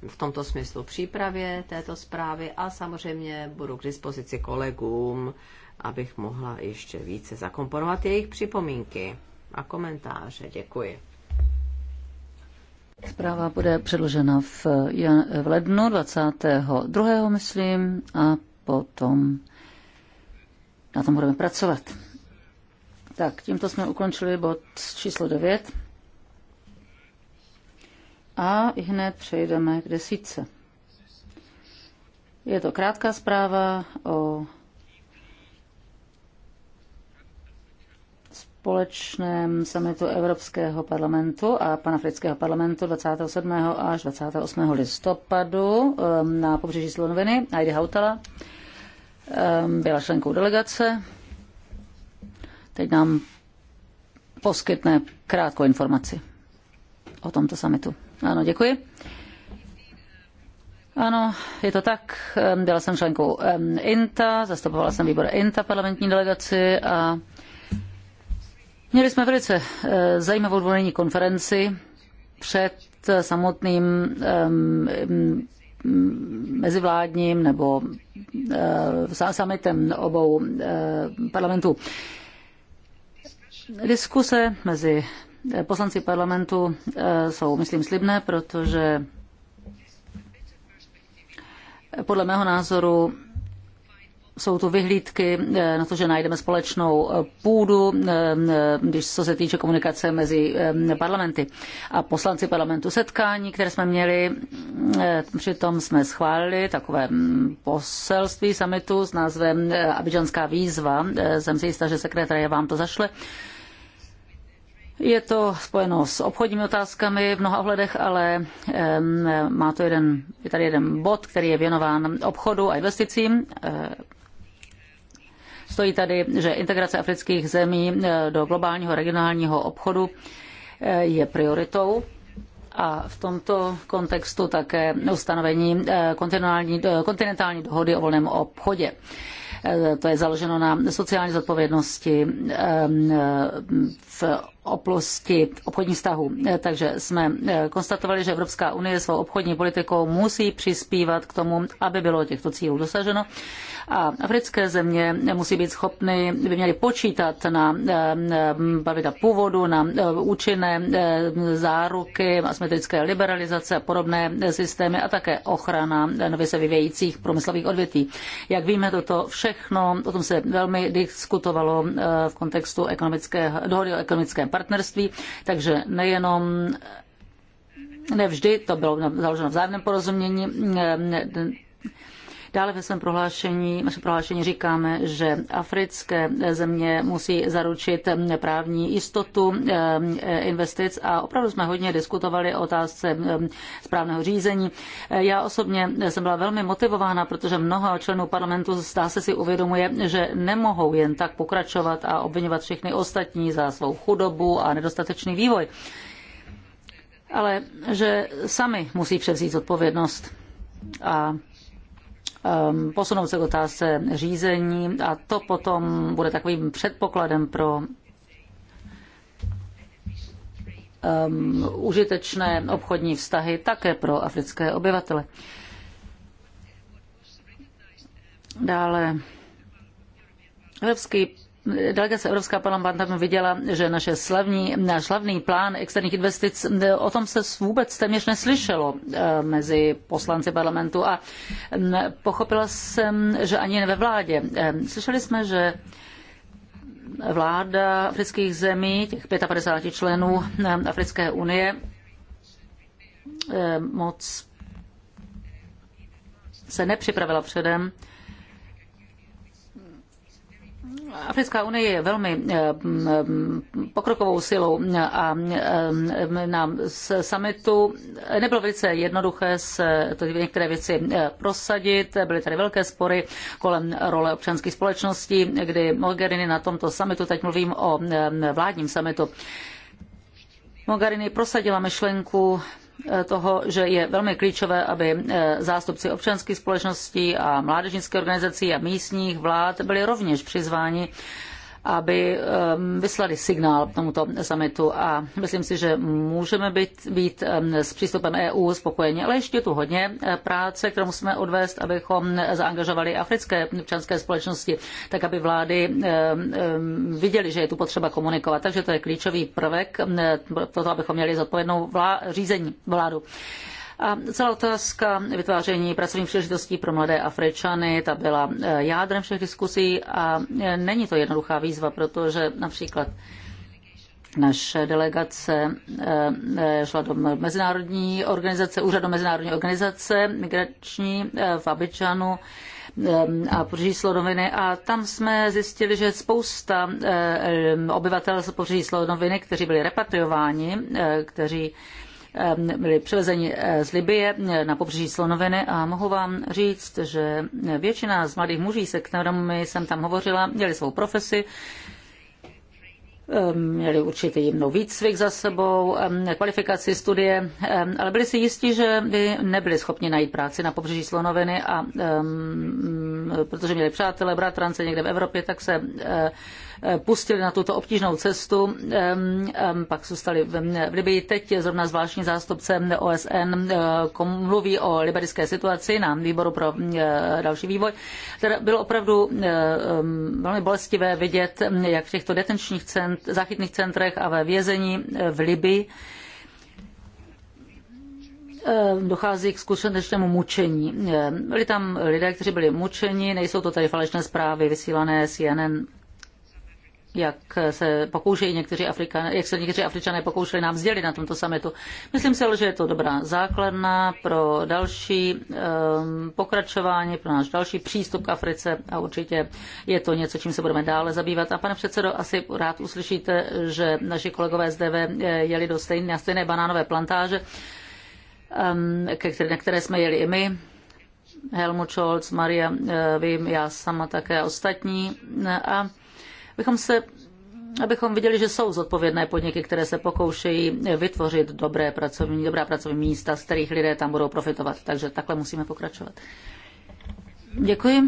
S1: v tomto smyslu přípravě této zprávy a samozřejmě budu k dispozici kolegům, abych mohla ještě více zakomponovat jejich připomínky a komentáře. Děkuji.
S2: Zpráva bude předložena v, v lednu 22. myslím a potom na tom budeme pracovat. Tak, tímto jsme ukončili bod číslo 9. A hned přejdeme k desítce. Je to krátká zpráva o společném summitu Evropského parlamentu a panafrického parlamentu 27. až 28. listopadu na pobřeží Sloveny, Heidi Hautala byla členkou delegace. Teď nám poskytne krátkou informaci o tomto summitu. Ano, děkuji. Ano, je to tak. Byla jsem členkou INTA, zastupovala jsem výbor INTA parlamentní delegaci a Měli jsme velice eh, zajímavou dvojní konferenci před eh, samotným mezivládním nebo eh, summitem obou parlamentů. Diskuse mezi poslanci parlamentu jsou, myslím, slibné, protože podle mého názoru jsou tu vyhlídky eh, na to, že najdeme společnou eh, půdu, eh, když co se týče komunikace mezi parlamenty a poslanci parlamentu setkání, které jsme měli, přitom jsme schválili takové mm, poselství summitu s názvem Abidžanská výzva. Jsem si jistá, že sekretária vám to zašle. Je to spojeno s obchodními otázkami v mnoha ohledech, ale má to jeden, je tady jeden bod, který je věnován obchodu a investicím. Stojí tady, že integrace afrických zemí eh, do globálního regionálního obchodu eh, je prioritou a v tomto kontextu také ustanovení eh, kontinentální, dohody o volném obchodě. To je založeno na sociální zodpovědnosti, oblasti obchodních vztahů. Eh, Takže jsme eh, konstatovali, že Evropská unie svou obchodní politikou musí přispívat k tomu, aby bylo těchto cílů dosaženo. A africké země musí být schopny, by měly počítat na eh, pravidla původu, na účinné záruky, asymetrické liberalizace a podobné systémy a také ochrana nově se vyvějících průmyslových odvětví. Jak víme, toto všechno, o tom se velmi diskutovalo v kontextu ekonomické, dohody o ekonomickém partnerství, takže nejenom nevždy, to bylo založeno v zájemném porozumění, Dále ve svém prohlášení, ve svém prohlášení říkáme, že africké země musí zaručit právní jistotu eh, investic a opravdu jsme hodně diskutovali o otázce eh, správného řízení. Eh, já osobně jsem byla velmi motivována, protože mnoho členů parlamentu zdá se si uvědomuje, že nemohou jen tak pokračovat a obvinovat všechny ostatní za svou chudobu a nedostatečný vývoj ale že sami musí převzít odpovědnost a Um, posunout se k otázce řízení a to potom bude takovým předpokladem pro um, užitečné obchodní vztahy také pro africké obyvatele. Dále Evropský delegace Evropského parlamentu viděla, že naše slavní, náš slavný plán externích investic, eh, o tom se vůbec téměř neslyšelo eh, mezi poslanci parlamentu a mm, pochopila jsem, že ani ve vládě. Eh, slyšeli jsme, že vláda afrických zemí, těch 55 členů Africké unie, moc se nepřipravila předem Africká unie je velmi eh, mm, eh, pokrokovou silou a eh, mm, na summitu nebylo velice jednoduché se některé věci prosadit. Byly tady velké spory kolem role občanských společností, kdy Mogherini na tomto summitu, teď mluvím o mm, vládním summitu, Mogherini prosadila myšlenku Eh, toho, že je velmi klíčové, aby eh, zástupci občanských společností a mládežnických organizací a místních vlád byli rovněž přizváni aby ehm, vyslali signál tomuto summitu a myslím si, že můžeme být, být ehm, s přístupem EU spokojeni, ale ještě je tu hodně eh, práce, kterou musíme odvést, abychom zaangažovali africké občanské společnosti, tak aby vlády ehm, viděli, že je tu potřeba komunikovat. Takže to je klíčový prvek pro to, abychom měli zodpovědnou vlá, řízení vládu. A celá otázka vytváření pracovních příležitostí pro mladé Afričany, ta byla eh, jádrem všech diskusí a eh, není to jednoduchá výzva, protože například naše delegace eh, šla do mezinárodní organizace, úřadu mezinárodní organizace migrační v Abidžanu a pořídí Slonoviny a tam jsme zjistili, že spousta obyvatel se pořídí Slonoviny, kteří byli repatriováni, kteří byli převezeni eh, z Libie na pobřeží Slonoviny a mohu vám říct, že většina z mladých muží, se kterými jsem tam hovořila, měli svou profesi, měli určitý jinou výcvik za sebou, kvalifikaci, studie, ale byli si jisti, že by nebyli schopni najít práci na pobřeží Slonoviny a protože měli přátele, bratrance někde v Evropě, tak se eh, Eh, pustili na tuto obtížnou cestu, pak zůstali v Libii. Teď je zrovna zvláštní zástupce OSN eh, mluví o liberické situaci na výboru pro eh, další vývoj. Teda bylo opravdu velmi bolestivé vidět, jak v těchto detenčních cent, záchytných centrech a ve vězení v Libii dochází k skutečnému mučení. Byli tam lidé, kteří byli mučeni, nejsou to tady falešné zprávy vysílané CNN jak se pokoušejí někteří Afrikané, jak se někteří Afričané pokoušeli nám sdělit na tomto sametu. Myslím si, že je to dobrá základna pro další ehm, pokračování, pro náš další přístup k Africe a určitě je to něco, čím se budeme dále zabývat. A pane předsedo, asi rád uslyšíte, že naši kolegové z DV eh, jeli do stejné, stejné banánové plantáže, ehm, na které jsme jeli i my. Helmut Scholz, Maria, eh, vím, já sama také ostatní. A abychom se abychom viděli, že jsou zodpovědné podniky, které se pokoušejí vytvořit dobré pracovní, dobrá pracovní místa, z kterých lidé tam budou profitovat. Takže takhle musíme pokračovat. Děkuji.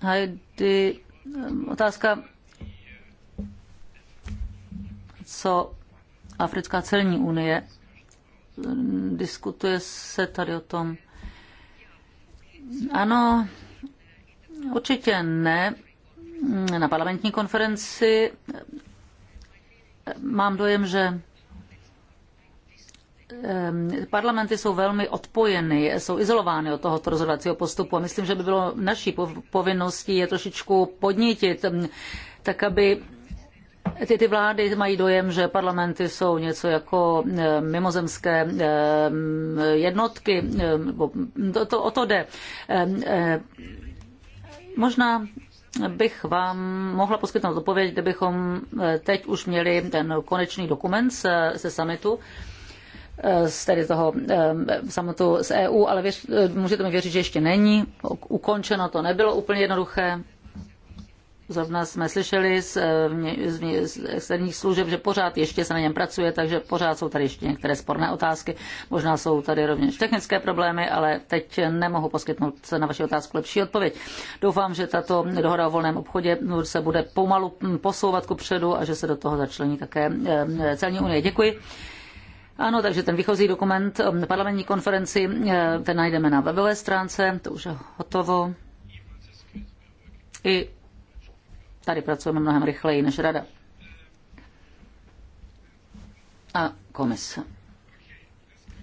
S2: Heidi, otázka, co Africká celní unie, diskutuje se tady o tom. Ano, určitě ne na parlamentní konferenci. Mám dojem, že parlamenty jsou velmi odpojeny, jsou izolovány od tohoto rozhodovacího postupu a myslím, že by bylo naší povinností je trošičku podnítit, tak aby ty, ty vlády mají dojem, že parlamenty jsou něco jako mimozemské jednotky, to, to, o to jde. Možná bych vám mohla poskytnout odpověď, kdybychom eh, teď už měli ten konečný dokument se, se summitu, eh, z tedy toho eh, samotu z EU, ale věř, můžete mi věřit, že ještě není. Ukončeno to nebylo úplně jednoduché. Zrovna jsme slyšeli z, eh, z, externích služeb, že pořád ještě se na něm pracuje, takže pořád jsou tady ještě některé sporné otázky. Možná jsou tady rovněž technické problémy, ale teď nemohu poskytnout na vaši otázku lepší odpověď. Doufám, že tato dohoda o volném obchodě eh, se bude pomalu hm, posouvat ku předu a že se do toho začlení také eh, celní unie. Děkuji. Ano, takže ten výchozí dokument hm, parlamentní konferenci, ten najdeme na webové stránce, to už je hotovo. I Tady pracujeme mnohem rychleji než rada. A komise.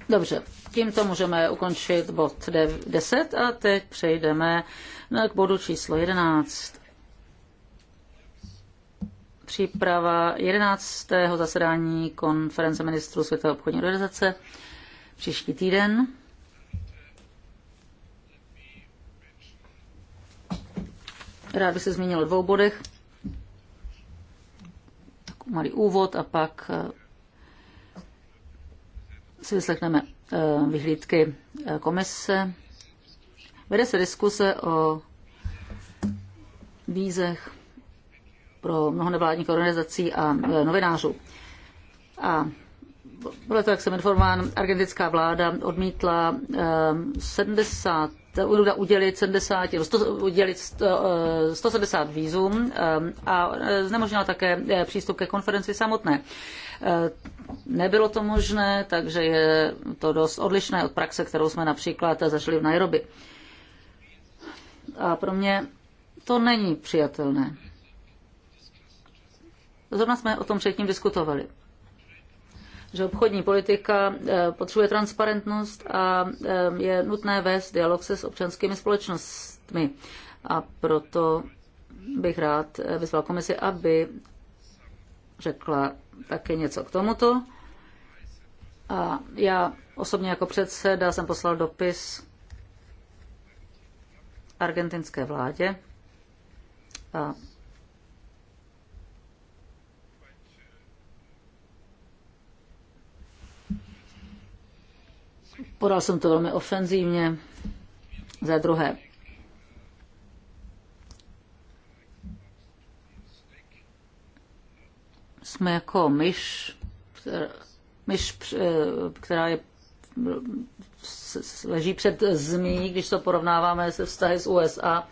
S2: Dobře, tímto můžeme ukončit bod 10 a teď přejdeme k bodu číslo 11. Příprava 11. zasedání konference ministrů Světové obchodní organizace příští týden. Rád bych se zmínil o dvou bodech malý úvod a pak eh, si vyslechneme eh, vyhlídky eh, komise. Vede se diskuse o vízech pro mnoho nevládních organizací a novinářů. A podle toho, jak jsem informován, argentinská vláda odmítla 70 ehm, udělit 70, 100, udělit 170 eh, vízum ehm, a eh, znemožnila také eh, přístup ke konferenci samotné. Nebylo to možné, takže je to dost odlišné od praxe, kterou jsme například zažili v Nairobi. A pro mě to není přijatelné. Zrovna jsme o tom předtím diskutovali že obchodní politika eh, potřebuje transparentnost a eh, je nutné vést dialog se s občanskými společnostmi. A proto bych rád eh, vyzval komisi, aby řekla také něco k tomuto. A já osobně jako předseda jsem poslal dopis argentinské vládě a Podal jsem to velmi ofenzivně. Za druhé, jsme jako myš, která, myš, eh, která je, leží před zmí, když to porovnáváme se vztahy s USA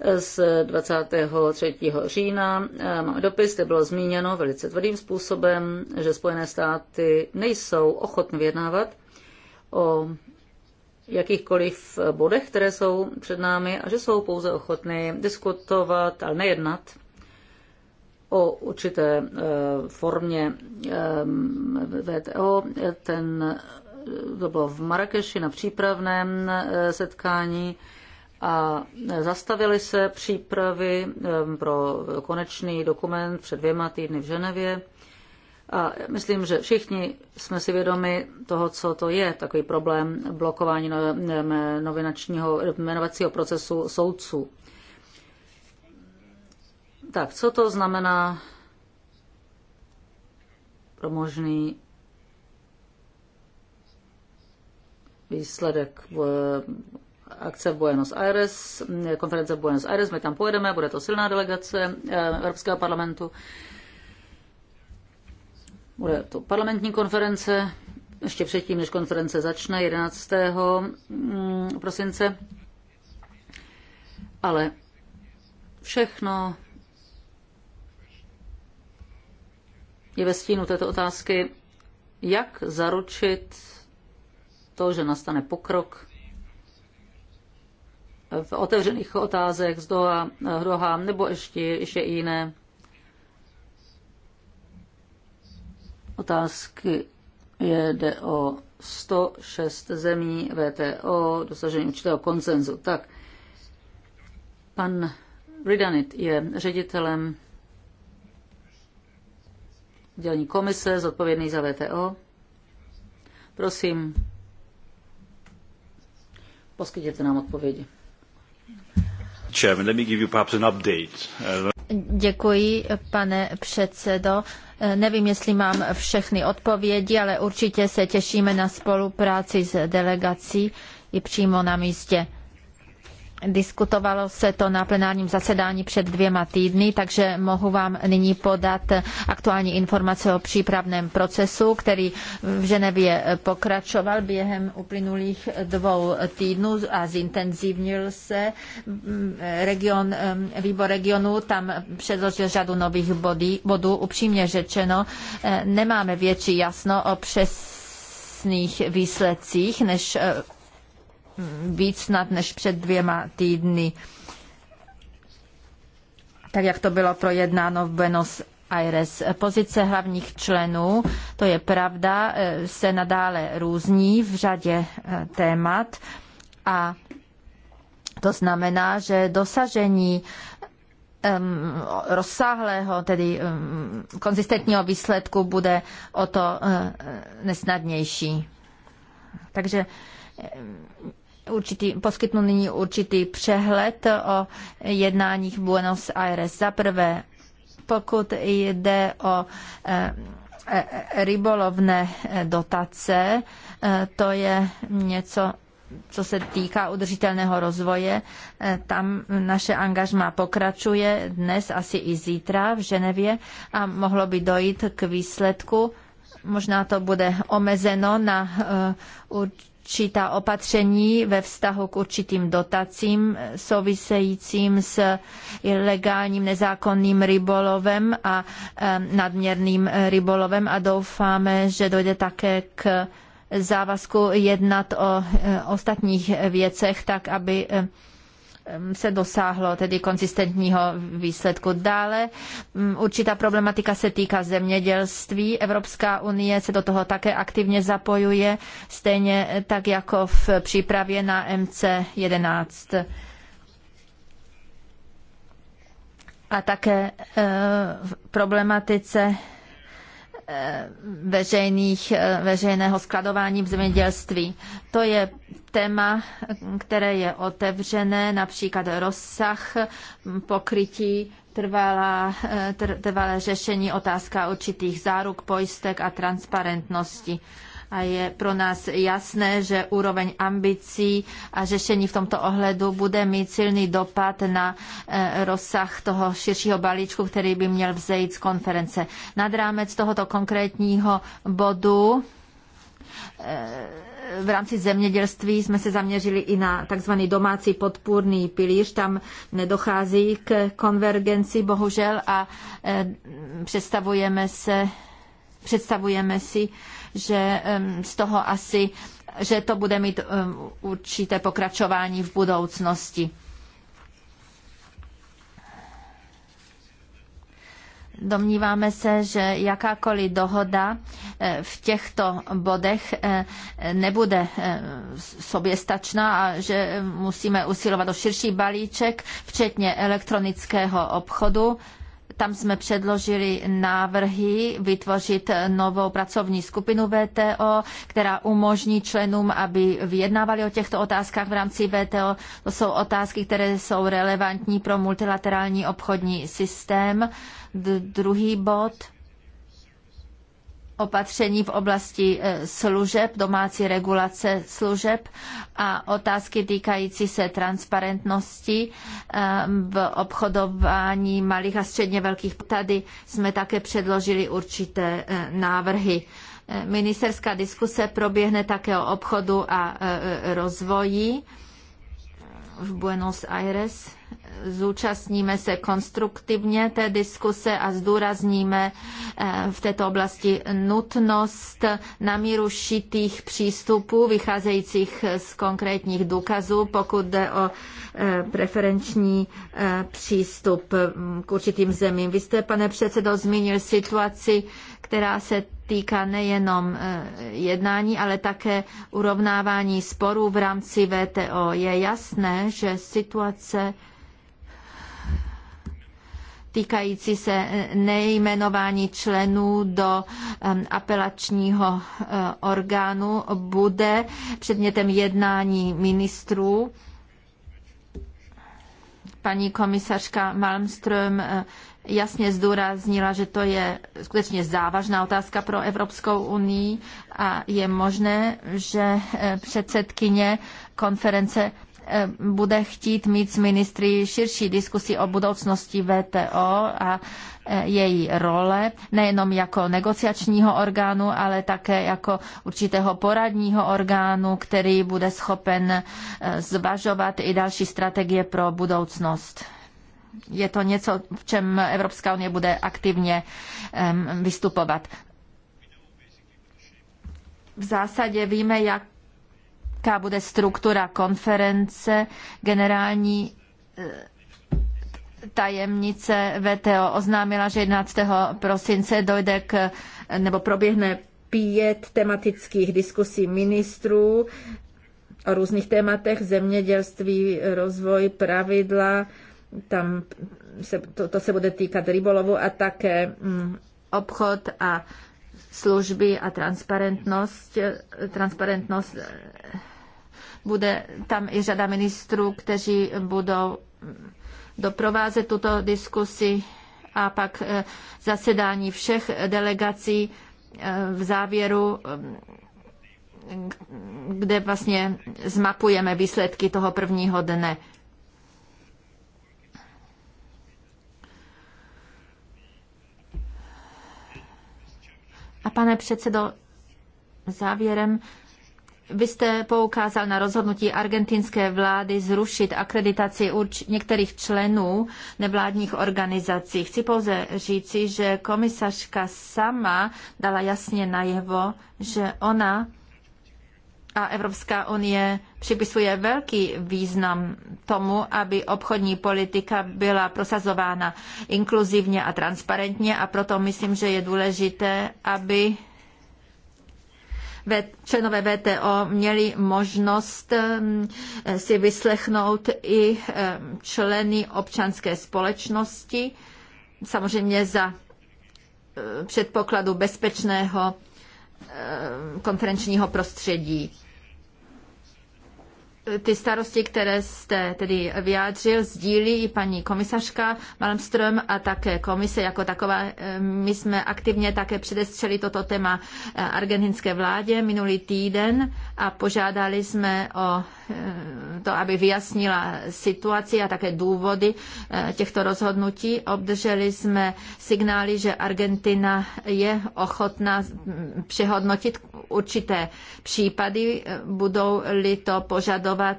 S2: eh, z 23. října. Eh, máme dopis, kde bylo zmíněno velice tvrdým způsobem, že Spojené státy nejsou ochotny vyjednávat o jakýchkoliv bodech, které jsou před námi a že jsou pouze ochotny diskutovat, ale nejednat o určité eh, formě eh, VTO. Ten, eh, to bylo v Marrakeši na přípravném setkání a zastavili se přípravy pro konečný dokument před dvěma týdny v Ženevě a myslím, že všichni jsme si vědomi toho, co to je, takový problém blokování no, novinačního jmenovacího procesu soudců. Tak, co to znamená pro možný výsledek v akce v Buenos Aires, konference v Buenos Aires, my tam pojedeme, bude to silná delegace eh, Evropského parlamentu. Bude to parlamentní konference, ještě předtím, než konference začne 11. Mm, prosince. Ale všechno je ve stínu této otázky, jak zaručit to, že nastane pokrok v otevřených otázek z Doha, Doha nebo ještě, ještě i jiné otázky jde o 106 zemí VTO, dosažení určitého koncenzu. Tak, pan Ridanit je ředitelem dělní komise, zodpovědný za VTO. Prosím, poskytěte nám odpovědi.
S3: Děkuji, pane předsedo. Nevím, jestli mám všechny odpovědi, ale určitě se těšíme na spolupráci s delegací i přímo na místě. Diskutovalo se to na plenárním zasedání před dvěma týdny, takže mohu vám nyní podat aktuální informace o přípravném procesu, který v Ženevě pokračoval během uplynulých dvou týdnů a zintenzivnil se. Region, výbor regionu tam předložil řadu nových body, bodů. Upřímně řečeno, nemáme větší jasno o přesných výsledcích, než víc snad než před dvěma týdny, tak jak to bylo projednáno v Buenos Aires. Pozice hlavních členů, to je pravda, eh, se nadále různí v řadě eh, témat a to znamená, že dosažení um, rozsáhlého, tedy um, konzistentního výsledku bude o to uh, nesnadnější. Takže um, určitý, poskytnu nyní určitý přehled o jednáních v Buenos Aires. Za prvé, pokud jde o eh, eh, rybolovné eh, dotace, to je něco, co se týká udržitelného rozvoje. Tam naše angažma pokračuje dnes, asi i zítra v Ženevě a mohlo by dojít k výsledku. Možná to bude omezeno na ta opatření ve vztahu k určitým dotacím souvisejícím s ilegálním nezákonným rybolovem a nadměrným rybolovem a doufáme, že dojde také k závazku jednat o e, ostatních věcech, tak aby e, se dosáhlo tedy konzistentního výsledku. Dále mm, určitá problematika se týká zemědělství. Evropská unie se do toho také aktivně zapojuje, stejně tak jako v přípravě na MC11. A také eh, v problematice Eh, veřejných, eh, veřejného skladování v zemědělství. To je téma, které je otevřené, například rozsah pokrytí trvalá, eh, trvalé řešení otázka určitých záruk, pojistek a transparentnosti a je pro nás jasné, že úroveň ambicí a řešení v tomto ohledu bude mít silný dopad na eh, rozsah toho širšího balíčku, který by měl vzejít z konference. Nad rámec tohoto konkrétního bodu eh, v rámci zemědělství jsme se zaměřili i na tzv. domácí podpůrný pilíř. Tam nedochází k konvergenci, bohužel, a eh, představujeme, se, představujeme si, že z toho asi, že to bude mít určité pokračování v budoucnosti. Domníváme se, že jakákoliv dohoda eh, v těchto bodech eh, nebude eh, soběstačná a že musíme usilovat o širší balíček, včetně elektronického obchodu tam jsme předložili návrhy vytvořit novou pracovní skupinu VTO, která umožní členům, aby vyjednávali o těchto otázkách v rámci VTO. To jsou otázky, které jsou relevantní pro multilaterální obchodní systém. D- druhý bod opatření v oblasti e, služeb, domácí regulace služeb a otázky týkající se transparentnosti e, v obchodování malých a středně velkých. Tady jsme také předložili určité e, návrhy. Ministerská diskuse proběhne také o obchodu a rozvoji v Buenos Aires. Zúčastníme se konstruktivně té diskuse a zdůrazníme eh, v této oblasti nutnost namíru šitých přístupů vycházejících z konkrétních důkazů, pokud jde o eh, preferenční eh, přístup mm, k určitým zemím. Vy jste, pane předsedo, zmínil situaci, která se týká nejenom e, jednání, ale také urovnávání sporů v rámci VTO. Je jasné, že situace týkající se e, nejmenování členů do apelačního e, orgánu bude předmětem jednání ministrů. Paní komisařka Malmström jasně zdůraznila, že to je skutečně závažná otázka pro Evropskou unii a je možné, že eh, předsedkyně konference eh, bude chtít mít s ministry širší diskusi o budoucnosti VTO a eh, její role, nejenom jako negociačního orgánu, ale také jako určitého poradního orgánu, který bude schopen zvažovat i další strategie pro budoucnost je to něco, v čem Evropská unie bude aktivně vystupovat. V zásadě víme, jaká bude struktura konference. Generální e, tajemnice VTO oznámila, že 11. prosince dojde k, nebo proběhne pět tematických diskusí ministrů o různých tématech, zemědělství, rozvoj, pravidla, tam se, to, to se bude týkat rybolovu a také mm, obchod a služby a transparentnost. Transparentnost eh, bude tam i řada ministrů, kteří budou mm, doprovázet tuto diskusi a pak eh, zasedání všech delegací eh, v závěru, mm, kde vlastně zmapujeme výsledky toho prvního dne. A pane předsedo, závěrem, vy jste poukázal na rozhodnutí argentinské vlády zrušit akreditaci urč některých členů nevládních organizací. Chci pouze říci, že komisařka sama dala jasně najevo, že ona a Evropská unie připisuje velký význam tomu, aby obchodní politika byla prosazována inkluzivně a transparentně a proto myslím, že je důležité, aby členové VTO měli možnost um, si vyslechnout i um, členy občanské společnosti, samozřejmě za uh, předpokladu bezpečného Eh, konferenčního prostředí. Ty starosti, které jste tedy vyjádřil, sdílí i paní komisařka Malmström a také komise jako taková. Eh, my jsme aktivně také předestřeli toto téma eh, argentinské vládě minulý týden a požádali jsme o Eh, to, aby vyjasnila situaci a také důvody eh, těchto rozhodnutí. Obdrželi jsme signály, že Argentina je ochotná mm, přehodnotit určité případy, eh, budou-li to požadovat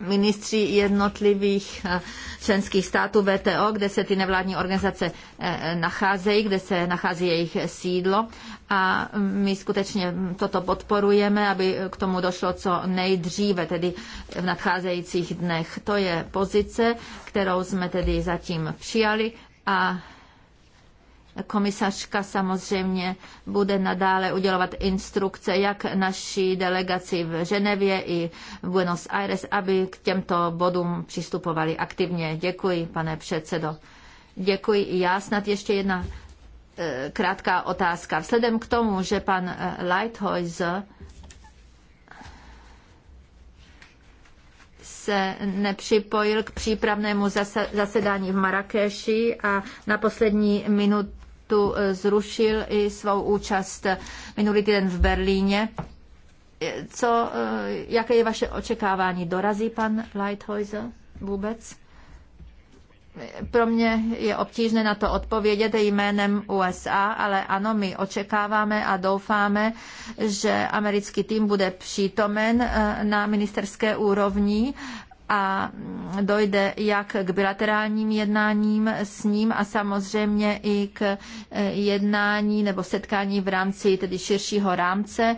S3: ministři jednotlivých eh, členských států VTO, kde se ty nevládní organizace eh, nacházejí, kde se nachází jejich sídlo. A my skutečně toto podporujeme, aby k tomu došlo co nejdříve, tedy v nadcházejících dnech. To je pozice, kterou jsme tedy zatím přijali a Komisařka samozřejmě bude nadále udělovat instrukce jak naší delegaci v Ženevě i v Buenos Aires, aby k těmto bodům přistupovali aktivně. Děkuji, pane předsedo. Děkuji i já. Snad ještě jedna eh, krátká otázka. Vzhledem k tomu, že pan eh, Lighthouse se nepřipojil k přípravnému zasedání v Marrakeši a na poslední minut, tu eh, zrušil i svou účast minulý týden v Berlíně. Co, eh, jaké je vaše očekávání? Dorazí pan Lighthouse vůbec? Pro mě je obtížné na to odpovědět jménem USA, ale ano, my očekáváme a doufáme, že americký tým bude přítomen eh, na ministerské úrovni a dojde jak k bilaterálním jednáním s ním a samozřejmě i k eh, jednání nebo setkání v rámci tedy širšího rámce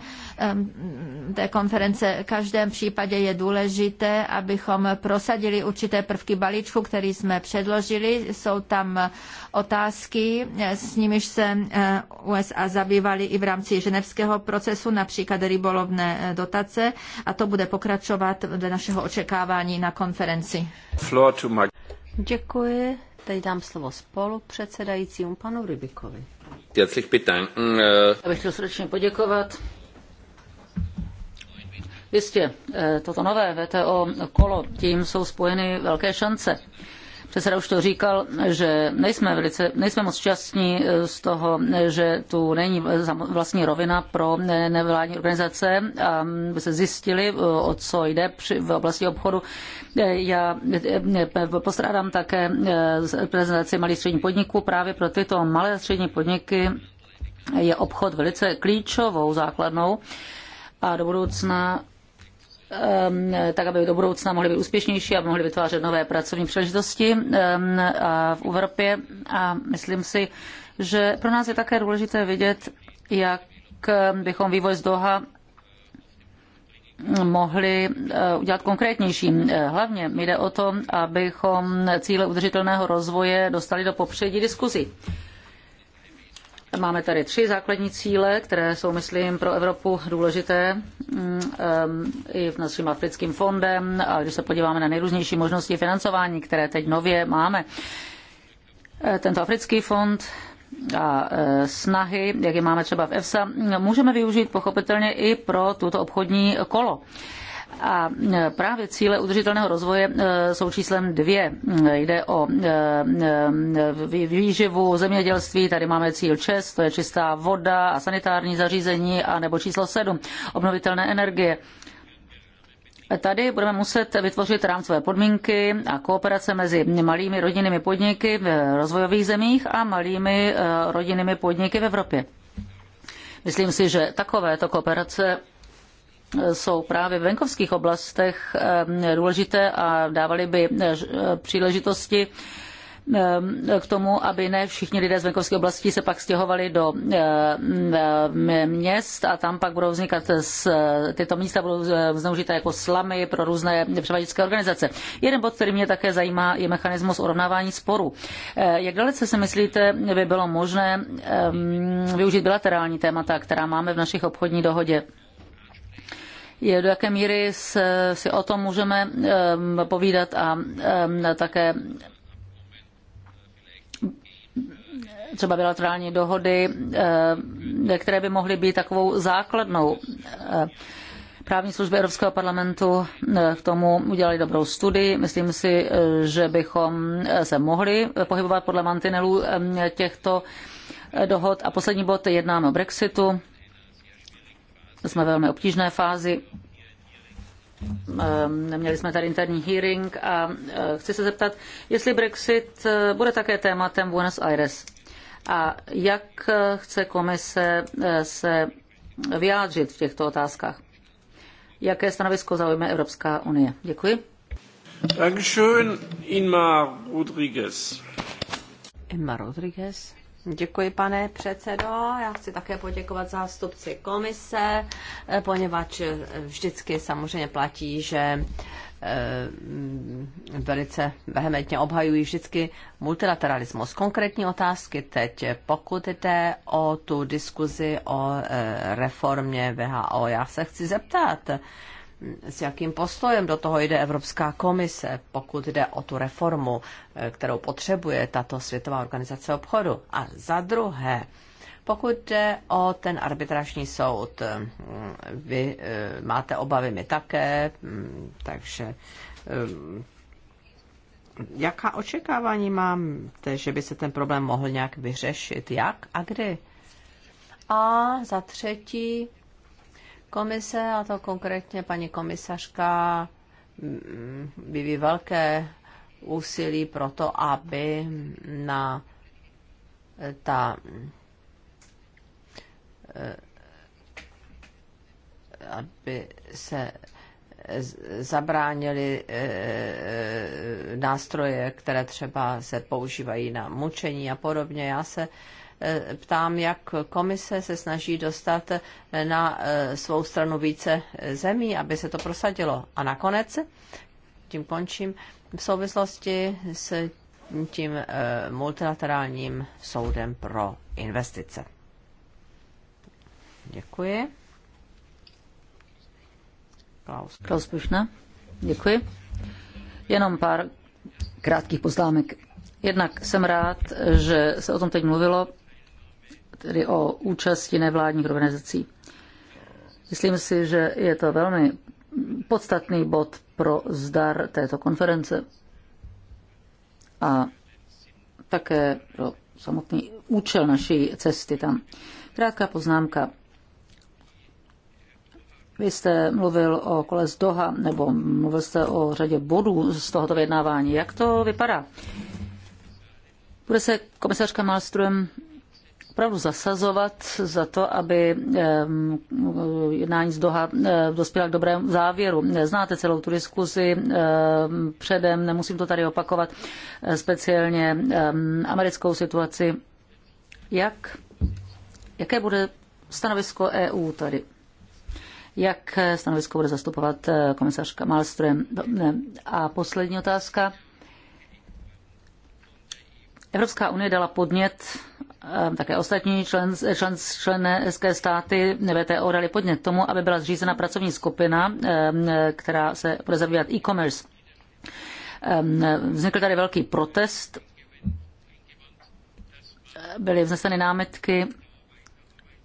S3: té konference. V každém případě je důležité, abychom prosadili určité prvky balíčku, který jsme předložili. Jsou tam otázky, s nimiž se eh, USA zabývali i v rámci ženevského procesu, například rybolovné eh, dotace a to bude pokračovat do našeho očekávání na konferenci. Děkuji. Teď dám slovo spolu předsedajícímu panu
S1: Rybikovi. Já bych chtěl srdečně poděkovat
S2: Jistě, eh, toto nové VTO kolo, tím jsou spojeny velké šance. Předseda už to říkal, že nejsme, velice, nejsme moc šťastní eh, z toho, eh, že tu není vlastní rovina pro nevládní organizace, mm, aby se zjistili, o co jde při, v oblasti obchodu. Já postrádám také prezentaci malých středních podniků právě pro tyto malé střední podniky je obchod velice klíčovou základnou a do budoucna Ehm, tak aby do budoucna mohli být úspěšnější a mohli vytvářet nové pracovní příležitosti ehm, v Evropě. A myslím si, že pro nás je také důležité vidět, jak ehm, bychom vývoj z Doha mohli eh, udělat konkrétnější. Eh, hlavně mi jde o to, abychom cíle udržitelného rozvoje dostali do popředí diskuzí. Máme tady tři základní cíle, které jsou, myslím, pro Evropu důležité mm, eh, i v naším africkým fondem. A když se podíváme na nejrůznější možnosti financování, které teď nově máme, eh, tento africký fond a eh, snahy, jak je máme třeba v EFSA, můžeme využít pochopitelně i pro tuto obchodní kolo. A e, právě cíle udržitelného rozvoje e, jsou číslem dvě. Jde o e, výživu, zemědělství, tady máme cíl 6, to je čistá voda a sanitární zařízení, a nebo číslo 7, obnovitelné energie. Tady budeme muset vytvořit rámcové podmínky a kooperace mezi malými rodinnými podniky v rozvojových zemích a malými rodinnými podniky v Evropě. Myslím si, že takovéto kooperace jsou právě v venkovských oblastech eh, důležité a dávaly by eh, eh, příležitosti k tomu, aby ne všichni lidé z venkovské oblasti se pak stěhovali do měst a tam pak budou vznikat, tyto místa budou zneužité jako slamy pro různé převaděčské organizace. Jeden bod, který mě také zajímá, je mechanismus urovnávání sporů. Jak dalece si myslíte, by bylo možné využít bilaterální témata, která máme v našich obchodní dohodě? je do jaké míry si o tom můžeme povídat a také třeba bilaterální dohody, které by mohly být takovou základnou. Eh, právní služby Evropského parlamentu eh, k tomu udělali dobrou studii. Myslím si, eh, že bychom se mohli pohybovat podle mantinelů těchto dohod. A poslední bod jednáme o Brexitu. Jsme velmi obtížné fázi. Ehm, Měli jsme tady interní hearing a eh, chci se zeptat, jestli Brexit eh, bude také tématem Buenos Aires a jak eh, chce komise se vyjádřit v těchto otázkách. Jaké stanovisko zaujme Evropská unie? Děkuji.
S1: Dankeschön, Inmar Rodriguez. Inmar Rodriguez. Děkuji, pane předsedo. Já chci také poděkovat zástupci komise, eh, poněvadž eh, vždycky samozřejmě platí, že eh, velice vehementně obhajují vždycky multilateralismus. Konkrétní otázky teď, pokud jde o tu diskuzi o reformě VHO, já se chci zeptat, s jakým postojem do toho jde Evropská komise, pokud jde o tu reformu, eh, kterou potřebuje tato Světová organizace obchodu. A za druhé, pokud jde o ten arbitrážní soud, eh, vy eh, máte obavy my také, mm, takže jaká očekávání mám, že by se ten problém mohl nějak vyřešit? Jak a kdy? A za třetí, Komise, a to konkrétně paní komisařka, mm, vyvíjí velké úsilí pro to, aby na eh, ta eh, aby se zabránili eh, nástroje, které třeba se používají na mučení a podobně. Já se Eh, ptám, jak komise se snaží dostat eh, na eh, svou stranu více zemí, aby se to prosadilo. A nakonec, tím končím, v souvislosti s tím multilaterálním soudem pro investice. Děkuji.
S2: Klaus. Klaus Pušna. Děkuji. Jenom pár krátkých poznámek. Jednak jsem rád, že se o tom teď mluvilo, tedy o účasti nevládních organizací. Myslím si, že je to velmi podstatný bod pro zdar této konference a také pro samotný účel naší cesty tam. Krátká poznámka. Vy jste mluvil o kole z Doha, nebo mluvil jste o řadě bodů z tohoto vyjednávání. Jak to vypadá? Bude se komisařka Malström opravdu zasazovat za to, aby jednání z Doha eh, dospěla k dobrému závěru. Znáte celou tu diskuzi předem, nemusím to tady opakovat, eh, speciálně americkou situaci. Jak, jaké bude stanovisko EU tady? Jak eh, stanovisko bude zastupovat komisařka Malström? No, A poslední otázka. Evropská unie dala podnět Ehm, také ostatní člen, člen, členské státy VTO dali podnět tomu, aby byla zřízena pracovní skupina, ehm, která se bude zabývat e-commerce. Ehm, vznikl tady velký protest, byly vzneseny námitky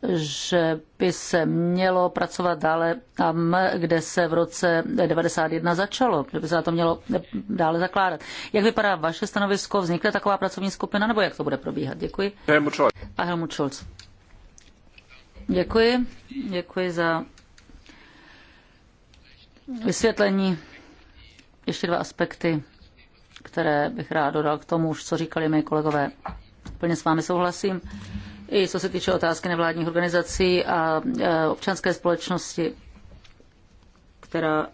S2: že by se mělo pracovat dále tam, kde se v roce 1991 začalo, že by se na to mělo dále zakládat. Jak vypadá vaše stanovisko? Vznikne taková pracovní skupina, nebo jak to bude probíhat? Děkuji.
S1: Helmut Scholz. A
S2: Helmut Scholz. Děkuji. Děkuji za vysvětlení. Ještě dva aspekty, které bych rád dodal k tomu, co říkali mé kolegové. Plně s vámi souhlasím i co se týče otázky nevládních organizací a občanské společnosti, která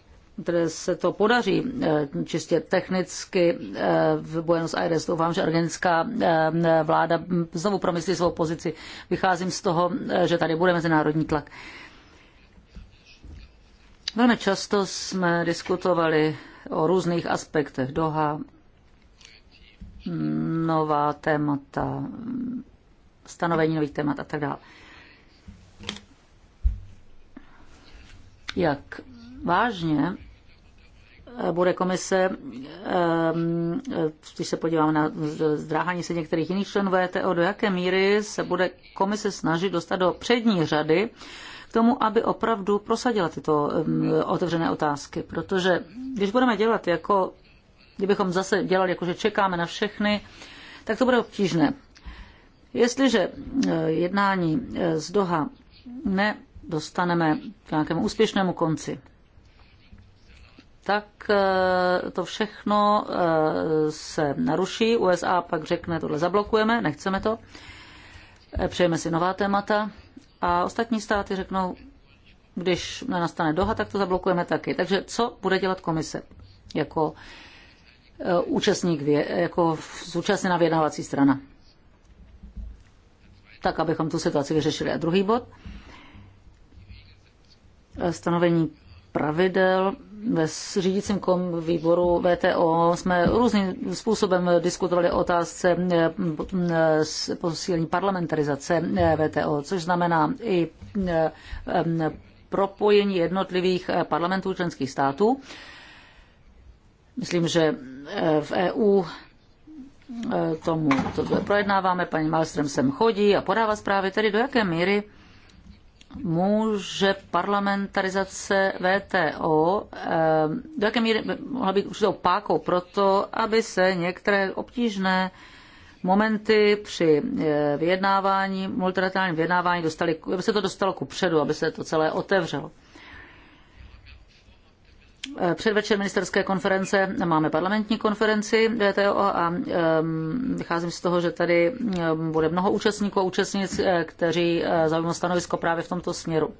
S2: které se to podaří e, čistě technicky e, v Buenos Aires. Doufám, že argentinská e, vláda znovu promyslí svou pozici. Vycházím z toho, že tady bude mezinárodní tlak. Velmi často jsme diskutovali o různých aspektech Doha, nová témata, stanovení nových témat a tak dále. Jak vážně eh, bude komise, eh, když se podívám na zdráhání se některých jiných členů VTO, do jaké míry se bude komise snažit dostat do přední řady k tomu, aby opravdu prosadila tyto eh, otevřené otázky. Protože když budeme dělat jako, kdybychom zase dělali jako, že čekáme na všechny, tak to bude obtížné. Jestliže eh, jednání eh, z Doha ne dostaneme k nějakému úspěšnému konci, tak eh, to všechno se naruší. USA pak řekne, tohle zablokujeme, nechceme to, přejeme si nová témata a ostatní státy řeknou, když nenastane doha, tak to zablokujeme taky. Takže co bude dělat komise jako účastník, jako zúčastněná vyjednávací strana? tak abychom tu situaci vyřešili. A druhý bod, eh, stanovení pravidel ve řídícím kom výboru VTO jsme různým způsobem diskutovali o otázce eh, eh, posílení parlamentarizace VTO, což znamená i propojení jednotlivých parlamentů členských států. Myslím, že v EU E, tomu, to, projednáváme, paní Malström sem chodí a podává zprávy, tedy do jaké míry může parlamentarizace VTO, e, do jaké míry mohla být určitou pákou pro to, aby se některé obtížné momenty při e, vyjednávání, multilaterálním vyjednávání, dostali, aby se to dostalo ku předu, aby se to celé otevřelo. Eh, předvečer ministerské konference máme parlamentní konferenci VTO a vycházím z toho, že tady bude mnoho účastníků a účastnic, eh, kteří eh, zaujmou stanovisko právě v tomto směru.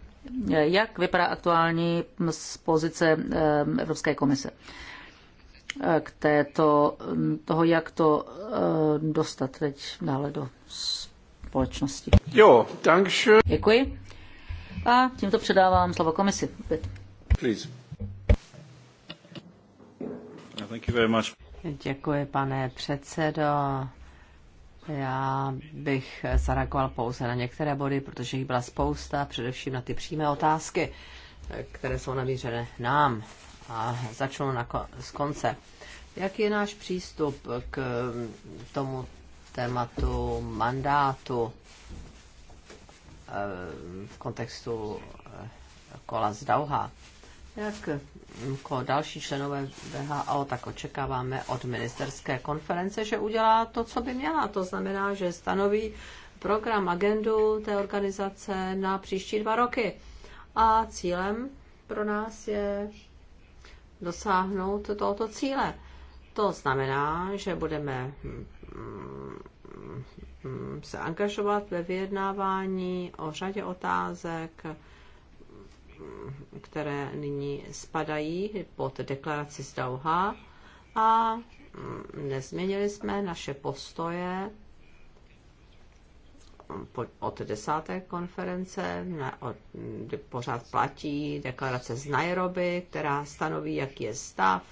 S2: Jak vypadá aktuální hm, z pozice Evropské komise k této, hm, toho, jak to dostat teď dále do společnosti? Jo, děkuji. Děkuji. A tímto předávám slovo komisi.
S1: Please. Thank you very much. Děkuji, pane předsedo. Já bych zareagoval pouze na některé body, protože jich byla spousta, především na ty přímé otázky, které jsou namířené nám. A začnu na ko- z konce. Jak je náš přístup k tomu tématu mandátu eh, v kontextu eh, kola z Dauha? Jak jako další členové VHO, tak očekáváme od ministerské konference, že udělá to, co by měla. To znamená, že stanoví program, agendu té organizace na příští dva roky. A cílem pro nás je dosáhnout tohoto cíle. To znamená, že budeme mm, mm, mm, se angažovat ve vyjednávání o řadě otázek, které nyní spadají pod deklaraci z Dauha a mm, nezměnili jsme naše postoje od desáté konference, ne, od, pořád platí deklarace z Nairobi, která stanoví, jaký je stav,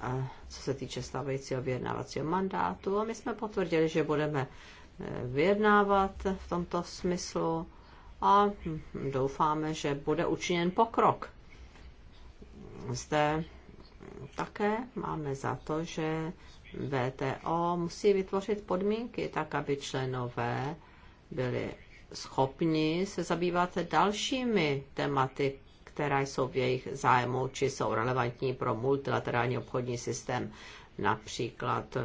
S1: a co se týče stávajícího vyjednávacího mandátu. A my jsme potvrdili, že budeme eh, vyjednávat v tomto smyslu a doufáme, že bude učiněn pokrok. Zde také máme za to, že VTO musí vytvořit podmínky tak, aby členové byli schopni se zabývat dalšími tématy, které jsou v jejich zájmu, či jsou relevantní pro multilaterální obchodní systém, například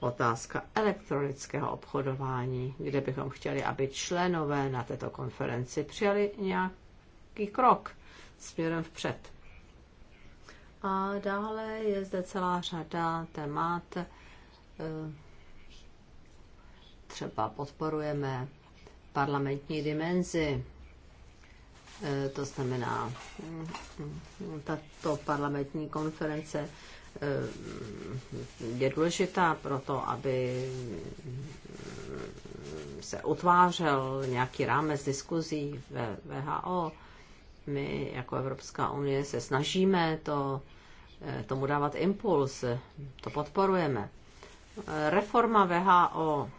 S1: otázka elektronického obchodování, kde bychom chtěli, aby členové na této konferenci přijali nějaký krok směrem vpřed. A dále je zde celá řada témat. Eh, třeba podporujeme parlamentní dimenzi, eh, to znamená, mm, mm, tato parlamentní konference Eh, je důležitá pro to, aby eh, se utvářel nějaký rámec diskuzí ve VHO. My jako Evropská unie se snažíme to, eh, tomu dávat impuls, to podporujeme. Reforma VHO.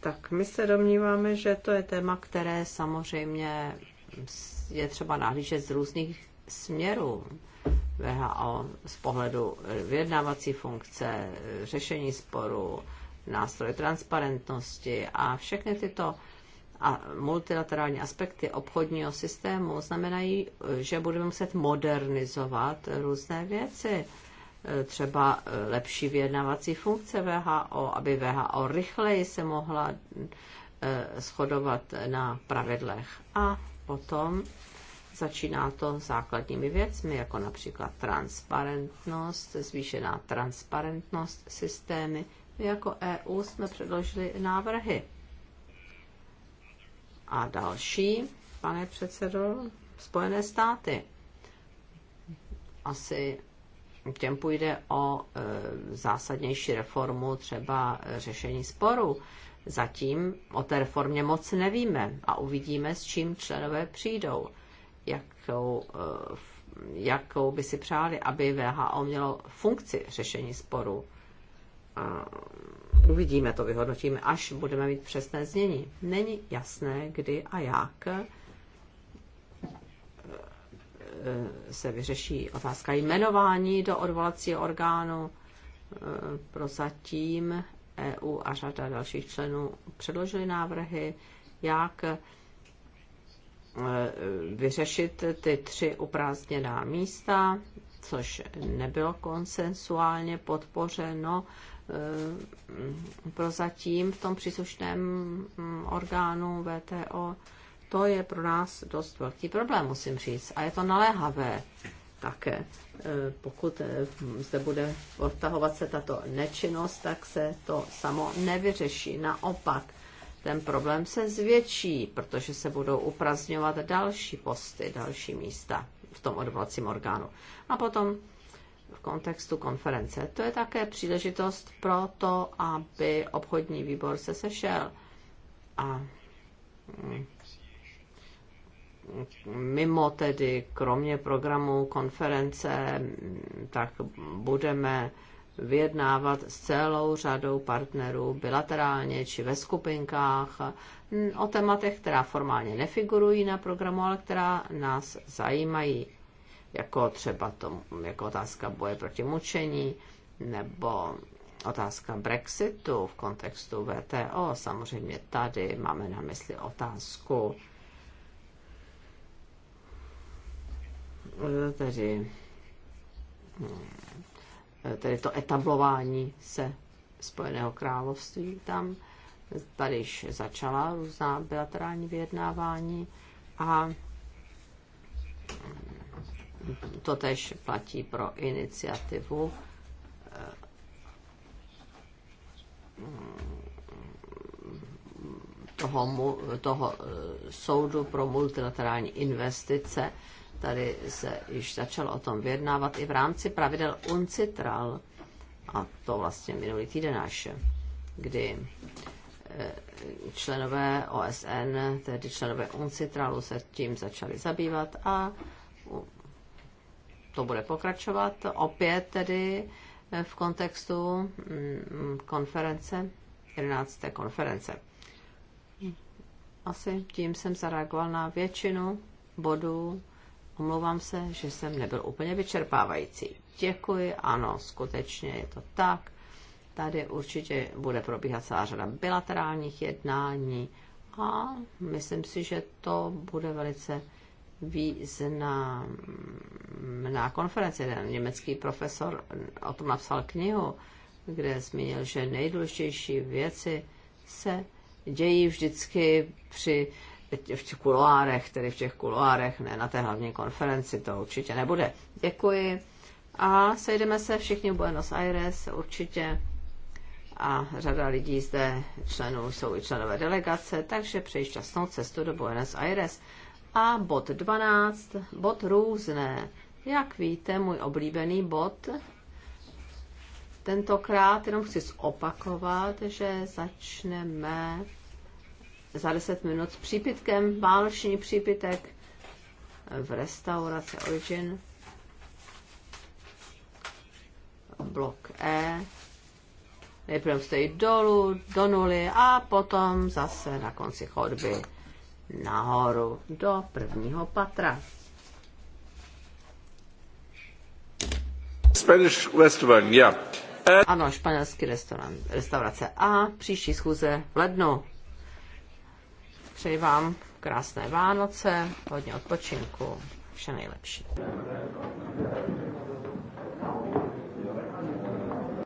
S1: Tak my se domníváme, že to je téma, které samozřejmě je třeba nahlížet z různých směrů. VHO z pohledu vyjednávací funkce, řešení sporu, nástroje transparentnosti a všechny tyto a multilaterální aspekty obchodního systému znamenají, že budeme muset modernizovat různé věci. Třeba lepší vyjednávací funkce VHO, aby VHO rychleji se mohla eh, shodovat na pravidlech. A potom Začíná to základními věcmi, jako například transparentnost, zvýšená transparentnost systémy. My jako EU jsme předložili návrhy. A další, pane předsedo, Spojené státy. Asi těm půjde o e, zásadnější reformu, třeba řešení sporů. Zatím o té reformě moc nevíme a uvidíme, s čím členové přijdou jakou, eh, jakou by si přáli, aby VHO mělo funkci řešení sporů. uvidíme to, vyhodnotíme, až budeme mít přesné znění. Není jasné, kdy a jak eh, se vyřeší otázka jmenování do odvolacího orgánu. Eh, prozatím EU a řada dalších členů předložili návrhy, jak Eh, vyřešit ty tři uprázdněná místa, což nebylo konsensuálně podpořeno eh, prozatím v tom příslušném mm, orgánu VTO. To je pro nás dost velký problém, musím říct. A je to naléhavé také. Eh, pokud zde bude odtahovat se tato nečinnost, tak se to samo nevyřeší. Naopak ten problém se zvětší, protože se budou uprazňovat další posty, další místa v tom odvolacím orgánu. A potom v kontextu konference. To je také příležitost pro to, aby obchodní výbor se sešel a mm, mimo tedy, kromě programu konference, mm, tak budeme vyjednávat s celou řadou partnerů bilaterálně či ve skupinkách o tématech, která formálně nefigurují na programu, ale která nás zajímají, jako třeba to, jako otázka boje proti mučení nebo otázka Brexitu v kontextu VTO. Samozřejmě tady máme na mysli otázku e, tedy Eh, tedy to etablování se Spojeného království tam. Tady již začala různá bilaterální vyjednávání a mm, to tež platí pro iniciativu eh, mm, toho, toho eh, soudu pro multilaterální investice, Tady se již začalo o tom vyjednávat i v rámci pravidel UNCITRAL, a to vlastně minulý týden až, kdy eh, členové OSN, tedy členové UNCITRALu se tím začali zabývat a to bude pokračovat opět tedy eh, v kontextu mm, konference, 11. konference. Asi tím jsem zareagoval na většinu bodů, Omlouvám se, že jsem nebyl úplně vyčerpávající. Děkuji, ano, skutečně je to tak. Tady určitě bude probíhat celá řada bilaterálních jednání a myslím si, že to bude velice významná konference. Jeden německý profesor o tom napsal knihu, kde zmínil, že nejdůležitější věci se dějí vždycky při v těch kuloárech, tedy v těch kuloárech, ne na té hlavní konferenci, to určitě nebude. Děkuji a sejdeme se všichni v Buenos Aires určitě a řada lidí zde členů jsou i členové delegace, takže přeji šťastnou cestu do Buenos Aires. A bod 12, bod různé. Jak víte, můj oblíbený bod tentokrát jenom chci zopakovat, že začneme za 10 minut s přípitkem, vánoční přípitek v restauraci Origin, blok E, nejprve stojí dolů, do nuly a potom zase na konci chodby nahoru do prvního patra. Spanish restaurant, yeah. Ano, španělský restaurant, restaurace a příští schůze v lednu. Přeji vám krásné Vánoce, hodně odpočinku, vše nejlepší.